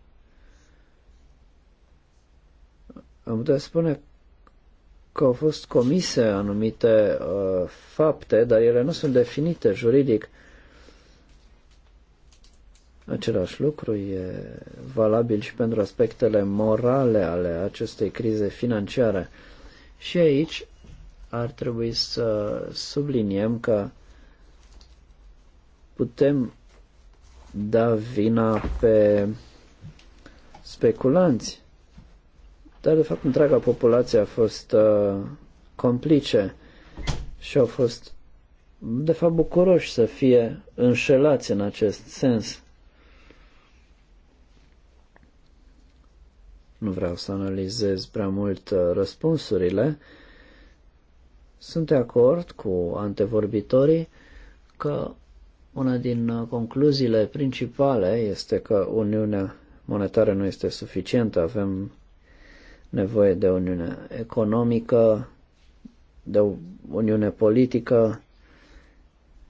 Am putea spune că au fost comise anumite uh, fapte, dar ele nu sunt definite juridic. Același lucru e valabil și pentru aspectele morale ale acestei crize financiare. Și aici ar trebui să subliniem că putem da vina pe speculanți dar de fapt întreaga populație a fost uh, complice și au fost de fapt bucuroși să fie înșelați în acest sens. Nu vreau să analizez prea mult uh, răspunsurile. Sunt de acord cu antevorbitorii că una din uh, concluziile principale este că Uniunea monetară nu este suficientă, avem nevoie de uniune economică, de uniune politică,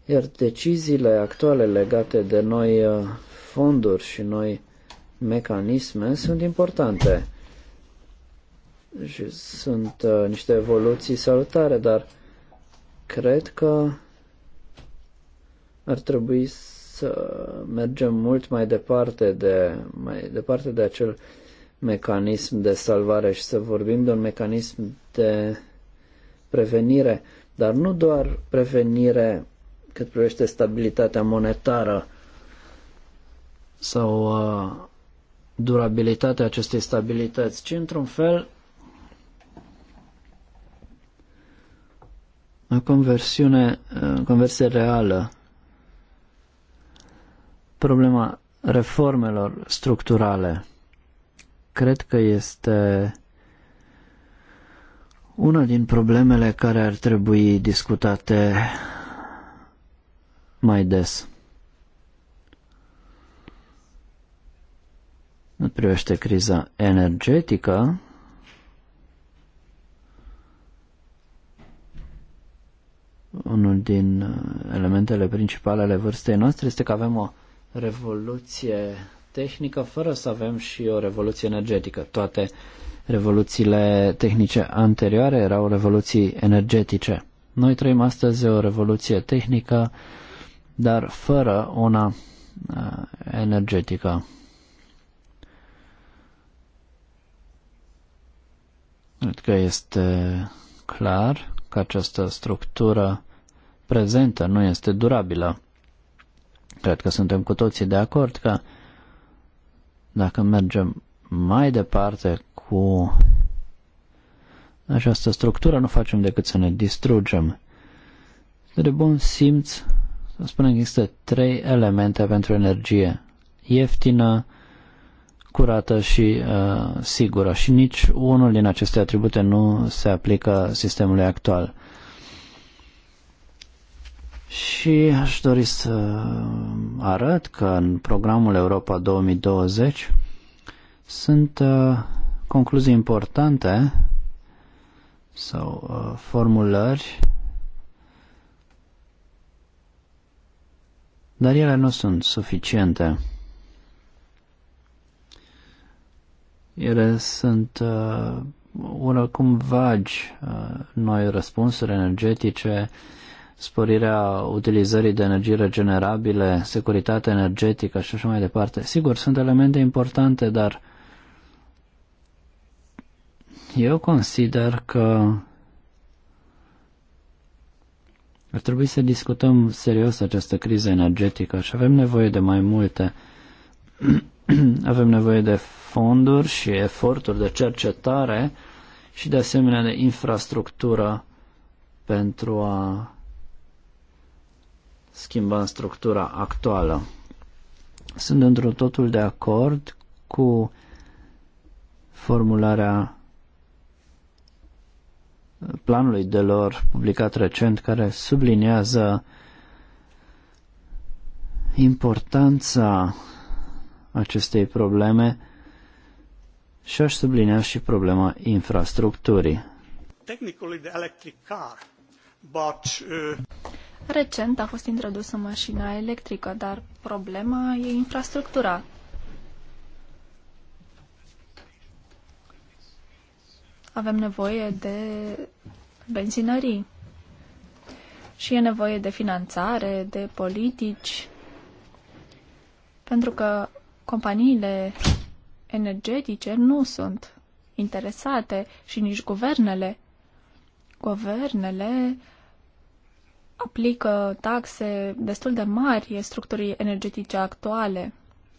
iar deciziile actuale legate de noi uh, fonduri și noi mecanisme sunt importante și sunt uh, niște evoluții salutare, dar cred că ar trebui să mergem mult mai departe de mai departe de acel mecanism de salvare și să vorbim de un mecanism de prevenire, dar nu doar prevenire cât privește stabilitatea monetară sau uh, durabilitatea acestei stabilități, ci într-un fel o conversiune, o uh, conversie reală. Problema reformelor structurale cred că este una din problemele care ar trebui discutate mai des. Nu privește criza energetică, unul din elementele principale ale vârstei noastre este că avem o revoluție tehnică fără să avem și o revoluție energetică. Toate revoluțiile tehnice anterioare erau revoluții energetice. Noi trăim astăzi o revoluție tehnică, dar fără una uh, energetică. Cred că este clar că această structură prezentă nu este durabilă. Cred că suntem cu toții de acord că dacă mergem mai departe cu această structură, nu facem decât să ne distrugem. De bun simț, să spunem că există trei elemente pentru energie. Ieftină, curată și uh, sigură și nici unul din aceste atribute nu se aplică sistemului actual. Și aș dori să arăt că în programul Europa 2020 sunt uh, concluzii importante sau uh, formulări, dar ele nu sunt suficiente. Ele sunt uh, oricum vagi, uh, noi răspunsuri energetice, uh, sporirea utilizării de energii regenerabile, securitatea energetică și așa mai departe. Sigur, sunt elemente importante, dar eu consider că ar trebui să discutăm serios această criză energetică și avem nevoie de mai multe. avem nevoie de fonduri și eforturi de cercetare și de asemenea de infrastructură pentru a schimba structura actuală. Sunt într totul de acord cu formularea planului de lor publicat recent care subliniază importanța acestei probleme și aș sublinea și problema infrastructurii. But, uh... Recent a fost introdusă mașina electrică, dar problema e infrastructura. Avem nevoie de benzinării și e nevoie de finanțare, de politici, pentru că companiile energetice nu sunt interesate și nici guvernele. Guvernele aplică taxe destul de mari structurii energetice actuale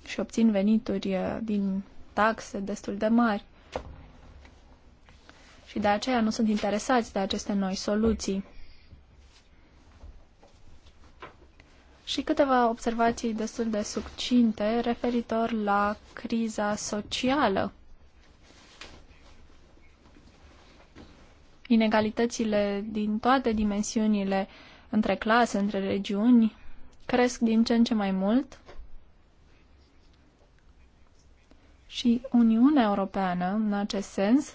și obțin venituri eh, din taxe destul de mari. Și de aceea nu sunt interesați de aceste noi soluții. Și câteva observații destul de succinte referitor la criza socială. Inegalitățile din toate dimensiunile uh, între clase, între regiuni, cresc din ce în ce mai mult și Uniunea Europeană, în acest sens,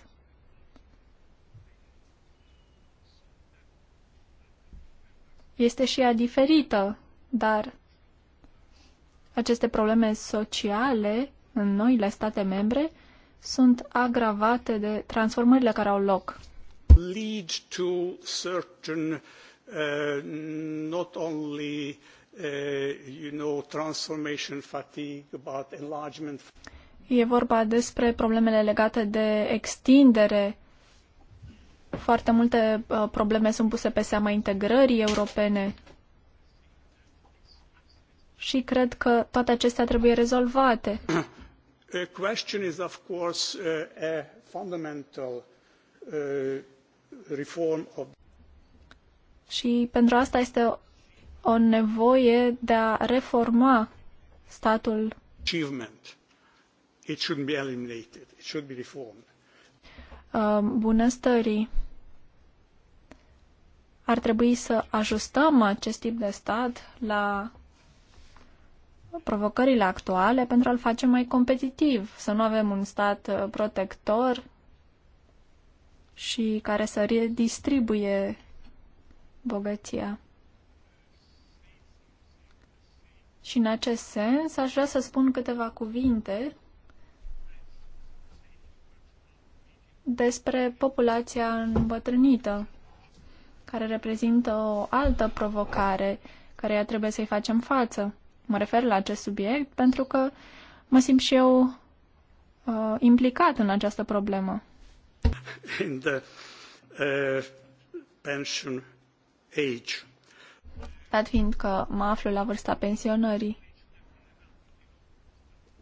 este și ea diferită, dar aceste probleme sociale în noile state membre sunt agravate de transformările care au loc. Lead to certain Uh, not only uh, you know transformation fatigue, but enlargement. E vorba despre problemele legate de extindere. Foarte multe uh, probleme sunt puse pe seama integrării europene. Și cred că toate acestea trebuie rezolvate. The uh, question is of course uh, a fundamental uh, reform of și pentru asta este o nevoie de a reforma statul. Achievement. It shouldn't be eliminated. It should be reformed. Uh, bunăstării. Ar trebui să ajustăm acest tip de stat la provocările actuale pentru a-l face mai competitiv, să nu avem un stat uh, protector și care să redistribuie bogăția. Și în acest sens aș vrea să spun câteva cuvinte despre populația îmbătrânită, care reprezintă o altă provocare care trebuie să-i facem față. Mă refer la acest subiect pentru că mă simt și eu uh, implicat în această problemă. In the, uh, pension age. Dat fiind că mă aflu la vârsta pensionării.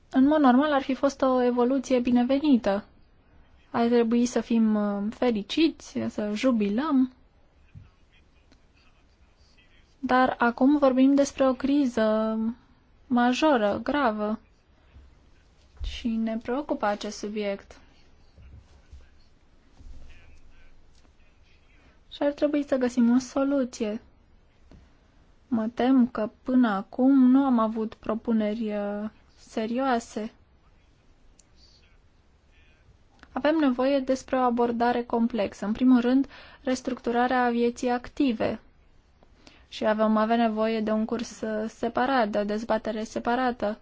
În mod normal ar fi fost o evoluție binevenită. Ar trebui să fim uh, fericiți, să jubilăm. Dar acum vorbim despre o criză majoră, gravă. Și ne preocupă acest subiect. și ar trebui să găsim o soluție. Mă tem că până acum nu am avut propuneri uh, serioase. Avem nevoie despre o abordare complexă. În primul rând, restructurarea vieții active. Și avem avea nevoie de un curs uh, separat, de o dezbatere separată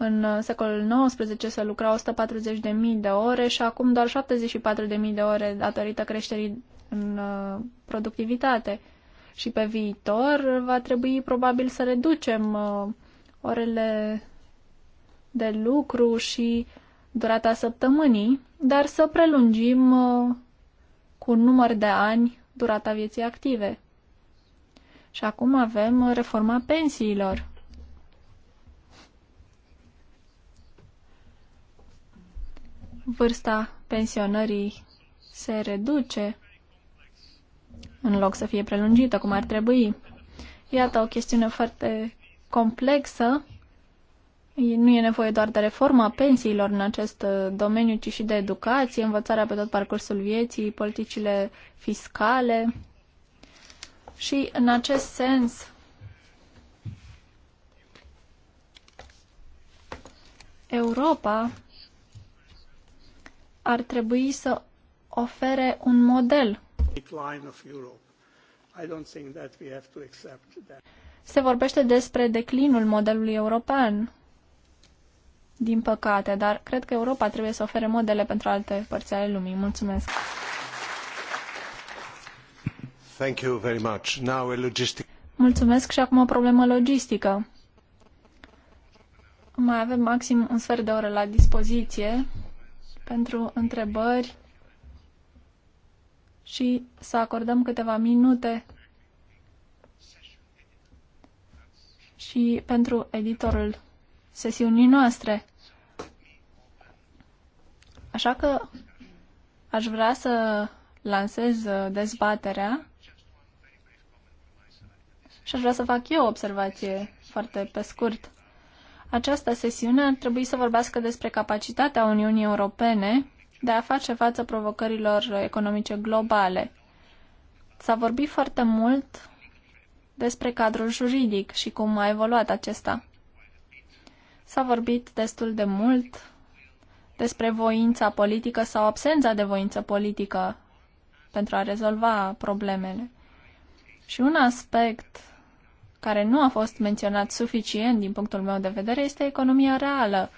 În uh, secolul XIX se lucrau 140.000 de ore și acum doar 74.000 de ore datorită creșterii în uh, productivitate. Și pe viitor va trebui probabil să reducem uh, orele de lucru și durata săptămânii, dar să prelungim cu un număr de ani durata vieții active. Și acum avem reforma pensiilor. vârsta pensionării se reduce în loc să fie prelungită, cum ar trebui. Iată o chestiune foarte complexă. Nu e nevoie doar de reforma pensiilor în acest uh, domeniu, ci și de educație, învățarea pe tot parcursul vieții, politicile fiscale. Și în acest sens, Europa ar trebui să ofere un model. Se vorbește despre declinul modelului european, din păcate, dar cred că Europa trebuie să ofere modele pentru alte părți ale lumii. Mulțumesc! Thank you very much. Now a logistic... Mulțumesc și acum o problemă logistică. Mai avem maxim un sfert de oră la dispoziție pentru întrebări și să acordăm câteva minute și pentru editorul sesiunii noastre. Așa că aș vrea să lansez uh, dezbaterea și aș vrea să fac eu o observație foarte pe scurt. Această sesiune ar trebui să vorbească despre capacitatea Uniunii Europene de a face față provocărilor economice globale. S-a vorbit foarte mult despre cadrul juridic și cum a evoluat acesta. S-a vorbit destul de mult despre voința politică sau absența de voință politică pentru a rezolva problemele. Și un aspect care nu a fost menționat suficient din punctul meu de vedere este economia reală.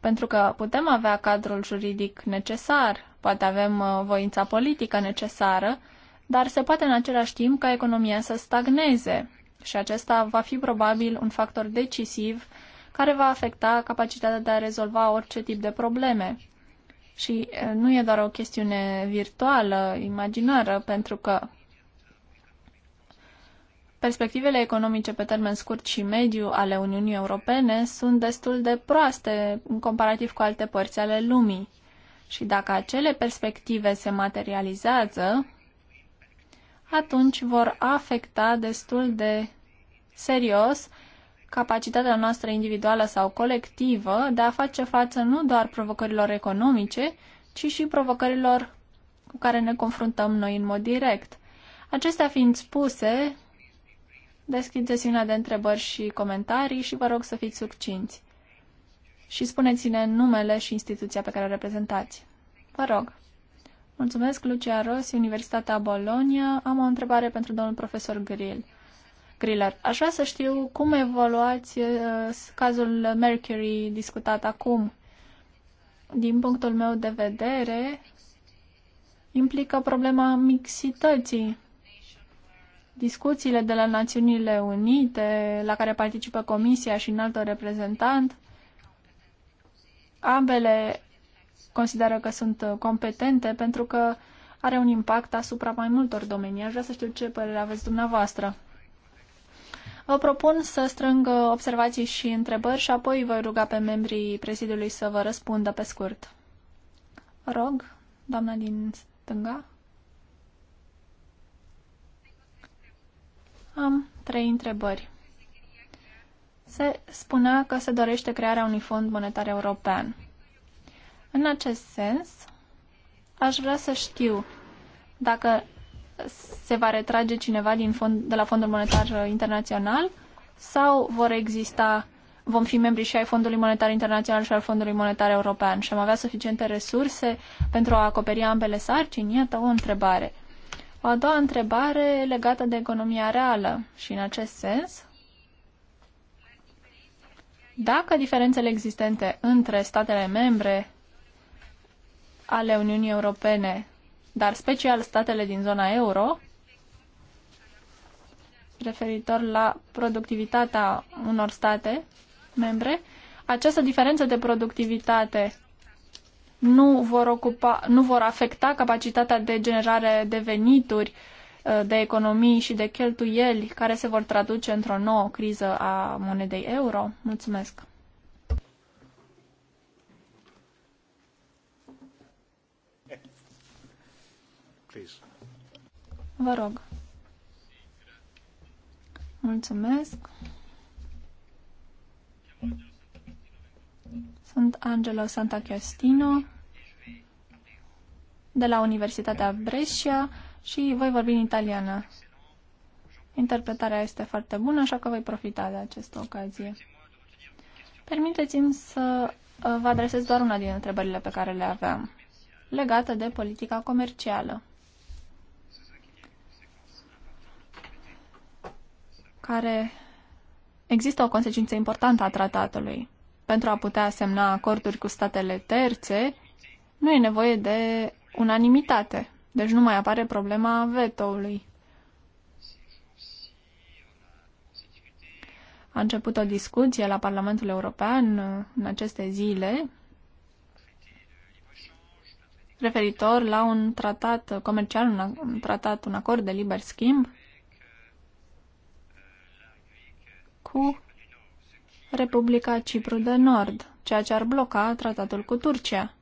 Pentru că putem avea cadrul juridic necesar, poate avem uh, voința politică necesară, dar se poate în același timp ca economia să stagneze. Și acesta va fi probabil un factor decisiv care va afecta capacitatea de a rezolva orice tip de probleme. Și uh, nu e doar o chestiune virtuală, imaginară, pentru că Perspectivele economice pe termen scurt și mediu ale Uniunii Europene sunt destul de proaste în comparativ cu alte părți ale lumii. Și dacă acele perspective se materializează, atunci vor afecta destul de serios capacitatea noastră individuală sau colectivă de a face față nu doar provocărilor economice, ci și provocărilor cu care ne confruntăm noi în mod direct. Acestea fiind spuse, Deschid sesiunea de întrebări și comentarii și vă rog să fiți succinți. Și spuneți-ne numele și instituția pe care o reprezentați. Vă rog. Mulțumesc, Lucia Rossi, Universitatea Bologna. Am o întrebare pentru domnul profesor Grill. Griller. Aș vrea să știu cum evoluați uh, cazul Mercury discutat acum. Din punctul meu de vedere, implică problema mixității discuțiile de la Națiunile Unite, la care participă Comisia și altă reprezentant, ambele consideră că sunt competente pentru că are un impact asupra mai multor domenii. Aș vrea să știu ce părere aveți dumneavoastră. Vă propun să strâng observații și întrebări și apoi voi ruga pe membrii prezidiului să vă răspundă pe scurt. Rog, doamna din stânga. Am trei întrebări. Se spunea că se dorește crearea unui fond monetar european. În acest sens, aș vrea să știu dacă se va retrage cineva din fond, de la Fondul Monetar Internațional sau vor exista, vom fi membri și ai Fondului Monetar Internațional și al Fondului Monetar European și am avea suficiente resurse pentru a acoperi ambele sarcini? Iată o întrebare. O a doua întrebare legată de economia reală și în acest sens, dacă diferențele existente între statele membre ale Uniunii Europene, dar special statele din zona euro, referitor la productivitatea unor state membre, această diferență de productivitate nu vor, ocupa, nu vor afecta capacitatea de generare de venituri, uh, de economii și de cheltuieli care se vor traduce într-o nouă criză a monedei euro? Mulțumesc! Vă rog. Mulțumesc. Sunt Angelo Santachiostino de la Universitatea Brescia și voi vorbi în italiană. Interpretarea este foarte bună, așa că voi profita de această ocazie. Permiteți-mi să uh, vă adresez doar una din întrebările pe care le aveam, legată de politica comercială. care există o consecință importantă a tratatului pentru a putea semna acorduri cu statele terțe, nu e nevoie de unanimitate. Deci nu mai apare problema vetoului. A început o discuție la Parlamentul European în aceste zile referitor la un tratat comercial, un tratat, un acord de liber schimb cu Republica Cipru de Nord, ceea ce ar bloca tratatul cu Turcia.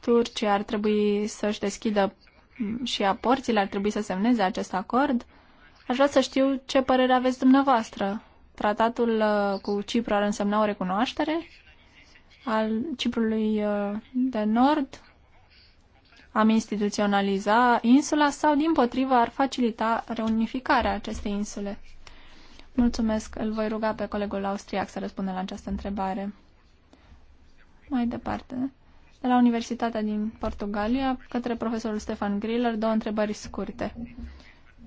Turcia ar trebui să-și deschidă și a porțile, ar trebui să semneze acest acord. Aș vrea să știu ce părere aveți dumneavoastră. Tratatul uh, cu Cipru ar însemna o recunoaștere al Ciprului uh, de Nord? Am instituționaliza insula sau, din potrivă, ar facilita reunificarea acestei insule? Mulțumesc. Îl voi ruga pe colegul austriac să răspundă la această întrebare. Mai departe, de la Universitatea din Portugalia, către profesorul Stefan Griller, două întrebări scurte.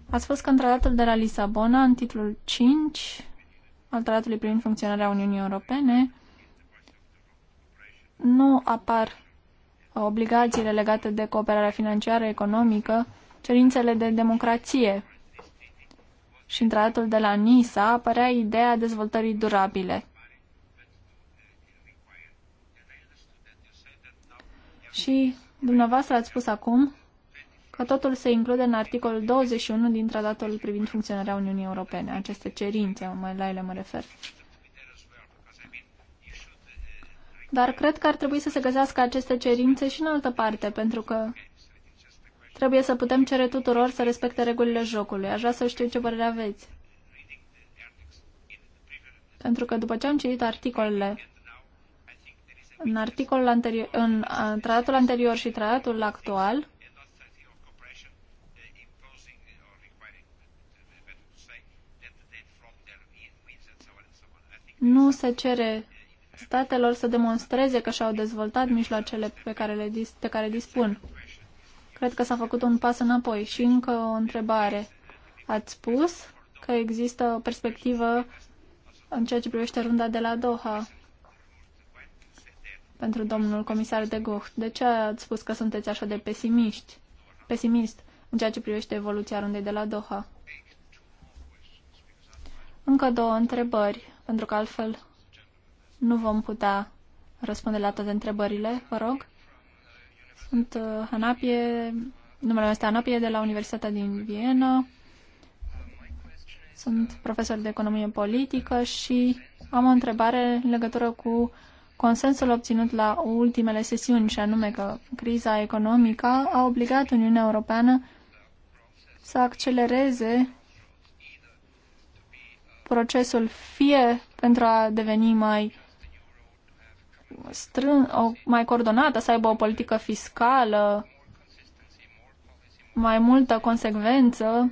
Ați fost că în de la Lisabona, în titlul 5 al tratatului privind funcționarea Uniunii Europene, nu apar obligațiile legate de cooperarea financiară, economică, cerințele de democrație și în tratatul de la Nisa apărea ideea dezvoltării durabile. Și dumneavoastră ați spus acum că totul se include în articolul 21 din tratatul privind funcționarea Uniunii Europene, aceste cerințe, mai la ele mă refer. Dar cred că ar trebui să se găsească aceste cerințe și în altă parte, pentru că Trebuie să putem cere tuturor să respecte regulile jocului. Aș vrea să știu ce părere aveți. Pentru că după ce am citit articolele în articolul anterior, în tratatul anterior și tratatul actual, nu se cere statelor să demonstreze că și-au dezvoltat mijloacele pe care, le dis- pe care dispun. Cred că s-a făcut un pas înapoi. Și încă o întrebare. Ați spus că există o perspectivă în ceea ce privește runda de la Doha pentru domnul comisar de Gucht. De ce ați spus că sunteți așa de pesimiști, pesimist în ceea ce privește evoluția rundei de la Doha? Încă două întrebări, pentru că altfel nu vom putea răspunde la toate întrebările, vă rog. Sunt Hanapie, uh, numele meu este Hanapie de la Universitatea din Viena. Sunt profesor de economie politică și am o întrebare în legătură cu consensul obținut la ultimele sesiuni, și anume că criza economică a obligat Uniunea Europeană să accelereze procesul fie pentru a deveni mai strân, o, mai coordonată, să aibă o politică fiscală, mai multă consecvență,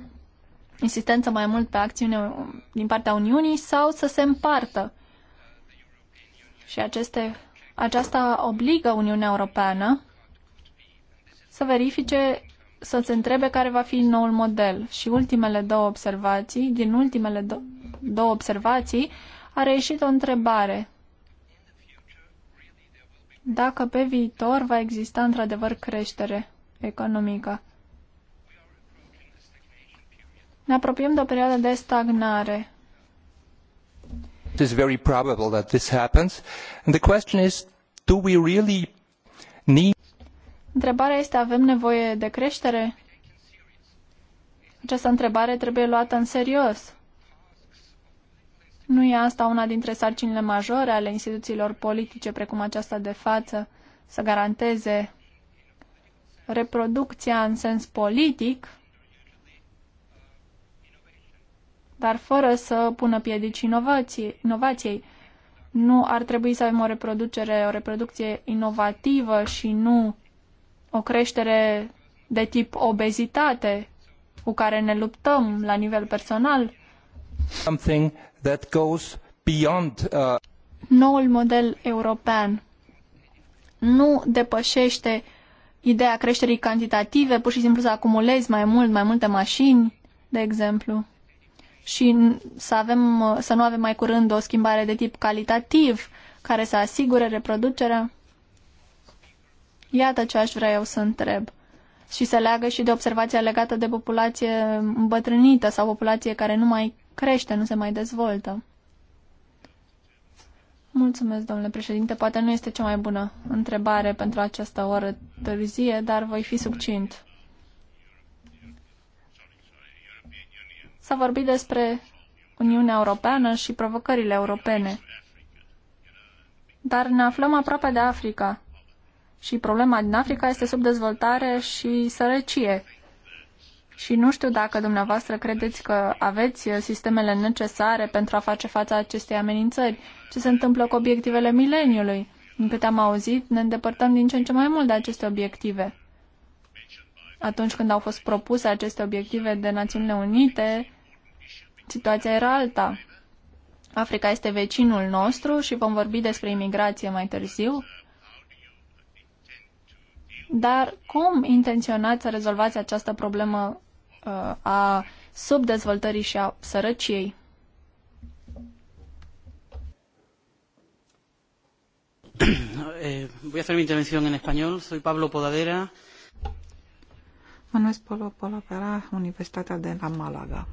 insistență mai mult pe acțiune din partea Uniunii sau să se împartă. Și aceste, aceasta obligă Uniunea Europeană să verifice, să se întrebe care va fi noul model. Și ultimele două observații, din ultimele do- două observații, a reieșit o întrebare dacă pe viitor va exista într-adevăr creștere economică. Ne apropiem de o perioadă de stagnare. It is very probable that this happens. And the question is, do we really need... Întrebarea este, avem nevoie de creștere? Această întrebare trebuie luată în serios. Nu e asta una dintre sarcinile majore ale instituțiilor politice precum aceasta de față, să garanteze reproducția în sens politic, dar fără să pună piedici inovației. inovației. Nu ar trebui să avem o reproducere, o reproducție inovativă și nu o creștere de tip obezitate cu care ne luptăm la nivel personal. Something that goes beyond uh... Noul model european nu depășește ideea creșterii cantitative, pur și simplu să acumulezi mai mult, mai multe mașini, de exemplu, și să, avem, uh, să nu avem mai curând o schimbare de tip calitativ care să asigure reproducerea? Iată ce aș vrea eu să întreb. Și se leagă și de observația legată de populație îmbătrânită sau populație care nu mai crește, nu se mai dezvoltă. Mulțumesc, domnule președinte. Poate nu este cea mai bună întrebare pentru această oră târzie, dar voi fi succint. S-a vorbit despre Uniunea Europeană și provocările europene. Dar ne aflăm aproape de Africa și problema din Africa este subdezvoltare și sărăcie și nu știu dacă dumneavoastră credeți că aveți sistemele necesare pentru a face fața acestei amenințări. Ce se întâmplă cu obiectivele mileniului? Din câte am auzit, ne îndepărtăm din ce în ce mai mult de aceste obiective. Atunci când au fost propuse aceste obiective de Națiunile Unite, situația era alta. Africa este vecinul nostru și vom vorbi despre imigrație mai târziu. Dar cum intenționați să rezolvați această problemă a subdezvoltării și a sărăciei. Eh, voy a hacer mi intervención en español. Soy Pablo Podadera. Mă numesc Pablo Podadera, Universitatea de la Malaga.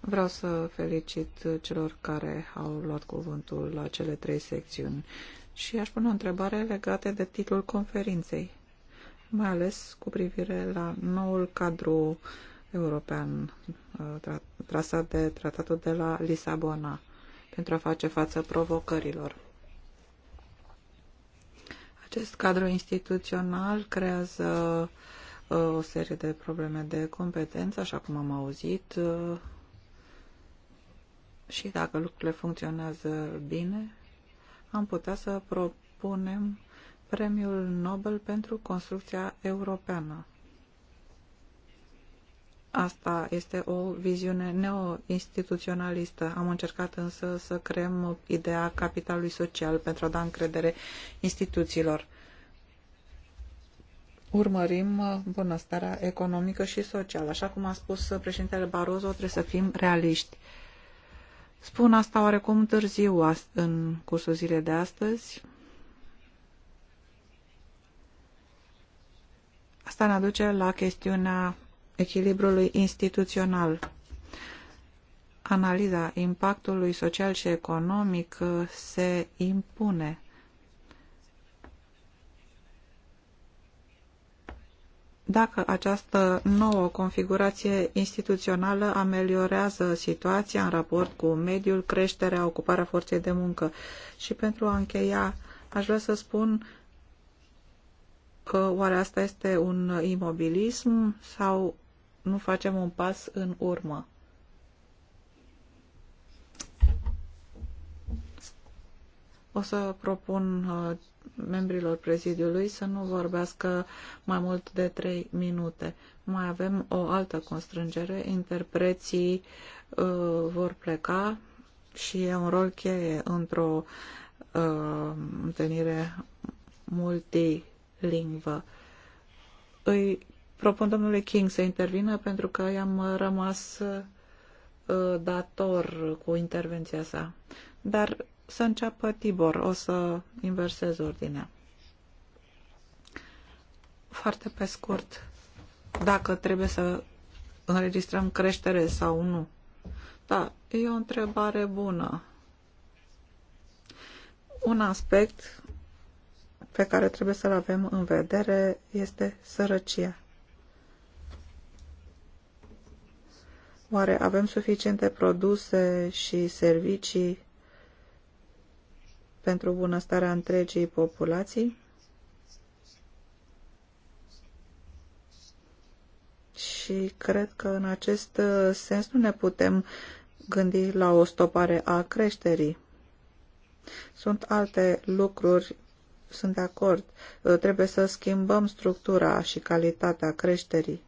Vreau să felicit celor care au luat cuvântul la cele trei secțiuni și aș pune o întrebare legată de titlul conferinței, mai ales cu privire la noul cadru european uh, tra trasat de tratatul de la Lisabona pentru a face față provocărilor. Acest cadru instituțional creează uh, o serie de probleme de competență, așa cum am auzit, uh, și dacă lucrurile funcționează bine, am putea să propunem premiul Nobel pentru construcția europeană. Asta este o viziune neo-instituționalistă. Am încercat însă să creăm ideea capitalului social pentru a da încredere instituțiilor. Urmărim uh, bunăstarea economică și socială. Așa cum a spus uh, președintele Barroso, trebuie să fim realiști. Spun asta oarecum târziu în cursul zilei de astăzi. Asta ne aduce la chestiunea echilibrului instituțional. Analiza impactului social și economic se impune dacă această nouă configurație instituțională ameliorează situația în raport cu mediul, creșterea, ocuparea forței de muncă. Și pentru a încheia, aș vrea să spun că oare asta este un imobilism sau nu facem un pas în urmă? O să propun uh, membrilor prezidiului să nu vorbească mai mult de trei minute. Mai avem o altă constrângere. Interpreții uh, vor pleca și e un rol cheie într-o uh, întâlnire multilingvă. Îi propun domnului King să intervină pentru că i-am rămas uh, dator cu intervenția sa. Dar să înceapă Tibor, o să inversez ordinea. Foarte pe scurt, dacă trebuie să înregistrăm creștere sau nu. Da, e o întrebare bună. Un aspect pe care trebuie să-l avem în vedere este sărăcia. Oare avem suficiente produse și servicii pentru bunăstarea întregii populații și cred că în acest sens nu ne putem gândi la o stopare a creșterii. Sunt alte lucruri, sunt de acord, trebuie să schimbăm structura și calitatea creșterii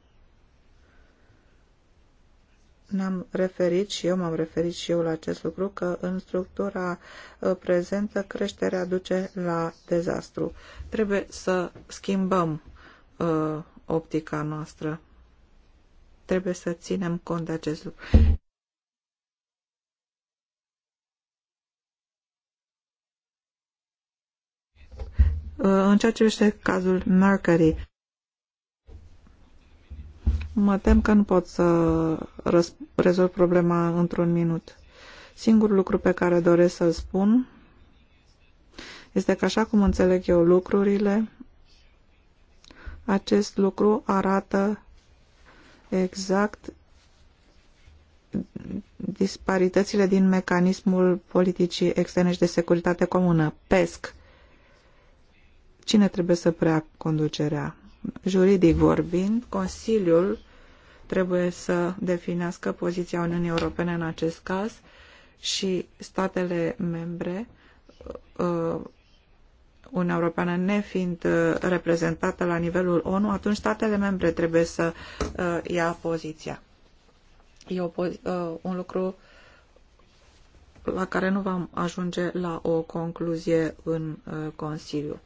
ne-am referit și eu m-am referit și eu la acest lucru, că în structura uh, prezentă creșterea duce la dezastru. Trebuie să schimbăm uh, optica noastră. Trebuie să ținem cont de acest lucru. Uh, în ceea ce privește cazul Mercury, Mă tem că nu pot să rezolv problema într-un minut. Singurul lucru pe care doresc să-l spun este că așa cum înțeleg eu lucrurile, acest lucru arată exact disparitățile din mecanismul politicii externe și de securitate comună, PESC. Cine trebuie să preia conducerea? juridic vorbind, Consiliul trebuie să definească poziția Uniunii Europene în acest caz și statele membre, uh, Uniunea Europeană nefiind uh, reprezentată la nivelul ONU, atunci statele membre trebuie să uh, ia poziția. E o, un lucru la care nu vom ajunge la o concluzie în Consiliu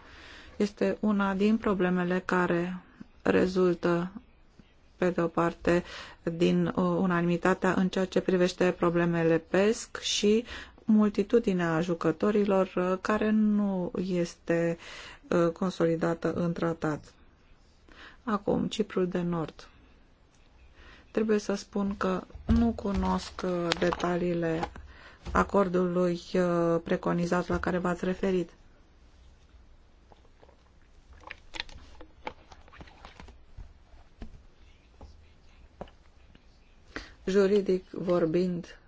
este una din problemele care rezultă pe de o parte din uh, unanimitatea în ceea ce privește problemele PESC și multitudinea jucătorilor uh, care nu este uh, consolidată în tratat. Acum, Ciprul de Nord. Trebuie să spun că nu cunosc detaliile acordului preconizat la care v-ați referit. juridic vorbind,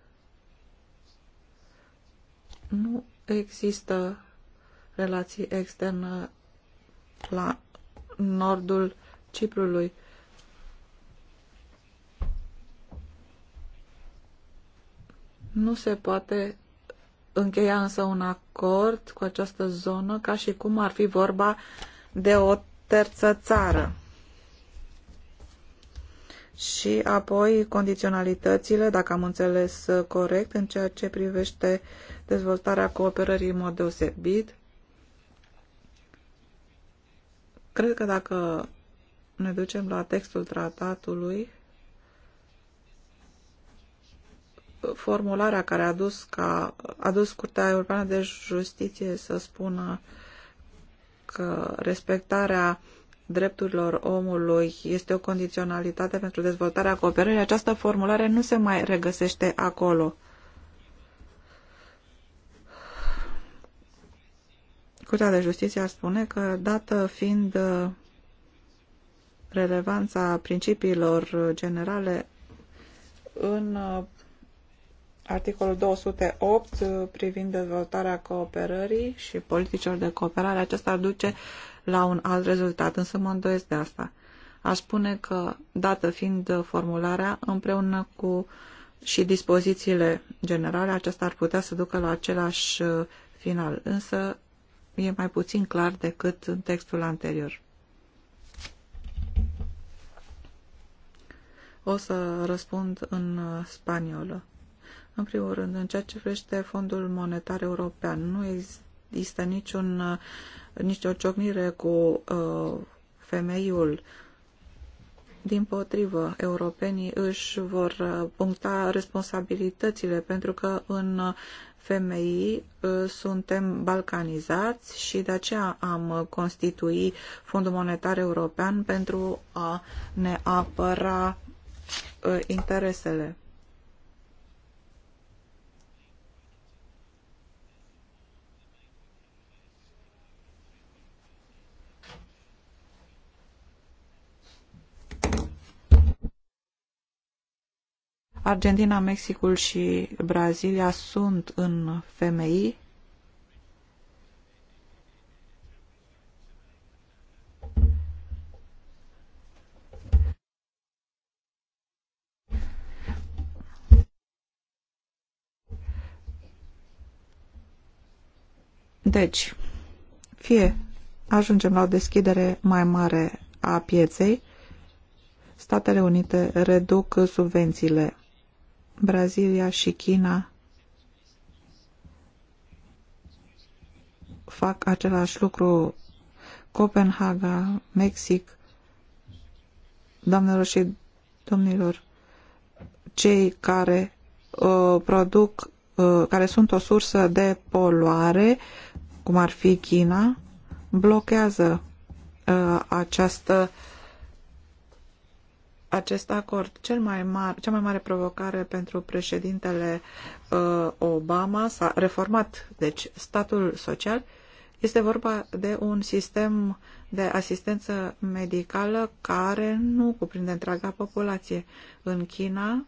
nu există relații externe la nordul Ciprului. Nu se poate încheia însă un acord cu această zonă ca și cum ar fi vorba de o terță țară și apoi condiționalitățile, dacă am înțeles uh, corect, în ceea ce privește dezvoltarea cooperării în mod deosebit. Cred că dacă ne ducem la textul tratatului, formularea care a dus, ca, a dus Curtea Europeană de Justiție să spună că respectarea uh, drepturilor omului este o condiționalitate pentru dezvoltarea cooperării, această formulare nu se mai regăsește acolo. Curtea de Justiție ar spune că, dată fiind uh, relevanța principiilor generale în uh, articolul 208 uh, privind dezvoltarea cooperării și politicilor de cooperare, acesta ar duce la un alt rezultat, însă mă îndoiesc de asta. Aș spune că, dată fiind formularea, împreună cu și dispozițiile generale, aceasta ar putea să ducă la același uh, final, însă e mai puțin clar decât în textul anterior. O să răspund în uh, spaniolă. În primul rând, în ceea ce privește Fondul Monetar European, nu există niciun uh, nicio ciocnire cu uh, femeiul. Din potrivă, europenii își vor uh, puncta responsabilitățile pentru că în femei uh, suntem balcanizați și de aceea am constituit Fondul Monetar European pentru a ne apăra uh, interesele. Argentina, Mexicul și Brazilia sunt în FMI. Deci, fie ajungem la o deschidere mai mare a pieței, Statele Unite reduc subvențiile Brazilia și China fac același lucru Copenhaga, Mexic, doamnelor și domnilor, cei care uh, produc, uh, care sunt o sursă de poluare, cum ar fi China, blochează uh, această uh, acest acord. Cel mai mare, cea mai mare provocare pentru președintele uh, Obama s-a reformat, deci statul social. Este vorba de un sistem de asistență medicală care nu cuprinde întreaga populație. În China,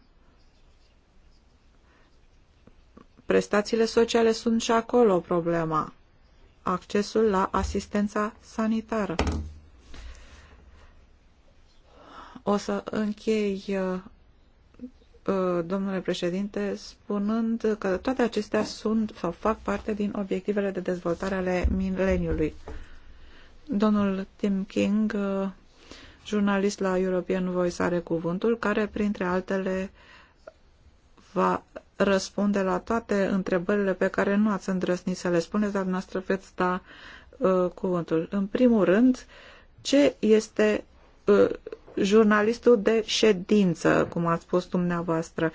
prestațiile sociale sunt și acolo problema. Accesul la asistența sanitară. O să închei, uh, uh, domnule președinte, spunând că toate acestea sunt sau fac parte din obiectivele de dezvoltare ale mileniului. Domnul Tim King, uh, jurnalist la European Voice, are cuvântul, care, printre altele, va răspunde la toate întrebările pe care nu ați îndrăsnit să le spuneți, dar noastră veți da uh, cuvântul. În primul rând, ce este uh, jurnalistul de ședință, cum ați spus dumneavoastră.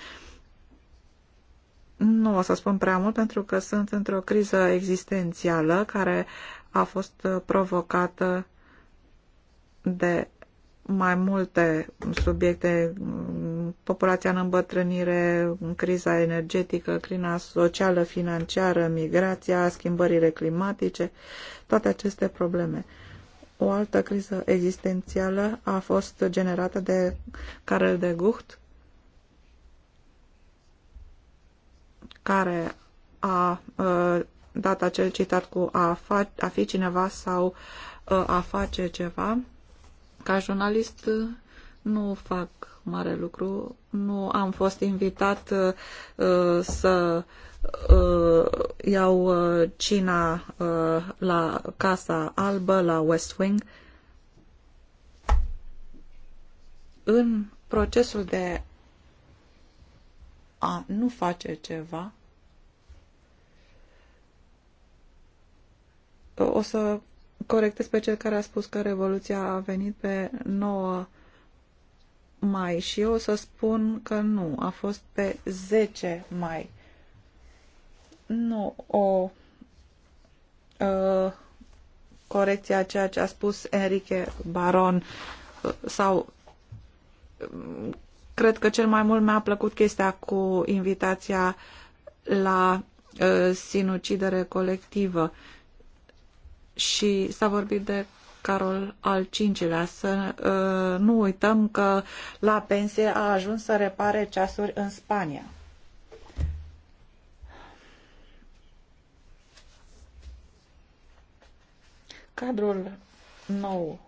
Nu o să spun prea mult pentru că sunt într-o criză existențială care a fost provocată de mai multe subiecte, populația în îmbătrânire, criza energetică, criza socială, financiară, migrația, schimbările climatice, toate aceste probleme. O altă criză existențială a fost generată de Karel de Gucht, care a uh, dat acel citat cu a, fa a fi cineva sau uh, a face ceva. Ca jurnalist uh, nu fac mare lucru. Nu am fost invitat uh, uh să uh, iau uh, cina uh, la Casa Albă, la West Wing. În procesul de a nu face ceva, o să corectez pe cel care a spus că Revoluția a venit pe 9 mai și eu o să spun că nu, a fost pe 10 mai. Nu o a, ă, corecție a ceea ce a spus Enrique Baron ă, sau ă, cred că cel mai mult mi-a plăcut chestia cu invitația la a, sinucidere colectivă și s-a vorbit de Carol al V-lea. Să uh, nu uităm că la pensie a ajuns să repare ceasuri în Spania. Cadrul nou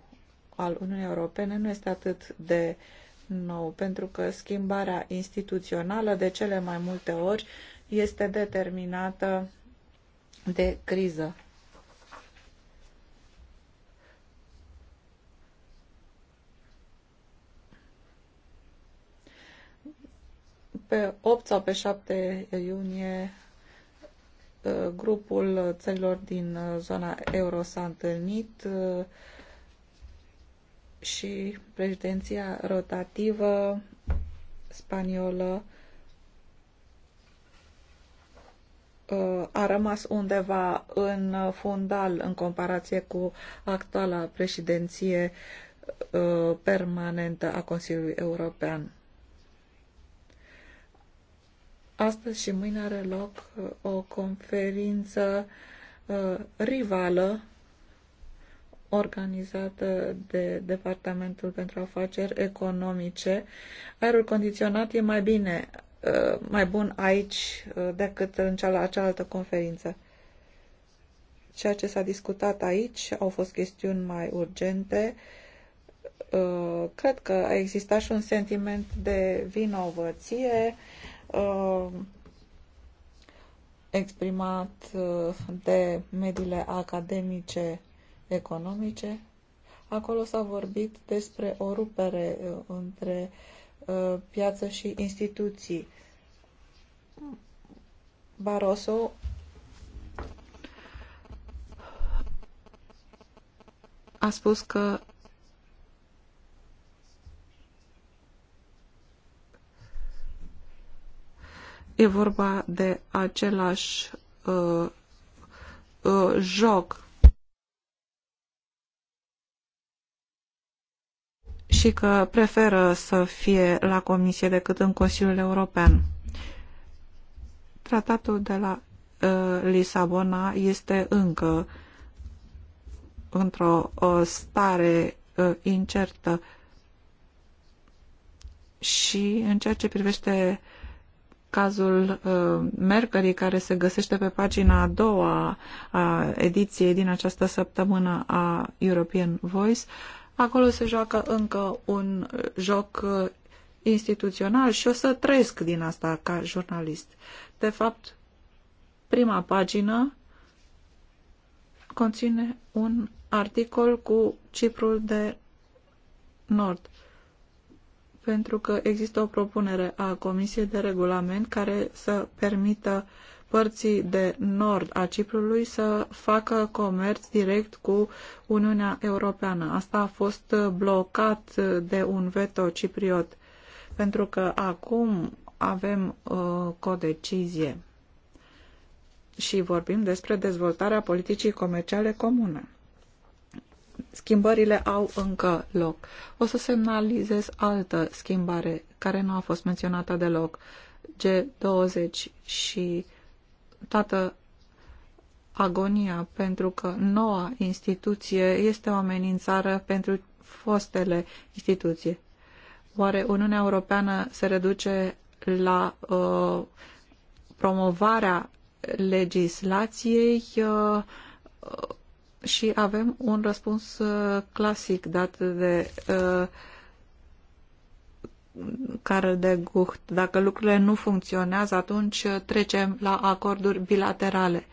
al Uniunii Europene nu este atât de nou, pentru că schimbarea instituțională de cele mai multe ori este determinată de criză. Pe 8 sau pe 7 iunie, uh, grupul țărilor din uh, zona euro s-a întâlnit uh, și președinția rotativă spaniolă a rămas undeva în fundal în comparație cu actuala președinție permanentă a Consiliului European. Astăzi și mâine are loc uh, o conferință uh, rivală organizată de Departamentul pentru Afaceri Economice. Aerul condiționat e mai bine, uh, mai bun aici decât în cealaltă conferință. Ceea ce s-a discutat aici au fost chestiuni mai urgente. Cred că a existat și un sentiment de vinovăție Uh, exprimat uh, de mediile academice economice. Acolo s-a vorbit despre o rupere uh, între piață și instituții. Barroso a spus că E vorba de același uh, uh, joc și că preferă să fie la Comisie decât în Consiliul European. Tratatul de la uh, Lisabona este încă într-o stare uh, incertă și în ceea ce privește uh, cazul uh, Mercury, care se găsește pe pagina a doua a ediției din această săptămână a European Voice, acolo se joacă încă un joc uh, instituțional și o să trăiesc din asta ca jurnalist. De fapt, prima pagină conține un articol cu Ciprul de Nord pentru că există o propunere a Comisiei de Regulament care să permită părții de nord a Ciprului să facă comerț direct cu Uniunea Europeană. Asta a fost blocat de un veto cipriot, pentru că acum avem uh, codecizie și vorbim despre dezvoltarea politicii comerciale comune schimbările au încă loc. O să semnalizez altă schimbare care nu a fost menționată deloc. G20 și toată agonia pentru că noua instituție este o amenințare pentru fostele instituții. Oare Uniunea Europeană se reduce la uh, promovarea legislației uh, și avem un răspuns uh, clasic dat de care uh, de guht. Dacă lucrurile nu funcționează, atunci uh, trecem la acorduri bilaterale.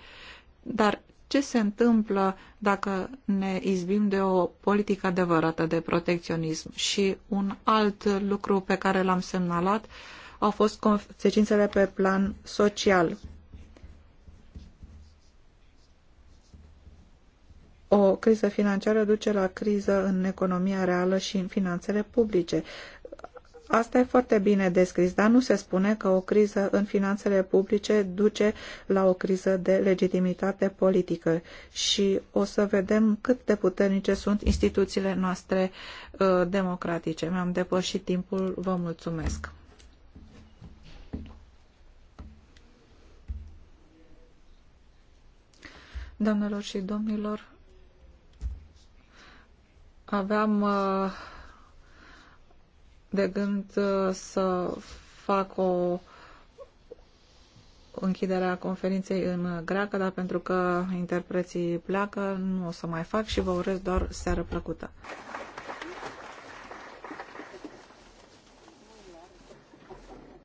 Dar ce se întâmplă dacă ne izbim de o politică adevărată de protecționism? Și un alt lucru pe care l-am semnalat au fost consecințele pe plan social. O criză financiară duce la criză în economia reală și în finanțele publice. Asta e foarte bine descris, dar nu se spune că o criză în finanțele publice duce la o criză de legitimitate politică și o să vedem cât de puternice sunt instituțiile noastre uh, democratice. Mi-am depășit timpul, vă mulțumesc. Doamnelor și domnilor, Aveam uh, de gând uh, să fac o închidere a conferinței în greacă, dar pentru că interpreții pleacă, nu o să mai fac și vă urez doar seară plăcută.